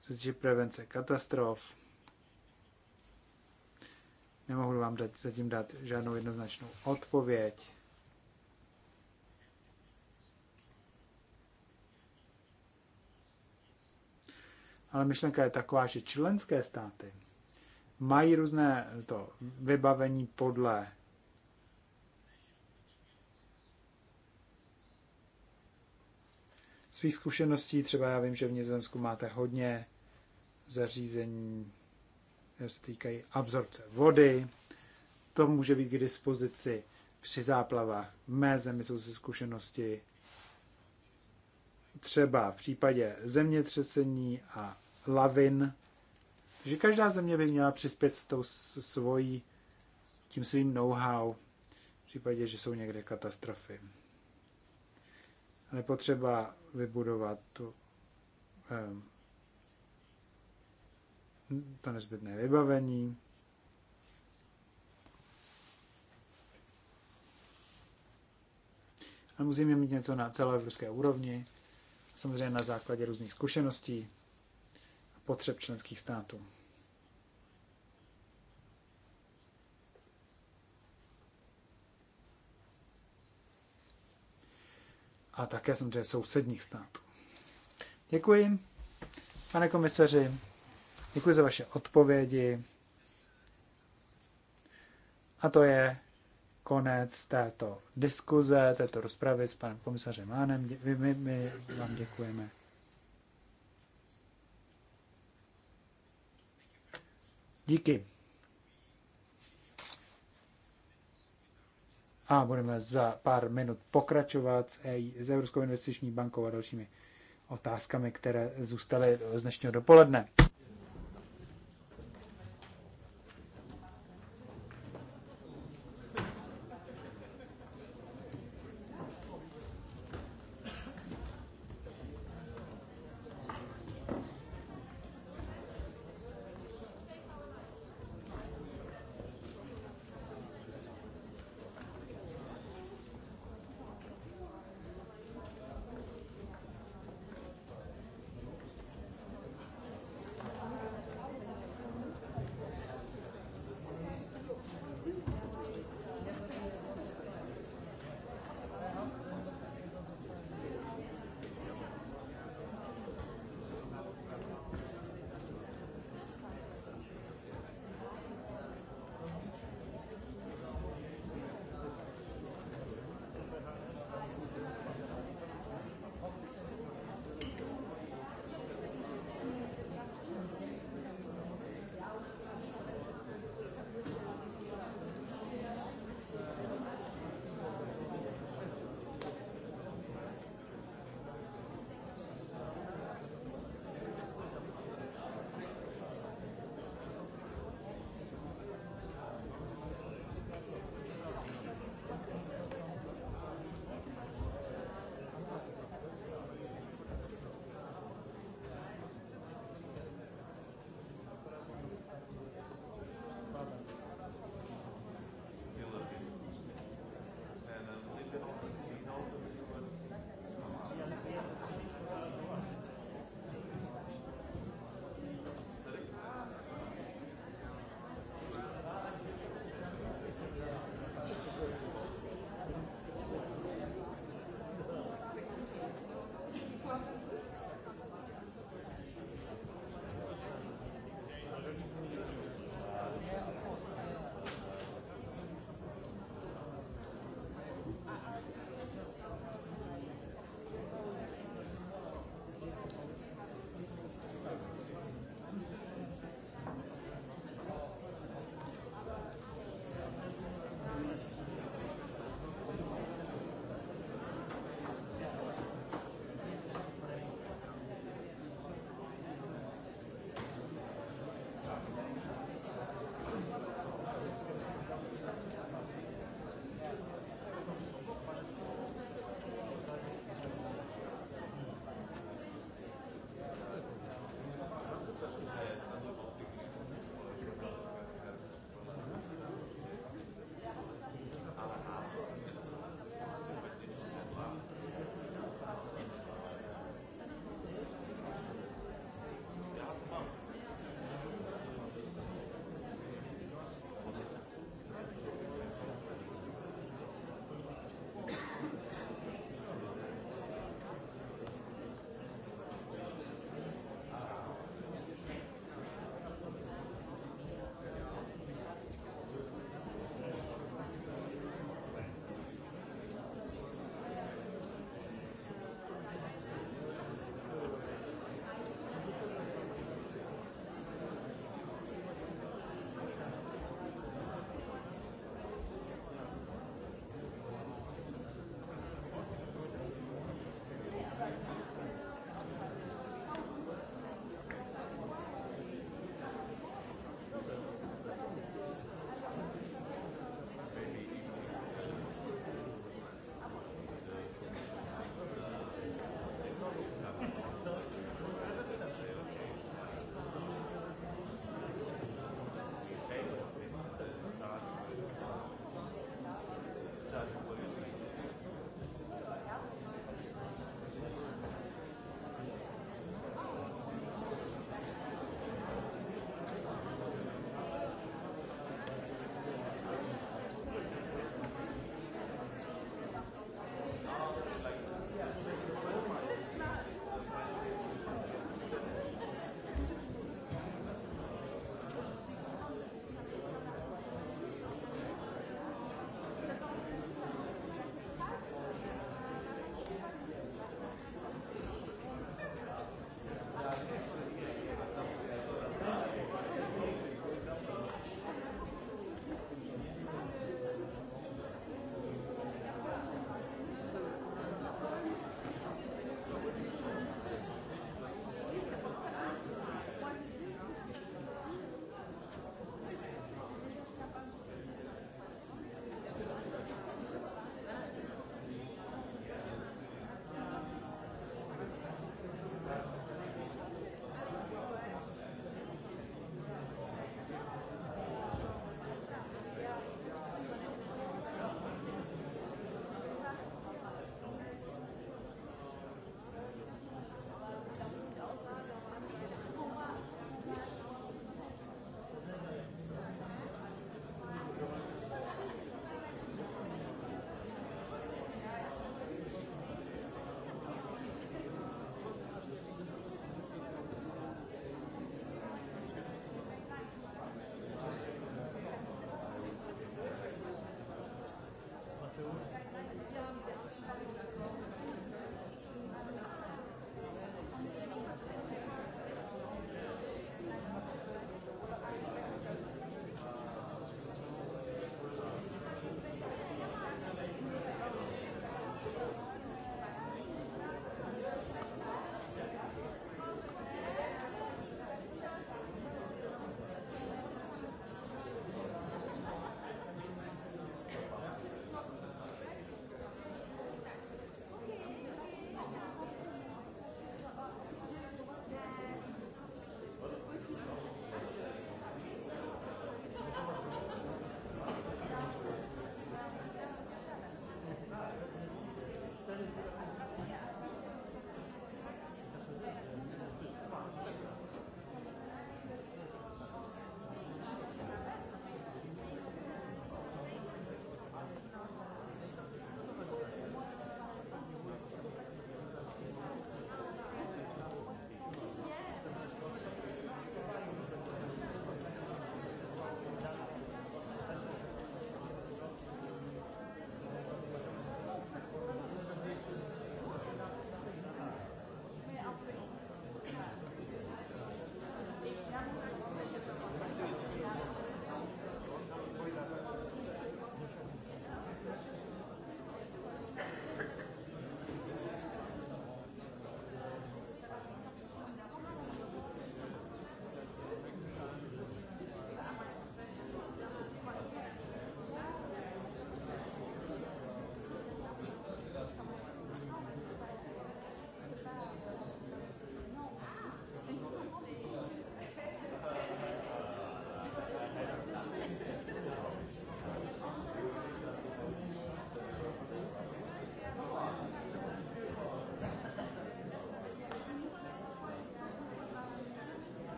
co se týče prevence katastrof, Nemohu vám dát, zatím dát žádnou jednoznačnou odpověď. Ale myšlenka je taková, že členské státy mají různé to vybavení podle svých zkušeností. Třeba já vím, že v Nizozemsku máte hodně zařízení se týkají absorpce vody. To může být k dispozici při záplavách. V mé zemi jsou se zkušenosti třeba v případě zemětřesení a lavin, že každá země by měla přispět s tou svojí, tím svým know-how v případě, že jsou někde katastrofy. Ale nepotřeba vybudovat tu um, to nezbytné vybavení. Ale musíme mít něco na evropské úrovni, samozřejmě na základě různých zkušeností a potřeb členských států. A také samozřejmě sousedních států. Děkuji, pane komisaři. Děkuji za vaše odpovědi. A to je konec této diskuze, této rozpravy s panem komisařem Mánem. My, my, my vám děkujeme. Díky. A budeme za pár minut pokračovat s, e s Evropskou investiční bankou a dalšími otázkami, které zůstaly z dnešního dopoledne.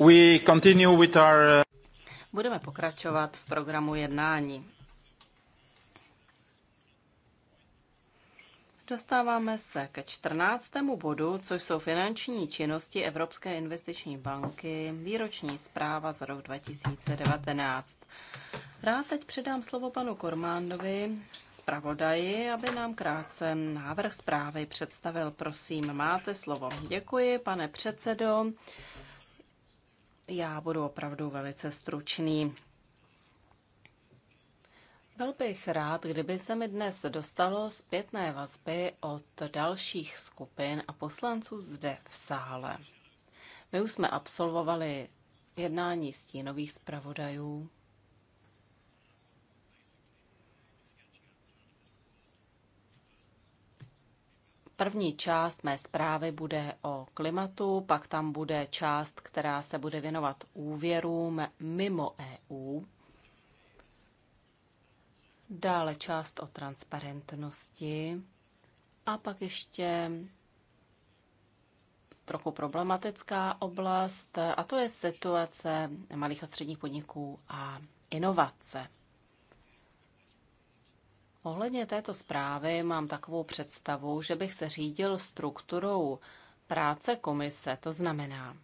We continue with our... Uh, Budeme pokračovat v programu jednání. Dostáváme se ke 14. bodu, což jsou finanční činnosti Evropské investiční banky, výroční zpráva za rok 2019. Rád teď předám slovo panu Kormándovi, zpravodaji, aby nám krátce návrh zprávy představil. Prosím, máte slovo. Děkuji, pane předsedo. Já budu opravdu velice stručný. Byl bych rád, kdyby se mi dnes dostalo zpětné vazby od dalších skupin a poslanců zde v sále. My už jsme absolvovali jednání stínových zpravodajů První část mé zprávy bude o klimatu, pak tam bude část, která se bude věnovat úvěrům mimo EU, dále část o transparentnosti a pak ještě trochu problematická oblast, a to je situace malých a středních podniků a inovace. Ohledně této zprávy mám takovou představu, že bych se řídil strukturou práce komise, to znamená,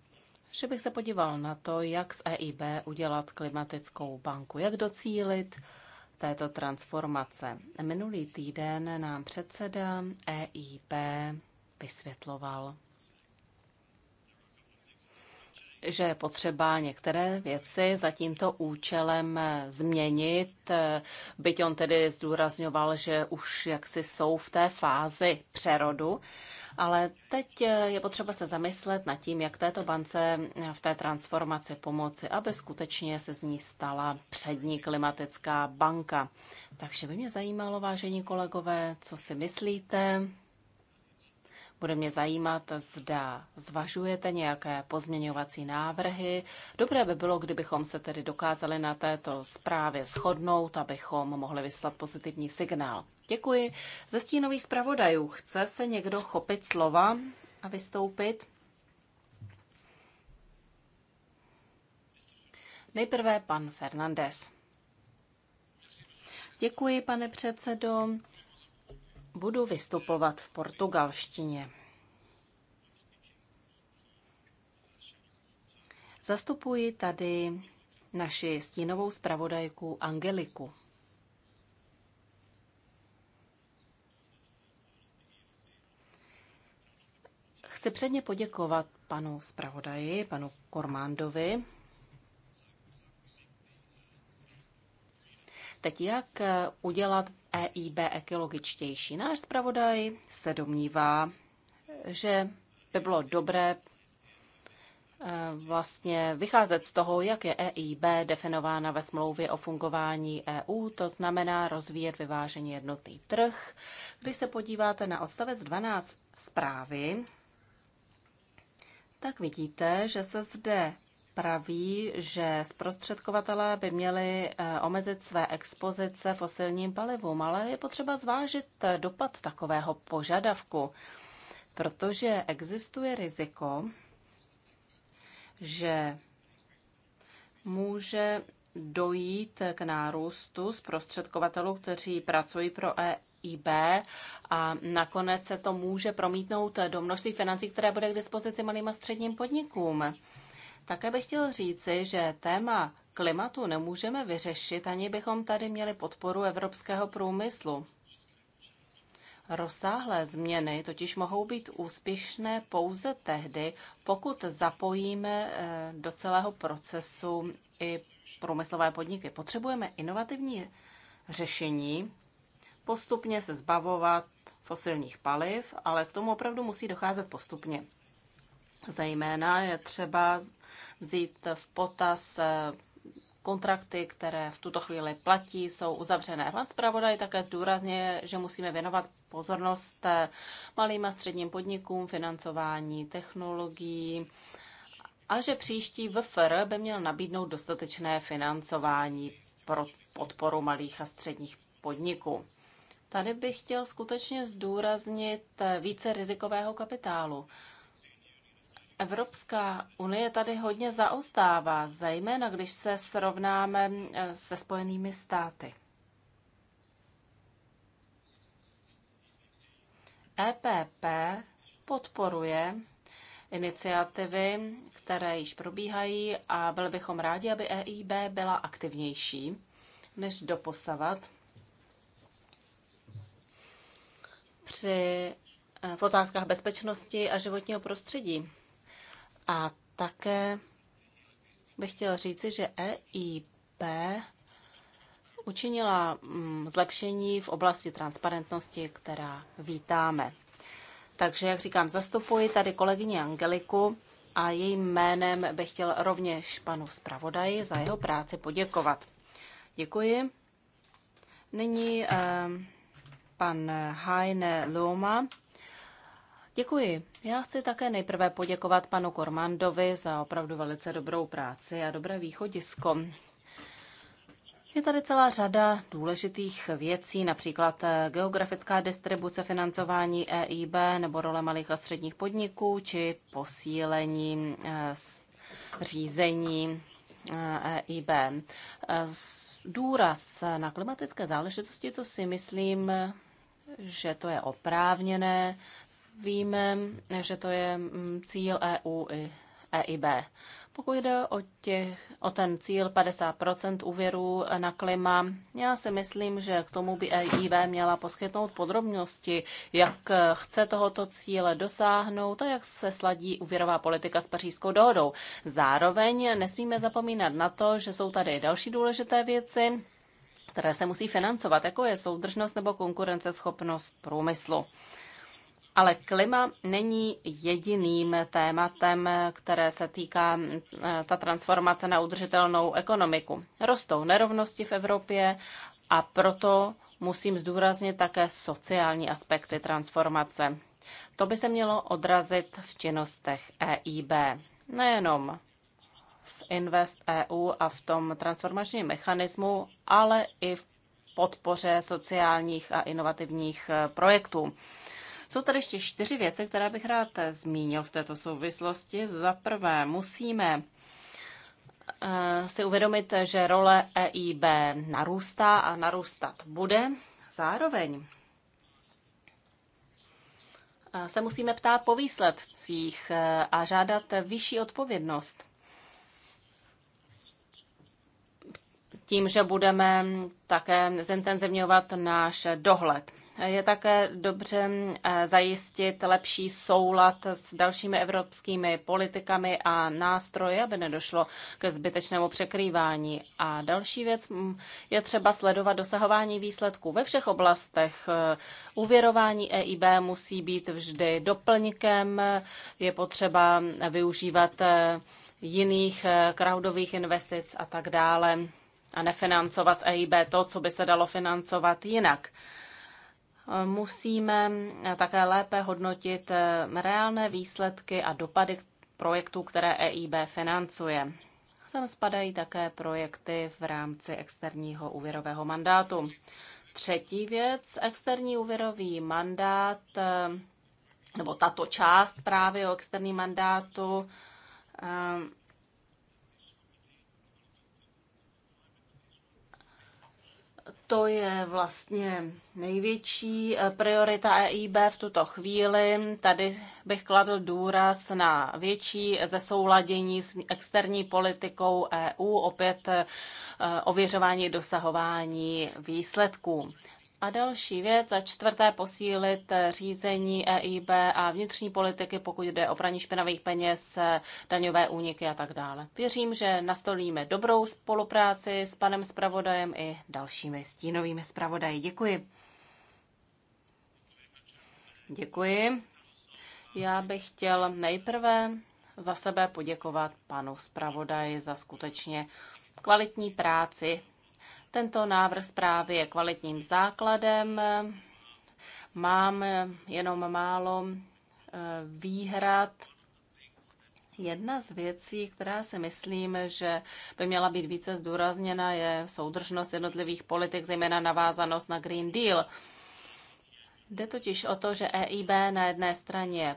že bych se podíval na to, jak z EIB udělat klimatickou banku, jak docílit této transformace. Minulý týden nám předseda EIB vysvětloval že je potřeba některé věci za tímto účelem změnit, byť on tedy zdůrazňoval, že už jaksi jsou v té fázi přerodu. Ale teď je potřeba se zamyslet nad tím, jak této bance v té transformaci pomoci, aby skutečně se z ní stala přední klimatická banka. Takže by mě zajímalo, vážení kolegové, co si myslíte, bude mě zajímat, zda zvažujete nějaké pozměňovací návrhy. Dobré by bylo, kdybychom se tedy dokázali na této zprávě shodnout, abychom mohli vyslat pozitivní signál. Děkuji. Ze stínových zpravodajů chce se někdo chopit slova a vystoupit? Nejprve pan Fernandez. Děkuji, pane předsedo. Budu vystupovat v portugalštině. Zastupuji tady naši stínovou zpravodajku Angeliku. Chci předně poděkovat panu zpravodaji, panu Kormándovi, Teď jak eh, udělat EIB ekologičtější? Náš zpravodaj se domnívá, že by bylo dobré eh, vlastně vycházet z toho, jak je EIB definována ve smlouvě o fungování EU, to znamená rozvíjet vyvážení jednotný trh. Když se podíváte na odstavec 12 zprávy, tak vidíte, že se zde praví, že zprostředkovatelé by měli eh, omezit své expozice fosilním palivům, ale je potřeba zvážit eh, dopad takového požadavku, protože existuje riziko, že může dojít k nárůstu zprostředkovatelů, kteří pracují pro EIB a nakonec se to může promítnout do množství financí, které bude k dispozici malým a středním podnikům. Také bych chtěl říci, že téma klimatu nemůžeme vyřešit, ani bychom tady měli podporu evropského průmyslu. Rozsáhlé změny totiž mohou být úspěšné pouze tehdy, pokud zapojíme eh, do celého procesu i průmyslové podniky. Potřebujeme inovativní řešení, postupně se zbavovat fosilních paliv, ale k tomu opravdu musí docházet postupně. Zejména je třeba vzít v potaz eh, kontrakty, které v tuto chvíli platí, jsou uzavřené. Pan zpravodaj také zdůrazně, že musíme věnovat pozornost eh, malým a středním podnikům, financování technologií a že příští VFR by měl nabídnout dostatečné financování pro podporu malých a středních podniků. Tady bych chtěl skutečně zdůraznit eh, více rizikového kapitálu. Evropská unie tady hodně zaostává, zejména když se srovnáme eh, se Spojenými státy. EPP podporuje iniciativy, které již probíhají a byli bychom rádi, aby EIB byla aktivnější než doposavat při, eh, v otázkách bezpečnosti a životního prostředí. A také bych chtěl říci, že EIP učinila mm, zlepšení v oblasti transparentnosti, která vítáme. Takže, jak říkám, zastupuji tady kolegyni Angeliku a jejím jménem bych chtěl rovněž panu zpravodaji za jeho práci poděkovat. Děkuji. Nyní eh, pan Heine Loma Děkuji. Já chci také nejprve poděkovat panu Kormandovi za opravdu velice dobrou práci a dobré východisko. Je tady celá řada důležitých věcí, například eh, geografická distribuce financování EIB nebo role malých a středních podniků či posílení eh, řízení EIB. Eh, e důraz na klimatické záležitosti, to si myslím, že to je oprávněné, Víme, že to je mm, cíl EU i EIB. Pokud jde o, těch, o ten cíl 50 úvěrů na klima, já si myslím, že k tomu by EIB měla poskytnout podrobnosti, jak chce tohoto cíle dosáhnout a jak se sladí úvěrová politika s pařížskou dohodou. Zároveň nesmíme zapomínat na to, že jsou tady další důležité věci, které se musí financovat, jako je soudržnost nebo konkurenceschopnost průmyslu. Ale klima není jediným tématem, které se týká eh, ta transformace na udržitelnou ekonomiku. Rostou nerovnosti v Evropě a proto musím zdůraznit také sociální aspekty transformace. To by se mělo odrazit v činnostech EIB. Nejenom v Invest EU a v tom transformačním mechanismu, ale i v podpoře sociálních a inovativních eh, projektů. Jsou tady ještě čtyři věci, které bych rád zmínil v této souvislosti. Za prvé, musíme eh, si uvědomit, že role EIB narůstá a narůstat bude. Zároveň eh, se musíme ptát po výsledcích eh, a žádat vyšší odpovědnost. Tím, že budeme také zintenzivňovat náš dohled je také dobře eh, zajistit lepší soulad s dalšími evropskými politikami a nástroji, aby nedošlo ke zbytečnému překrývání. A další věc mm, je třeba sledovat dosahování výsledků ve všech oblastech. Eh, uvěrování EIB musí být vždy doplňkem, je potřeba využívat eh, jiných crowdových investic a tak dále a nefinancovat EIB to, co by se dalo financovat jinak musíme eh, také lépe hodnotit eh, reálné výsledky a dopady projektů, které EIB financuje. Sem spadají také projekty v rámci externího úvěrového mandátu. Třetí věc, externí úvěrový mandát, eh, nebo tato část právě o externí mandátu, to je vlastně největší eh, priorita EIB v tuto chvíli. Tady bych kladl důraz na větší zesouladění s externí politikou EU, opět eh, ověřování dosahování výsledků. A další věc, za čtvrté posílit eh, řízení EIB a vnitřní politiky, pokud jde o praní špinavých peněz, eh, daňové úniky a tak dále. Věřím, že nastolíme dobrou spolupráci s panem zpravodajem i dalšími stínovými zpravodaji. Děkuji. Děkuji. Já bych chtěl nejprve za sebe poděkovat panu zpravodaji za skutečně kvalitní práci tento návrh zprávy je kvalitním základem. Mám jenom málo eh, výhrad. Jedna z věcí, která si myslím, že by měla být více zdůrazněna, je soudržnost jednotlivých politik, zejména navázanost na Green Deal. Jde totiž o to, že EIB na jedné straně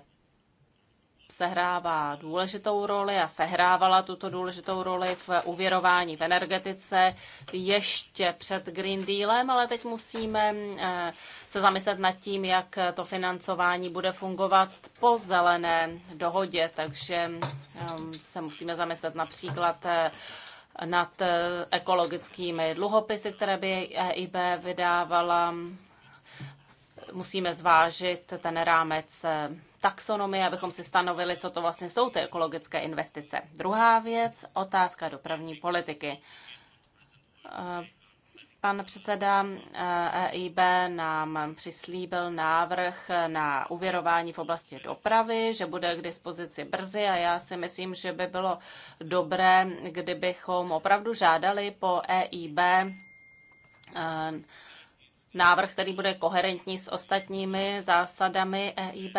sehrává důležitou roli a sehrávala tuto důležitou roli v uvěrování v energetice ještě před Green Dealem, ale teď musíme eh, se zamyslet nad tím, jak to financování bude fungovat po zelené dohodě, takže ehm, se musíme zamyslet například eh, nad eh, ekologickými dluhopisy, které by EIB vydávala. Musíme zvážit ten rámec taxonomie, abychom si stanovili, co to vlastně jsou ty ekologické investice. Druhá věc, otázka dopravní politiky. Eh, pan předseda EIB eh, e nám přislíbil návrh na uvěrování v oblasti dopravy, že bude k dispozici brzy a já si myslím, že by bylo dobré, kdybychom opravdu žádali po EIB eh, návrh, který bude koherentní s ostatními zásadami EIB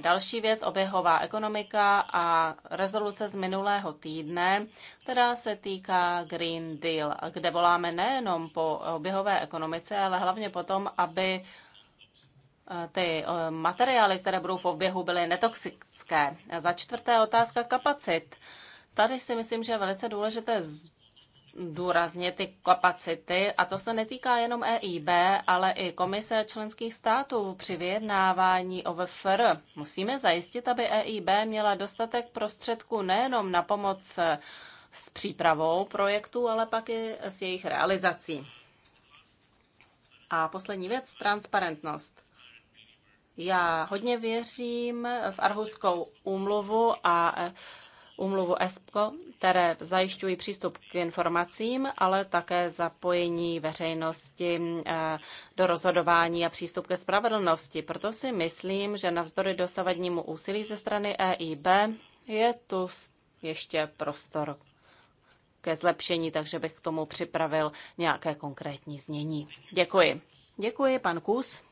Další věc, oběhová ekonomika a rezoluce z minulého týdne, která se týká Green Deal, kde voláme nejenom po oběhové ekonomice, ale hlavně potom, aby eh, ty eh, materiály, které budou v oběhu, byly netoxické. Za čtvrté otázka kapacit. Tady si myslím, že je velice důležité důrazně ty kapacity a to se netýká jenom EIB, ale i Komise členských států při vyjednávání o VFR. Musíme zajistit, aby EIB měla dostatek prostředků nejenom na pomoc s přípravou projektů, ale pak i s jejich realizací. A poslední věc, transparentnost. Já hodně věřím v Arhuskou úmluvu a úmluvu ESPCO, které zajišťují přístup k informacím, ale také zapojení veřejnosti eh, do rozhodování a přístup ke spravedlnosti. Proto si myslím, že navzdory dosavadnímu úsilí ze strany EIB je tu ještě prostor ke zlepšení, takže bych k tomu připravil nějaké konkrétní znění. Děkuji. Děkuji, pan Kus.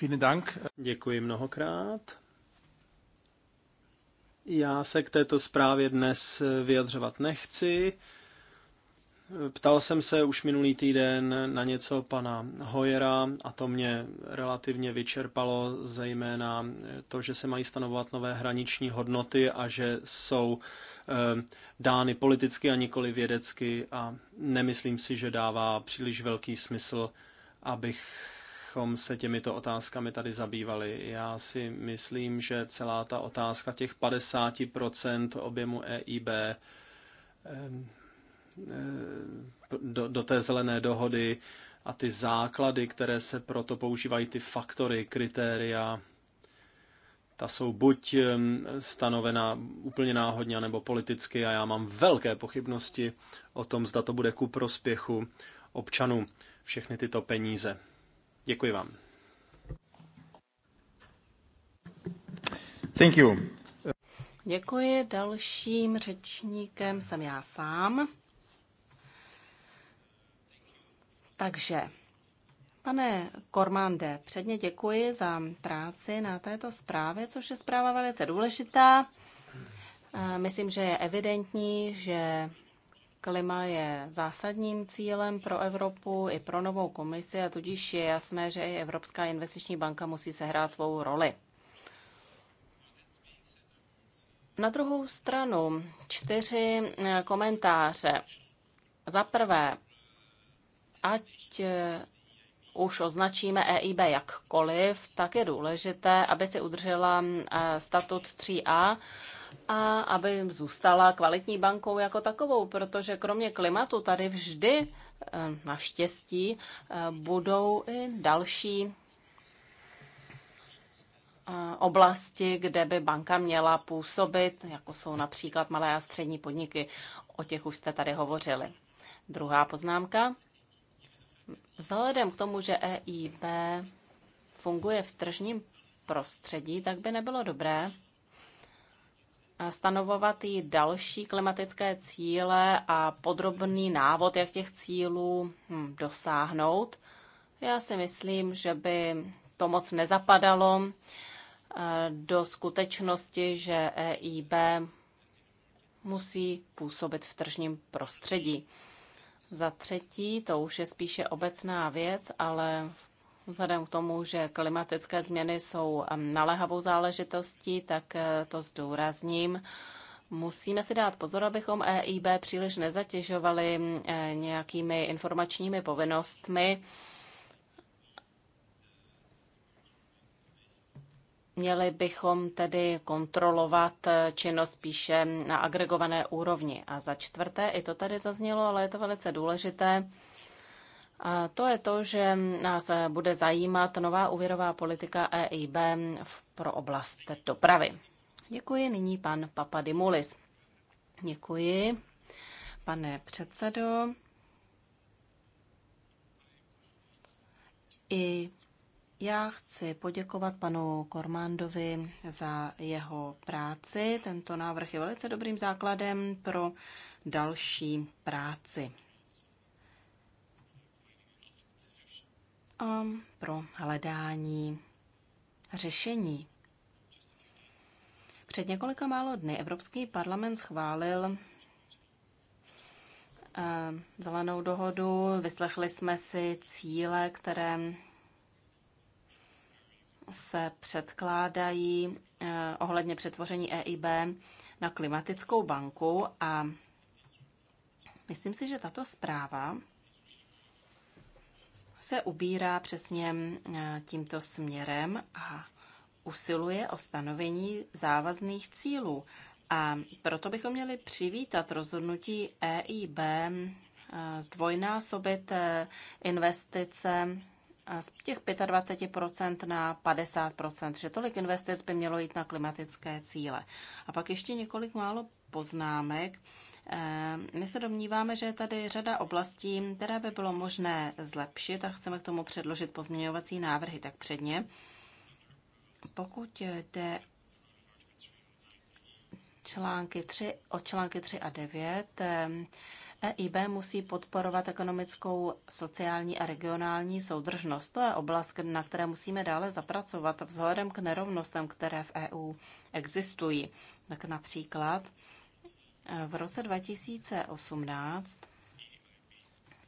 Vielen Dank. Děkuji mnohokrát. Já se k této zprávě dnes vyjadřovat nechci. Ptal jsem se už minulý týden na něco pana Hojera a to mě relativně vyčerpalo, zejména to, že se mají stanovovat nové hraniční hodnoty a že jsou eh, dány politicky a nikoli vědecky a nemyslím si, že dává příliš velký smysl, abych abychom se těmito otázkami tady zabývali. Já si myslím, že celá ta otázka těch 50% objemu EIB do, do té zelené dohody a ty základy, které se proto používají, ty faktory, kritéria, ta jsou buď stanovena úplně náhodně, nebo politicky a já mám velké pochybnosti o tom, zda to bude ku prospěchu občanů všechny tyto peníze. Děkuji vám. Thank you. Děkuji. Dalším řečníkem jsem já sám. Takže, pane Kormande, předně děkuji za práci na této zprávě, což je zpráva velice důležitá. Myslím, že je evidentní, že Klima je zásadním cílem pro Evropu i pro novou komisi a tudíž je jasné, že i Evropská investiční banka musí sehrát svou roli. Na druhou stranu čtyři eh, komentáře. Za prvé, ať eh, už označíme EIB jakkoliv, tak je důležité, aby si udržela eh, statut 3A a aby zůstala kvalitní bankou jako takovou, protože kromě klimatu tady vždy eh, naštěstí eh, budou i další eh, oblasti, kde by banka měla působit, jako jsou například malé a střední podniky. O těch už jste tady hovořili. Druhá poznámka. Vzhledem k tomu, že EIB funguje v tržním prostředí, tak by nebylo dobré, stanovovat i další klimatické cíle a podrobný návod, jak těch cílů hm, dosáhnout. Já si myslím, že by to moc nezapadalo eh, do skutečnosti, že EIB musí působit v tržním prostředí. Za třetí, to už je spíše obecná věc, ale v Vzhledem k tomu, že klimatické změny jsou naléhavou záležitostí, tak eh, to zdůrazním. Musíme si dát pozor, abychom EIB příliš nezatěžovali eh, nějakými informačními povinnostmi. Měli bychom tedy kontrolovat eh, činnost spíše na agregované úrovni. A za čtvrté, i to tady zaznělo, ale je to velice důležité, a to je to, že nás bude zajímat nová úvěrová politika EIB pro oblast dopravy. Děkuji nyní pan Papadimulis. Děkuji, pane předsedo. I já chci poděkovat panu Kormándovi za jeho práci. Tento návrh je velice dobrým základem pro další práci. Um, pro hledání řešení. Před několika málo dny Evropský parlament schválil eh, zelenou dohodu, vyslechli jsme si cíle, které se předkládají eh, ohledně přetvoření EIB na klimatickou banku a myslím si, že tato zpráva se ubírá přesně e, tímto směrem a usiluje o stanovení závazných cílů. A proto bychom měli přivítat rozhodnutí EIB e, zdvojnásobit e, investice z těch 25% na 50%, že tolik investic by mělo jít na klimatické cíle. A pak ještě několik málo poznámek Eh, my se domníváme, že je tady řada oblastí, které by bylo možné zlepšit a chceme k tomu předložit pozměňovací návrhy tak předně. Pokud jde články 3, o články 3 a 9, EIB eh, e musí podporovat ekonomickou, sociální a regionální soudržnost. To je oblast, na které musíme dále zapracovat vzhledem k nerovnostem, které v EU existují. Tak například v roce 2018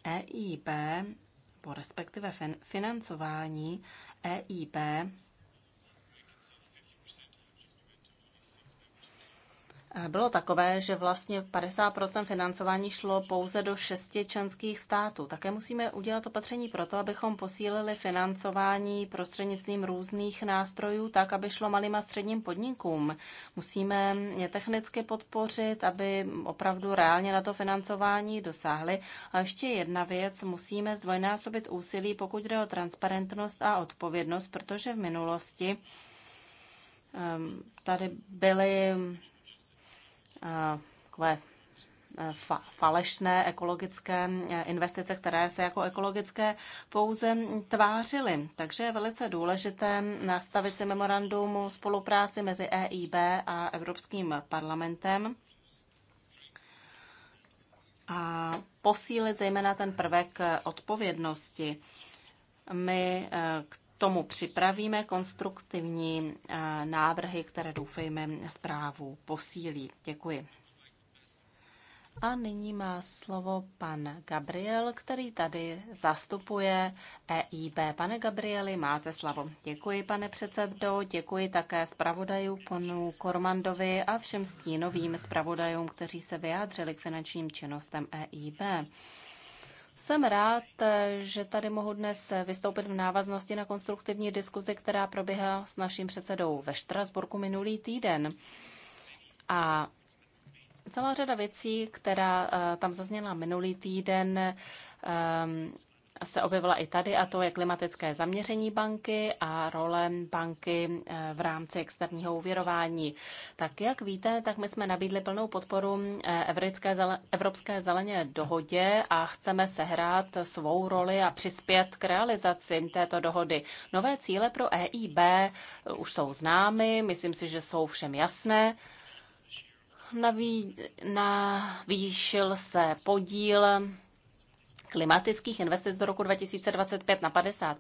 EIB, po respektive financování EIB bylo takové, že vlastně 50% financování šlo pouze do šesti členských států. Také musíme udělat opatření pro to, abychom posílili financování prostřednictvím různých nástrojů, tak, aby šlo malým a středním podnikům. Musíme je technicky podpořit, aby opravdu reálně na to financování dosáhli. A ještě jedna věc, musíme zdvojnásobit úsilí, pokud jde o transparentnost a odpovědnost, protože v minulosti ehm, Tady byly takové eh, fa- falešné ekologické eh, investice, které se jako ekologické pouze tvářily. Takže je velice důležité nastavit si memorandum o spolupráci mezi EIB a Evropským parlamentem a posílit zejména ten prvek eh, odpovědnosti. My k tomu připravíme konstruktivní eh, návrhy, které doufejme zprávu posílí. Děkuji. A nyní má slovo pan Gabriel, který tady zastupuje EIB. Pane Gabrieli, máte slovo. Děkuji, pane předsedo, děkuji také zpravodaju panu Kormandovi a všem stínovým zpravodajům, kteří se vyjádřili k finančním činnostem EIB. Jsem rád, že tady mohu dnes vystoupit v návaznosti na konstruktivní diskuzi, která proběhla s naším předsedou ve Štrasburku minulý týden. A celá řada věcí, která eh, tam zazněla minulý týden, eh, se objevila i tady, a to je klimatické zaměření banky a role banky eh, v rámci externího uvěrování. Tak jak víte, tak my jsme nabídli plnou podporu eh, Evropské, Evropské zeleně dohodě a chceme sehrát svou roli a přispět k realizaci této dohody. Nové cíle pro EIB eh, už jsou známy, myslím si, že jsou všem jasné navýšil se podíl klimatických investic do roku 2025 na 50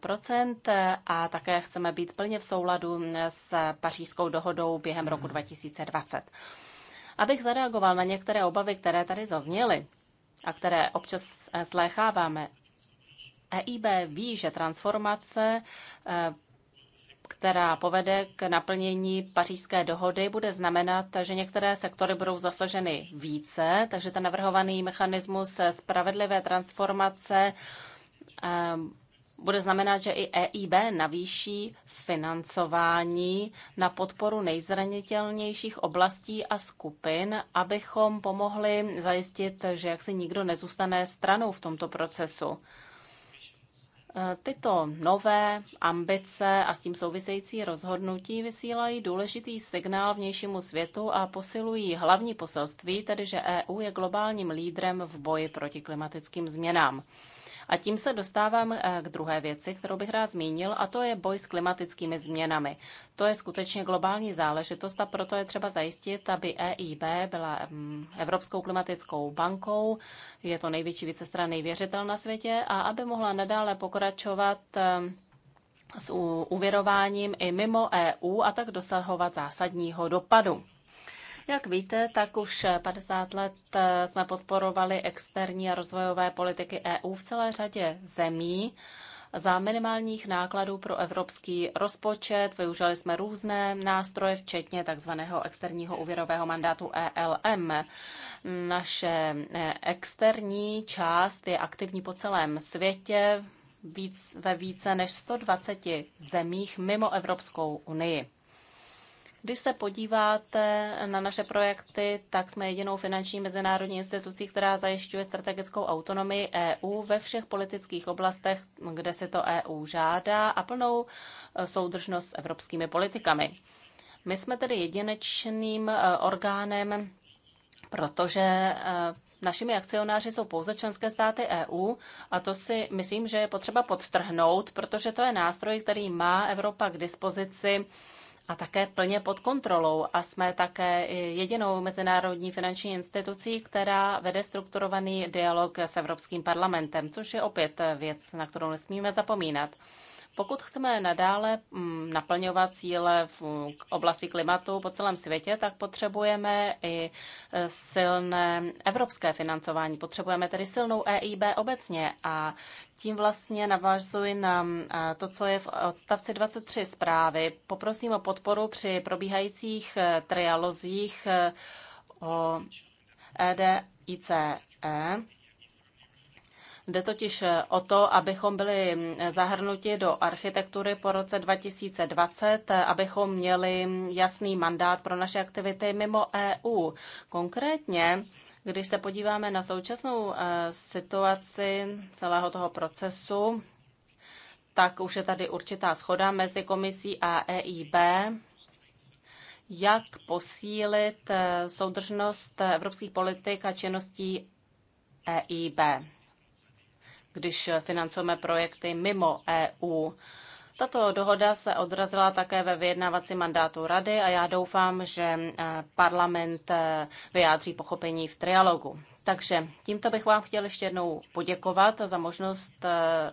eh, a také chceme být plně v souladu mm, s pařížskou dohodou během roku 2020. Mhm. Abych zareagoval na některé obavy, které tady zazněly a které občas eh, slécháváme, EIB ví, že transformace eh, která povede k naplnění pařížské dohody, bude znamenat, že některé sektory budou zasaženy více, takže ten navrhovaný mechanismus spravedlivé transformace ehm, bude znamenat, že i EIB navýší financování na podporu nejzranitelnějších oblastí a skupin, abychom pomohli zajistit, že jaksi nikdo nezůstane stranou v tomto procesu. Eh, tyto nové ambice a s tím související rozhodnutí vysílají důležitý signál vnějšímu světu a posilují hlavní poselství, tedy že EU je globálním lídrem v boji proti klimatickým změnám. A tím se dostávám eh, k druhé věci, kterou bych rád zmínil, a to je boj s klimatickými změnami. To je skutečně globální záležitost a proto je třeba zajistit, aby EIB byla mm, Evropskou klimatickou bankou, je to největší vícestranný věřitel na světě, a aby mohla nadále pokračovat eh, s úvěrováním i mimo EU a tak dosahovat zásadního dopadu. Jak víte, tak už 50 let jsme podporovali externí a rozvojové politiky EU v celé řadě zemí za minimálních nákladů pro evropský rozpočet. Využili jsme různé nástroje, včetně tzv. externího úvěrového mandátu ELM. Naše eh, externí část je aktivní po celém světě víc, ve více než 120 zemích mimo Evropskou unii. Když se podíváte na naše projekty, tak jsme jedinou finanční mezinárodní institucí, která zajišťuje strategickou autonomii EU ve všech politických oblastech, kde se to EU žádá a plnou eh, soudržnost s evropskými politikami. My jsme tedy jedinečným eh, orgánem, protože eh, Našimi akcionáři jsou pouze členské státy EU a to si myslím, že je potřeba podtrhnout, protože to je nástroj, který má Evropa k dispozici a také plně pod kontrolou. A jsme také jedinou mezinárodní finanční institucí, která vede strukturovaný dialog s Evropským parlamentem, což je opět věc, na kterou nesmíme zapomínat. Pokud chceme nadále mm, naplňovat cíle v oblasti klimatu po celém světě, tak potřebujeme i e, silné evropské financování. Potřebujeme tedy silnou EIB obecně a tím vlastně navazuji na to, co je v odstavci 23 zprávy. Poprosím o podporu při probíhajících e, trialozích e, o EDICE Jde totiž eh, o to, abychom byli mm, zahrnuti do architektury po roce 2020, eh, abychom měli mm, jasný mandát pro naše aktivity mimo EU. Konkrétně, když se podíváme na současnou eh, situaci celého toho procesu, tak už je tady určitá schoda mezi komisí a EIB, jak posílit soudržnost evropských politik a činností EIB když financujeme projekty mimo EU. Tato dohoda se odrazila také ve vyjednávací mandátu Rady a já doufám, že eh, parlament eh, vyjádří pochopení v trialogu. Takže tímto bych vám chtěl ještě jednou poděkovat za možnost eh,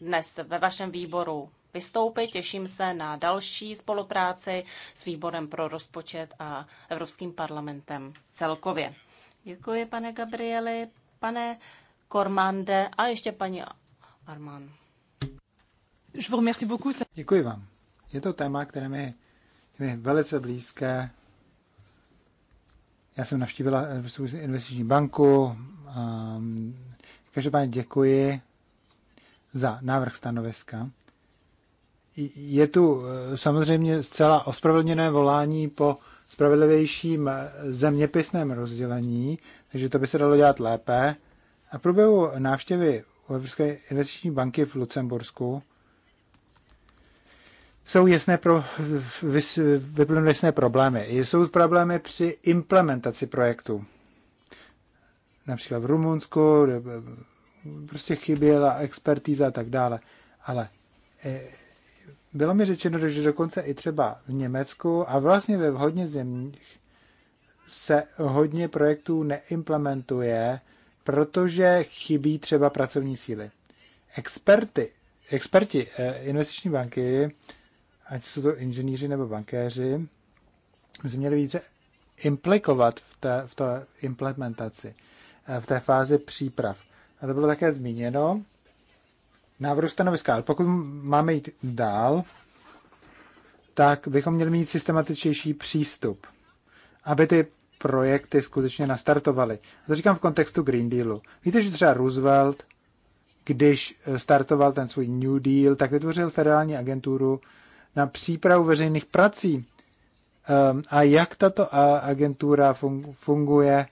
dnes ve vašem výboru vystoupit. Těším se na další spolupráci s výborem pro rozpočet a Evropským parlamentem celkově. Děkuji, pane Gabrieli. Pane Kormande a ještě paní Arman. Děkuji vám. Je to téma, které mi je velice blízké. Já jsem navštívila investiční banku. Ehm, každopádně děkuji za návrh stanoviska. Je tu eh, samozřejmě zcela ospravedlněné volání po spravedlivějším eh, zeměpisném rozdělení, takže to by se dalo dělat lépe. Na průběhu návštěvy Evropské investiční banky v Lucembursku jsou jasné pro, vyplynuly jasné problémy. Jsou problémy při implementaci projektu. Například v Rumunsku eh, prostě chyběla expertíza a tak dále. Ale eh, bylo mi řečeno, že dokonce i třeba v Německu a vlastně ve hodně zemích se hodně projektů neimplementuje protože chybí třeba pracovní síly. Experty, experti eh, investiční banky, ať jsou to inženýři nebo bankéři, by se měli více implikovat v té, v té implementaci, eh, v té fázi příprav. A to bylo také zmíněno návrhu stanoviska. Ale pokud máme jít dál, tak bychom měli mít systematičtější přístup, aby ty projekty skutečně nastartovaly. A to říkám v kontextu Green Dealu. Víte, že třeba Roosevelt, když startoval ten svůj New Deal, tak vytvořil federální agenturu na přípravu veřejných prací. Ehm, a jak tato agentura funguje,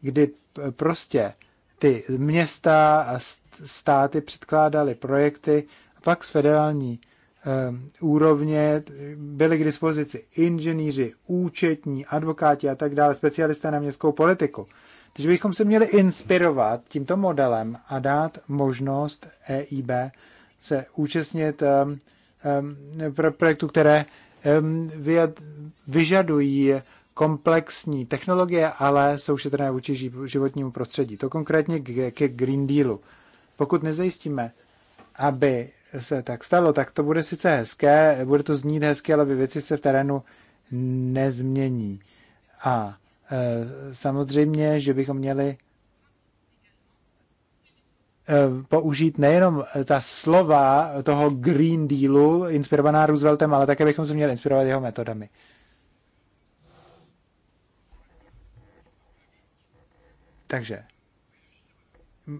kdy prostě ty města a státy předkládaly projekty, a pak z federální Eh, úrovně byli k dispozici inženýři, účetní, advokáti a tak dále, specialisté na městskou politiku. Takže bychom se měli inspirovat tímto modelem a dát možnost EIB se účastnit eh, eh, pro projektu, projektů, které vyžadují komplexní technologie, ale jsou šetrné vůči životnímu prostředí. To konkrétně ke Green Dealu. Pokud nezajistíme, aby se tak stalo, tak to bude sice hezké, bude to znít hezky, ale věci se v terénu nezmění. A e, samozřejmě, že bychom měli e, použít nejenom ta slova toho Green Dealu, inspirovaná Rooseveltem, ale také bychom se měli inspirovat jeho metodami. Takže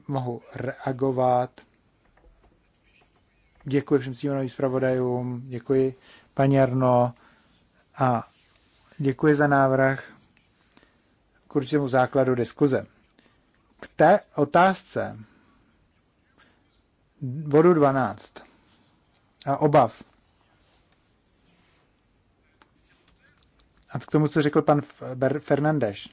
mohu reagovat Děkuji všem stínovým zpravodajům, děkuji paní Arno a děkuji za návrh k určitému základu diskuze. K té otázce bodu 12 a obav. A k tomu, co řekl pan Fernandeš.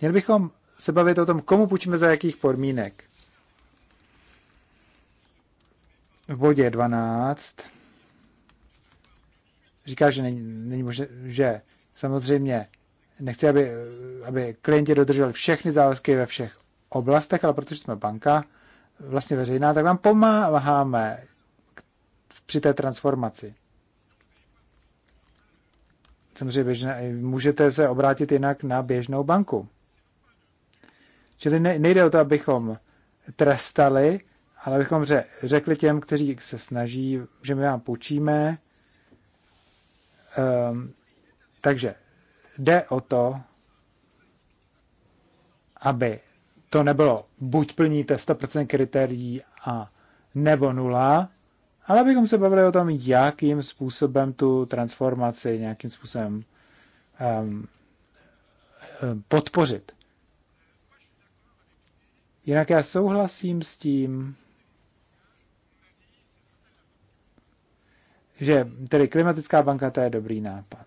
Měli bychom se bavit o tom, komu půjčíme za jakých podmínek. v bodě 12 říká, že není, není možné, že samozřejmě nechci, aby, aby klienti dodrželi všechny závazky ve všech oblastech, ale protože jsme banka, vlastně veřejná, tak vám pomáháme při té transformaci. Samozřejmě běžné, můžete se obrátit jinak na běžnou banku. Čili nejde o to, abychom trestali ale bychom řekli těm, kteří se snaží, že my vám půjčíme. Um, takže jde o to, aby to nebylo buď plníte 100% kritérií a nebo nula, ale abychom se bavili o tom, jakým způsobem tu transformaci nějakým způsobem um, podpořit. Jinak já souhlasím s tím, že tedy klimatická banka to je dobrý nápad.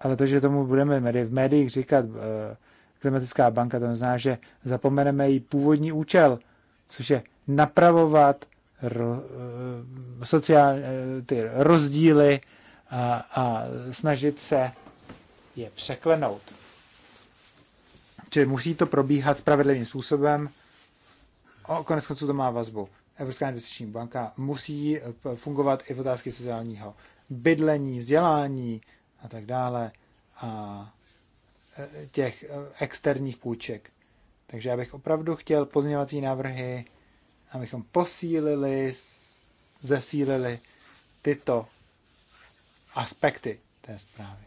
Ale to, že tomu budeme v médiích říkat eh, klimatická banka, to znamená, že zapomeneme její původní účel, což je napravovat ro, eh, sociál, eh, ty rozdíly a, a snažit se je překlenout. Čili musí to probíhat spravedlivým způsobem. O konec konců to má vazbu Evropská investiční banka musí eh, fungovat i v otázky sociálního bydlení, vzdělání a tak dále a eh, těch eh, externích půjček. Takže já bych opravdu chtěl pozměňovací návrhy, abychom posílili, zesílili tyto aspekty té zprávy.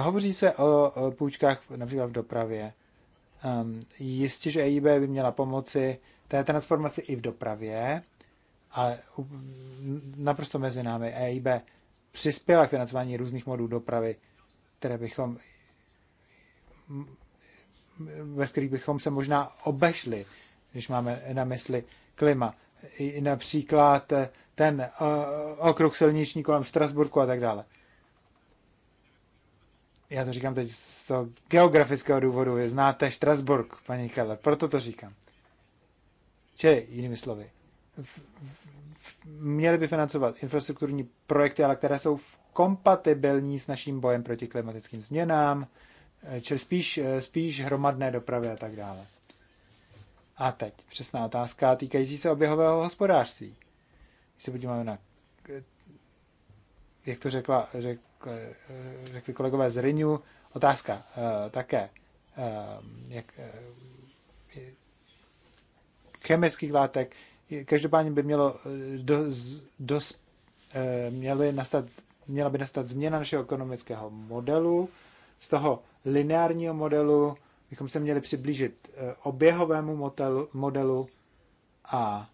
Hovoří se o půjčkách například v dopravě Um, jistě, že EIB by měla pomoci té transformaci i v dopravě, ale naprosto mezi námi EIB přispěla k financování různých modů dopravy, které bychom ve kterých bychom se možná obešli, když máme na mysli klima. I například ten eh, okruh silniční kolem Strasburku a tak dále já to říkám teď z toho geografického důvodu, vy znáte Štrasburg, paní Kelle, proto to říkám. Čili, jinými slovy, v, v, měli by financovat infrastrukturní projekty, ale které jsou kompatibilní s naším bojem proti klimatickým změnám, čili spíš, spíš hromadné dopravy a tak dále. A teď přesná otázka týkající se oběhového hospodářství. Když se podíváme na jak to řekla, řek, řekli kolegové z Rinu, otázka eh, také, eh, jak, eh, chemických látek, každopádně by mělo do, dos, měly nastat, měla by nastat změna našeho ekonomického modelu, z toho lineárního modelu bychom se měli přiblížit oběhovému modelu, modelu a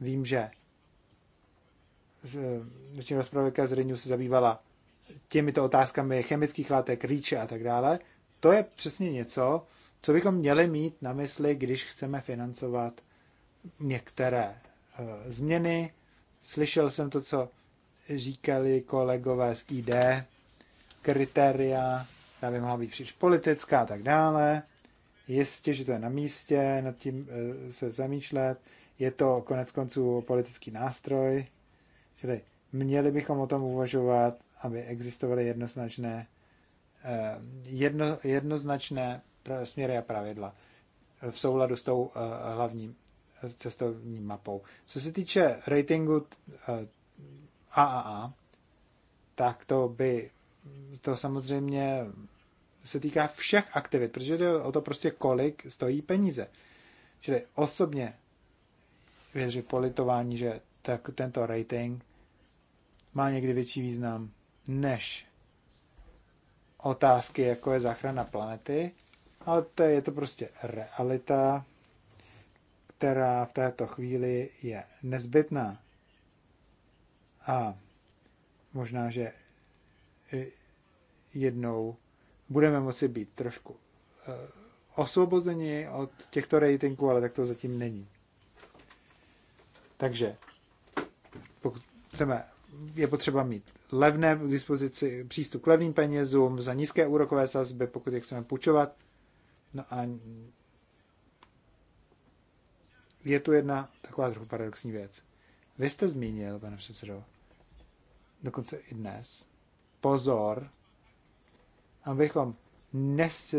vím, že dnešní rozpravěka z Renew se zabývala těmito otázkami chemických látek, rýče a tak dále, to je přesně něco, co bychom měli mít na mysli, když chceme financovat některé eh, změny. Slyšel jsem to, co říkali kolegové z ID, kritéria, která by mohla být příliš politická a tak dále. Jistě, že to je na místě, nad tím eh, se zamýšlet. Je to konec konců politický nástroj, Čili měli bychom o tom uvažovat, aby existovaly jednoznačné, eh, jedno, jednoznačné směry a pravidla v souladu s tou eh, hlavní eh, cestovní mapou. Co se týče ratingu AAA, tak to by to samozřejmě se týká všech aktivit, protože jde o to prostě, kolik stojí peníze. Čili osobně věřím politování, že tak tento rating má někdy větší význam než otázky, jako je záchrana planety, ale to je to prostě realita, která v této chvíli je nezbytná. A možná, že jednou budeme moci být trošku eh, osvobozeni od těchto ratingů, ale tak to zatím není. Takže chceme, je potřeba mít levné k dispozici, přístup k levným penězům za nízké úrokové sazby, pokud je chceme půjčovat. No a je tu jedna taková trochu paradoxní věc. Vy jste zmínil, pane předsedo, dokonce i dnes, pozor, abychom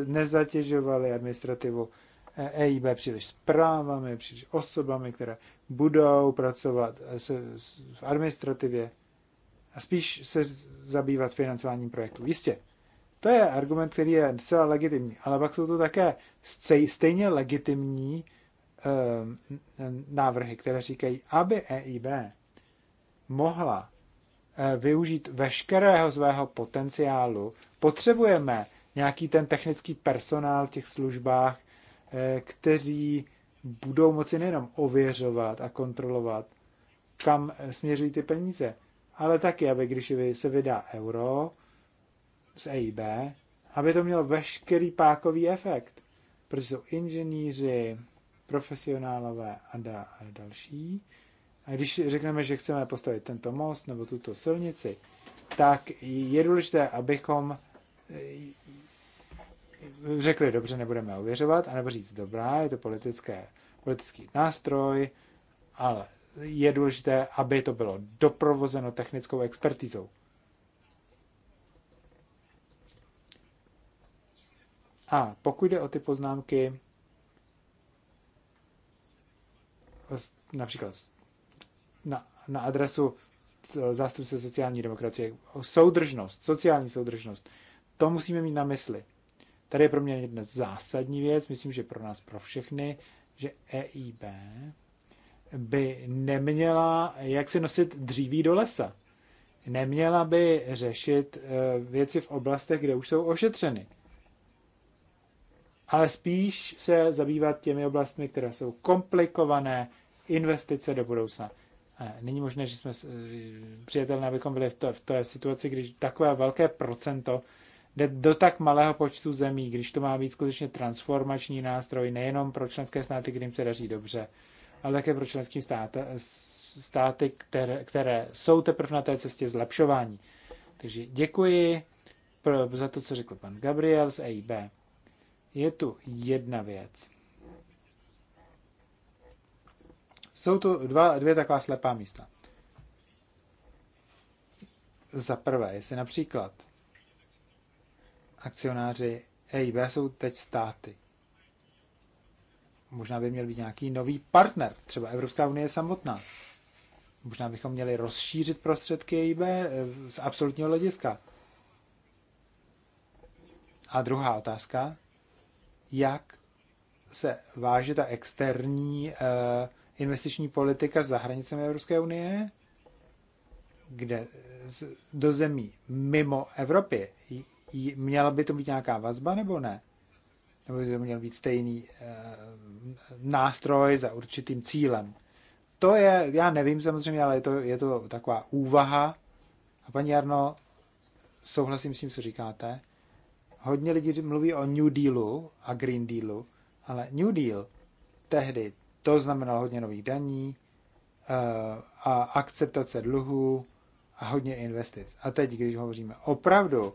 nezatěžovali administrativu EIB eh, e příliš zprávami, příliš osobami, které budou pracovat se, v administrativě a spíš se zabývat financováním projektů. Jistě, to je argument, který je celá legitimní, ale pak jsou to také stejně legitimní ehm, návrhy, které říkají, aby EIB mohla eh, využít veškerého svého potenciálu, potřebujeme nějaký ten technický personál v těch službách, eh, kteří budou moci nejenom ověřovat a kontrolovat, kam směřují ty peníze, ale taky, aby když se vydá euro z EIB, aby to mělo veškerý pákový efekt, protože jsou inženýři, profesionálové a, da, a další. A když řekneme, že chceme postavit tento most nebo tuto silnici, tak je důležité, abychom řekli, dobře, nebudeme ověřovat, anebo říct, dobrá, je to politické, politický nástroj, ale je důležité, aby to bylo doprovozeno technickou expertizou. A pokud jde o ty poznámky, například na, na adresu zástupce sociální demokracie, soudržnost, sociální soudržnost, to musíme mít na mysli. Tady je pro mě jedna zásadní věc, myslím, že pro nás, pro všechny, že EIB by neměla jak si nosit dříví do lesa. Neměla by řešit eh, věci v oblastech, kde už jsou ošetřeny. Ale spíš se zabývat těmi oblastmi, které jsou komplikované, investice do budoucna. Není možné, že jsme eh, přijatelné, abychom byli v té, v té situaci, když takové velké procento jde do tak malého počtu zemí, když to má být skutečně transformační nástroj nejenom pro členské státy, kterým se daří dobře, ale také pro členské státy, státy které, které jsou teprve na té cestě zlepšování. Takže děkuji pro, za to, co řekl pan Gabriel z EIB. Je tu jedna věc. Jsou tu dva, dvě taková slepá místa. Za prvé, jestli například akcionáři EIB jsou teď státy. Možná by měl být nějaký nový partner, třeba Evropská unie samotná. Možná bychom měli rozšířit prostředky EIB eh, z absolutního hlediska. A druhá otázka, jak se váže ta externí eh, investiční politika za hranicemi Evropské unie, kde do zemí mimo Evropy měla by to být nějaká vazba nebo ne? Nebo by to měl být stejný e, nástroj za určitým cílem? To je, já nevím samozřejmě, ale je to, je to taková úvaha. A paní Jarno, souhlasím s tím, co říkáte. Hodně lidí mluví o New Dealu a Green Dealu, ale New Deal tehdy to znamenalo hodně nových daní eh, a akceptace dluhů a hodně investic. A teď, když hovoříme opravdu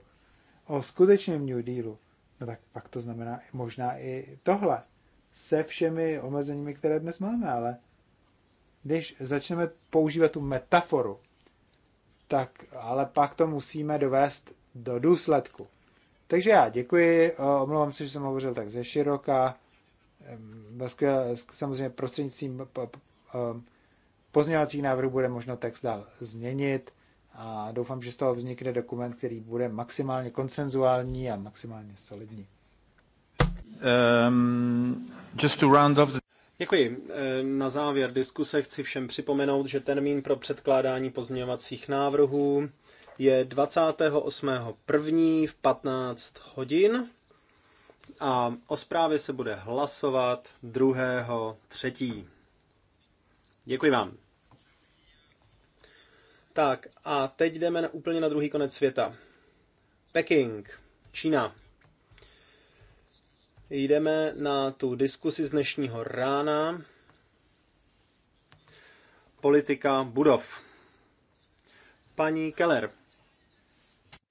o skutečném New Dealu, no tak pak to znamená možná i tohle. Se všemi omezeními, které dnes máme, ale když začneme používat tu metaforu, tak ale pak to musíme dovést do důsledku. Takže já děkuji, omlouvám se, že jsem hovořil tak ze široka, samozřejmě prostřednictvím pozměňovacích návrhů bude možno text dál změnit a doufám, že z toho vznikne dokument, který bude maximálně konsenzuální a maximálně solidní. Um, just to round off the... Děkuji. Eh, na závěr diskuse chci všem připomenout, že termín pro předkládání pozměňovacích návrhů je 28.1. v 15 hodin a o zprávě se bude hlasovat 2.3. Děkuji vám. Tak a teď jdeme na, úplně na druhý konec světa. Peking, Čína. Jdeme na tu diskusi z dnešního rána. Politika budov. Paní Keller.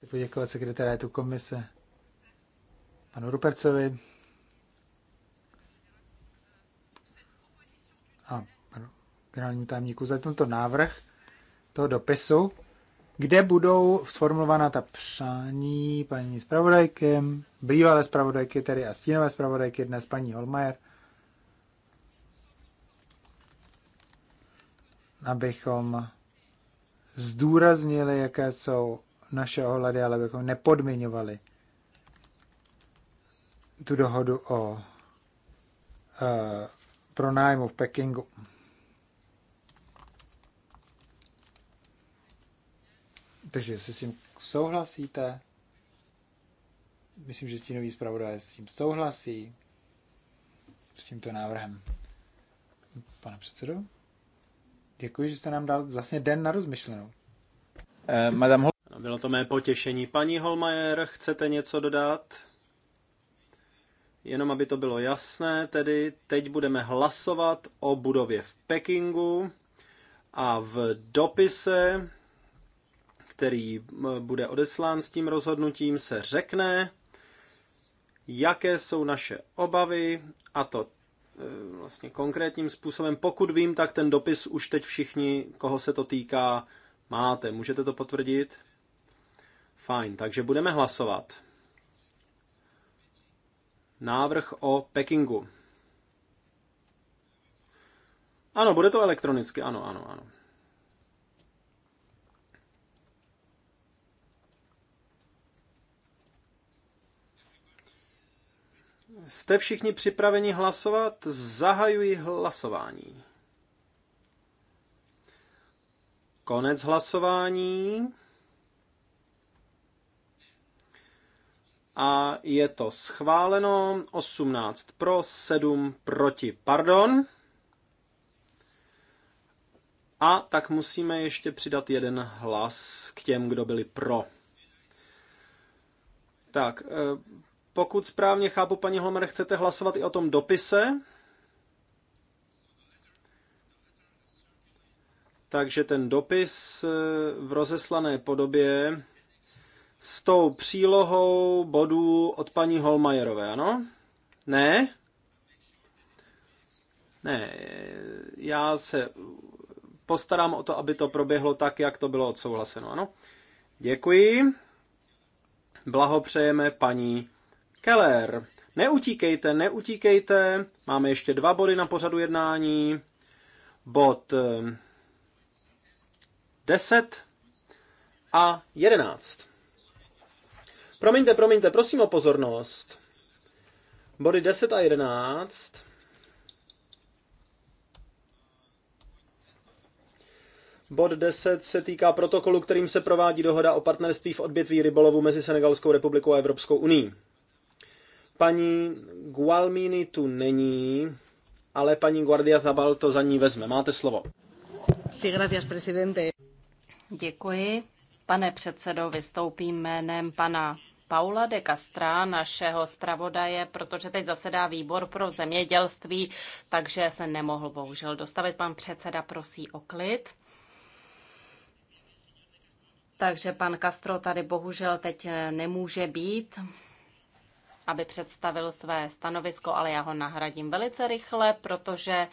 Poděkovat sekretariátu komise panu Rupercovi a panu generálnímu tajemníku za tento návrh toho dopisu, kde budou sformulována ta přání paní zpravodajky, bývalé zpravodajky tedy a stínové zpravodajky, dnes paní Holmajer, abychom zdůraznili, jaké jsou naše ohledy, ale abychom nepodmiňovali tu dohodu o e, pronájmu v Pekingu. Takže jestli s tím souhlasíte, myslím, že stínový zpravodaj s tím souhlasí, s tímto návrhem. Pane předsedo, děkuji, že jste nám dal vlastně den na rozmyšlenou. Eh, Madame Hol- no, Bylo to mé potěšení. Paní Holmajer, chcete něco dodat? Jenom aby to bylo jasné, tedy teď budeme hlasovat o budově v Pekingu a v dopise který bude odeslán s tím rozhodnutím, se řekne, jaké jsou naše obavy a to e, vlastně konkrétním způsobem. Pokud vím, tak ten dopis už teď všichni, koho se to týká, máte. Můžete to potvrdit? Fajn, takže budeme hlasovat. Návrh o Pekingu. Ano, bude to elektronicky, ano, ano, ano. Jste všichni připraveni hlasovat? Zahajuji hlasování. Konec hlasování. A je to schváleno 18 pro, 7 proti. Pardon. A tak musíme ještě přidat jeden hlas k těm, kdo byli pro. Tak, eh, pokud správně chápu, paní Holmer, chcete hlasovat i o tom dopise? Takže ten dopis eh, v rozeslané podobě s tou přílohou bodů od paní Holmajerové, ano? Ne? Ne, já se postarám o to, aby to proběhlo tak, jak to bylo odsouhlaseno, ano? Děkuji. Blahopřejeme paní Keller, neutíkejte, neutíkejte. Máme ještě dva body na pořadu jednání. Bod 10 eh, a 11. Promiňte, promiňte, prosím o pozornost. Body 10 a 11. Bod 10 se týká protokolu, kterým se provádí dohoda o partnerství v odbětví rybolovu mezi Senegalskou republikou a Evropskou unii. Paní Gualmini tu není, ale paní Guardia Zabal to za ní vezme. Máte slovo. Sí, gracias, presidente. Děkuji. Pane předsedo, vystoupím jménem pana Paula de Castra, našeho zpravodaje, protože teď zasedá výbor pro zemědělství, takže se nemohl bohužel dostavit. Pan předseda prosí o klid. Takže pan Castro tady bohužel teď nemůže být aby představil své stanovisko, ale já ho nahradím velice rychle, protože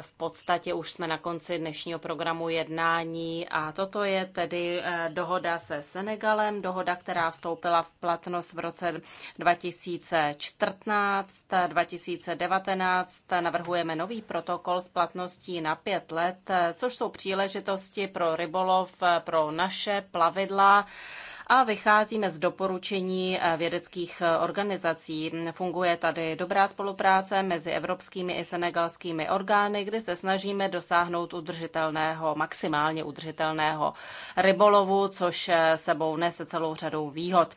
v podstatě už jsme na konci dnešního programu jednání a toto je tedy eh, dohoda se Senegalem, dohoda, která vstoupila v platnost v roce 2014, 2019. Navrhujeme nový protokol s platností na pět let, eh, což jsou příležitosti pro rybolov, eh, pro naše plavidla a vycházíme z doporučení eh, vědeckých eh, organizací. Funguje tady dobrá spolupráce mezi evropskými i senegalskými orgány, kde se snažíme dosáhnout udržitelného, maximálně udržitelného rybolovu, což eh, sebou nese celou řadou výhod.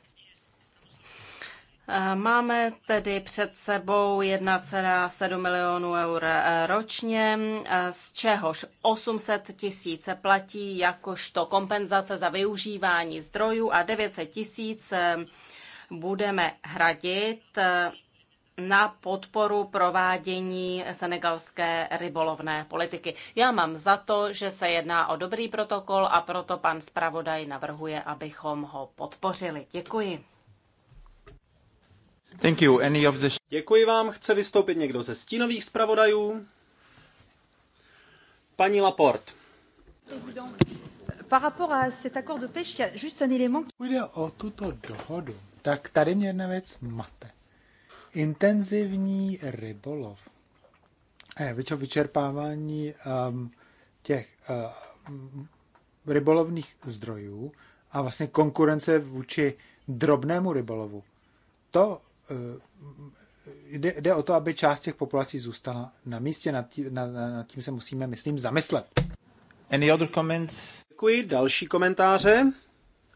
Eh, máme tedy před sebou 1,7 milionů eur eh, ročně, eh, z čehož 800 tisíc platí jakožto kompenzace za využívání zdrojů a 900 tisíc budeme hradit na podporu provádění senegalské rybolovné politiky. Já mám za to, že se jedná o dobrý protokol a proto pan zpravodaj navrhuje, abychom ho podpořili. Děkuji. Thank you. Any of the... Děkuji vám. Chce vystoupit někdo ze stínových zpravodajů? Paní Laporte. Par rapport à cet accord de pêche, il y a juste un élément... Půjde o tuto dohodu. Tak tady mě jedna věc mate. Intenzivní rybolov. Vyčerpávání um, těch um, rybolovných zdrojů a vlastně konkurence vůči drobnému rybolovu. To Eh, jde, jde o to, aby část těch populací zůstala na místě, nad tím, nad, nad tím se musíme, myslím, zamyslet. Any other comments? Děkuji, další komentáře?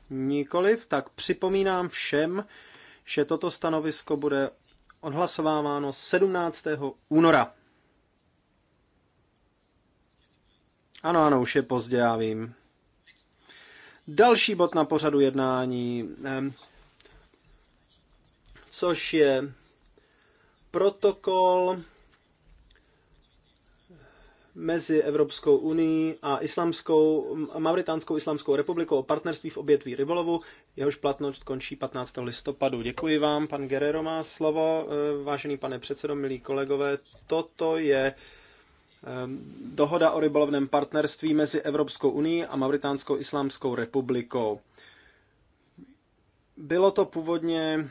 Nikoliv, tak připomínám všem, že toto stanovisko bude odhlasováváno 17. února. Ano, ano, už je pozdě, já vím. Další bod na pořadu jednání což je protokol mezi Evropskou unii a islamskou, Mauritánskou islamskou republikou o partnerství v obětví rybolovu. Jehož platnost končí 15. listopadu. Děkuji vám, pan Guerrero má slovo. Eh, vážený pane předsedo, milí kolegové, toto je eh, dohoda o rybolovném partnerství mezi Evropskou unii a Mauritánskou islámskou republikou. Bylo to původně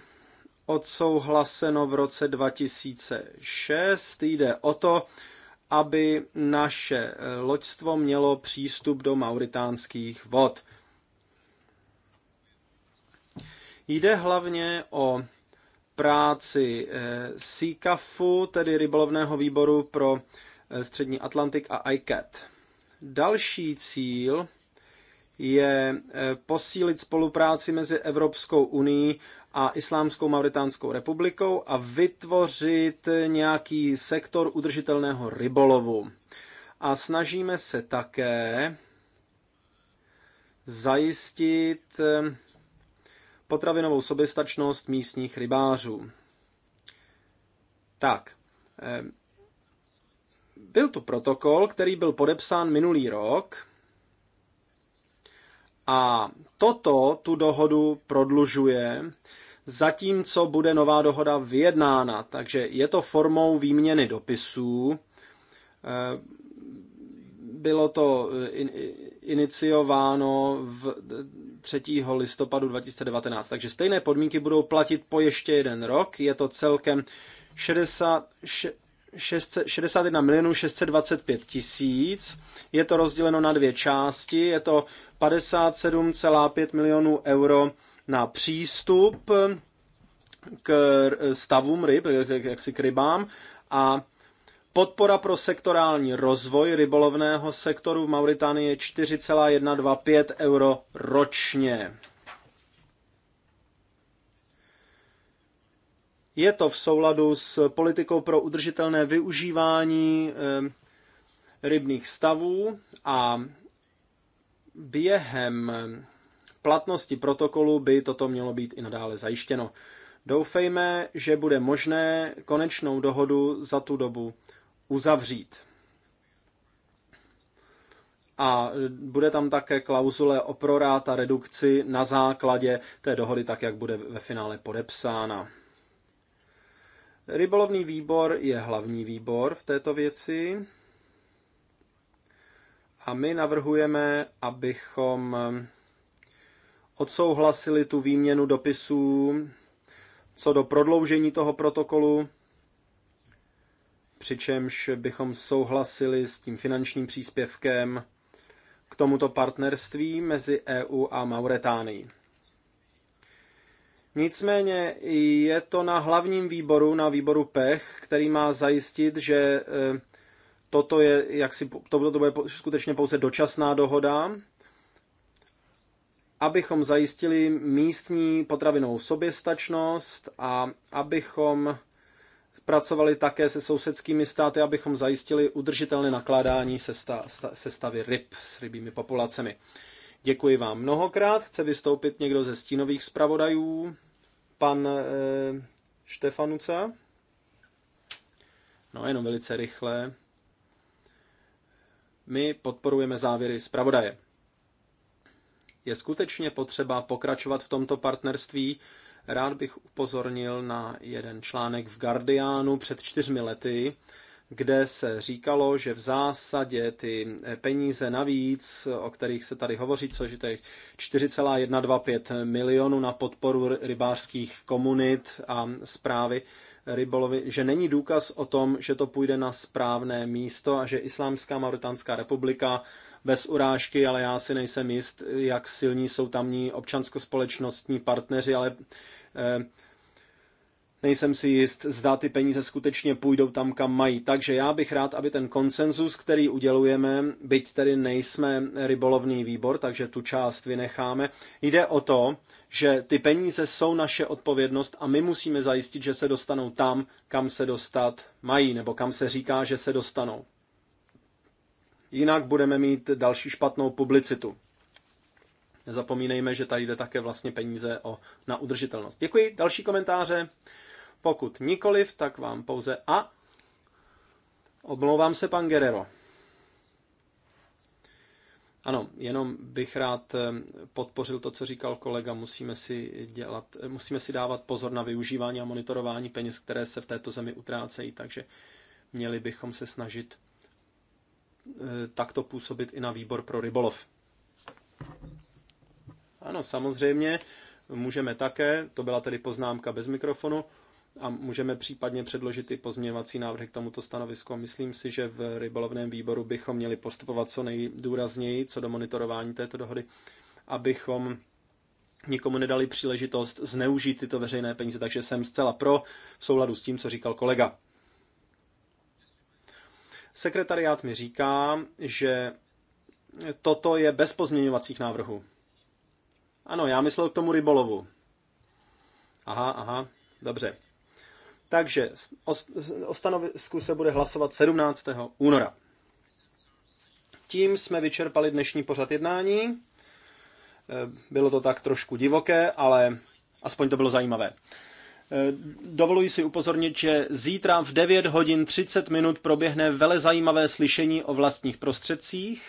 odsouhlaseno v roce 2006. Jde o to, aby naše loďstvo mělo přístup do mauritánských vod. Jde hlavně o práci eh, SICAFu, tedy rybolovného výboru pro eh, střední Atlantik a ICAT. Další cíl je eh, posílit spolupráci mezi Evropskou unii a Islámskou Mauritánskou republikou a vytvořit eh, nějaký sektor udržitelného rybolovu. A snažíme se také zajistit eh, potravinovou soběstačnost místních rybářů. Tak, byl tu protokol, který byl podepsán minulý rok a toto tu dohodu prodlužuje, zatímco bude nová dohoda vyjednána. Takže je to formou výměny dopisů. Eh, bylo to eh, iniciováno v 3. Eh, listopadu 2019. Takže stejné podmínky budou platit po ještě jeden rok. Je to celkem 60, 61 milionů 625 tisíc. Je to rozděleno na dvě části. Je to 57,5 milionů euro na přístup k stavům ryb, si k rybám a podpora pro sektorální rozvoj rybolovného sektoru v Mauritánii je 4,125 euro ročně. Je to v souladu s politikou pro udržitelné využívání eh, rybných stavů a během platnosti protokolu by toto mělo být i nadále zajištěno. Doufejme, že bude možné konečnou dohodu za tu dobu uzavřít. A bude tam také klauzule o proráta redukci na základě té dohody, tak jak bude ve finále podepsána. Rybolovný výbor je hlavní výbor v této věci a my navrhujeme, abychom odsouhlasili tu výměnu dopisů co do prodloužení toho protokolu, přičemž bychom souhlasili s tím finančním příspěvkem k tomuto partnerství mezi EU a Mauretánií. Nicméně je to na hlavním výboru, na výboru PECH, který má zajistit, že eh, toto je, jak si, to, to bude skutečně pouze dočasná dohoda, abychom zajistili místní potravinou soběstačnost a abychom pracovali také se sousedskými státy, abychom zajistili udržitelné nakládání se, sta, se stavy ryb s rybými populacemi. Děkuji vám mnohokrát. Chce vystoupit někdo ze stínových zpravodajů? Pan eh, Štefanuca? No, jenom velice rychle. My podporujeme závěry zpravodaje. Je skutečně potřeba pokračovat v tomto partnerství. Rád bych upozornil na jeden článek v Guardianu před čtyřmi lety, kde se říkalo, že v zásadě ty eh, peníze navíc, o kterých se tady hovoří, což je 4,125 milionů na podporu rybářských komunit a zprávy rybolovy, že není důkaz o tom, že to půjde na správné místo a že Islámská Mauritánská republika bez urážky, ale já si nejsem jist, jak silní jsou tamní občanskospolečnostní partneři, ale eh, Nejsem si jist, zda ty peníze skutečně půjdou tam, kam mají. Takže já bych rád, aby ten konsenzus, který udělujeme, byť tedy nejsme rybolovný výbor, takže tu část vynecháme, jde o to, že ty peníze jsou naše odpovědnost a my musíme zajistit, že se dostanou tam, kam se dostat mají, nebo kam se říká, že se dostanou. Jinak budeme mít další špatnou publicitu. Nezapomínejme, že tady jde také vlastně peníze o, na udržitelnost. Děkuji, další komentáře. Pokud nikoliv, tak vám pouze a. Oblouvám se, pan Guerrero. Ano, jenom bych rád eh, podpořil to, co říkal kolega. Musíme si, dělat, eh, musíme si dávat pozor na využívání a monitorování peněz, které se v této zemi utrácejí, takže měli bychom se snažit eh, takto působit i na výbor pro rybolov. Ano, samozřejmě můžeme také, to byla tedy poznámka bez mikrofonu, a můžeme případně předložit i pozměňovací návrhy k tomuto stanovisku. Myslím si, že v rybolovném výboru bychom měli postupovat co nejdůrazněji co do monitorování této dohody, abychom nikomu nedali příležitost zneužít tyto veřejné peníze, takže jsem zcela pro v souladu s tím, co říkal kolega. Sekretariát mi říká, že toto je bez pozměňovacích návrhů. Ano, já myslel k tomu rybolovu. Aha, aha, dobře. Takže o stanovisku se bude hlasovat 17. února. Tím jsme vyčerpali dnešní pořad jednání. E, bylo to tak trošku divoké, ale aspoň to bylo zajímavé. E, dovoluji si upozornit, že zítra v 9 hodin 30 minut proběhne vele zajímavé slyšení o vlastních prostředcích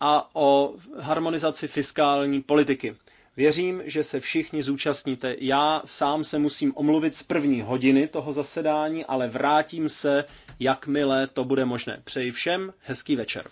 a o harmonizaci fiskální politiky. Věřím, že se všichni zúčastníte. Já sám se musím omluvit z první hodiny toho zasedání, ale vrátím se, jakmile to bude možné. Přeji všem hezký večer.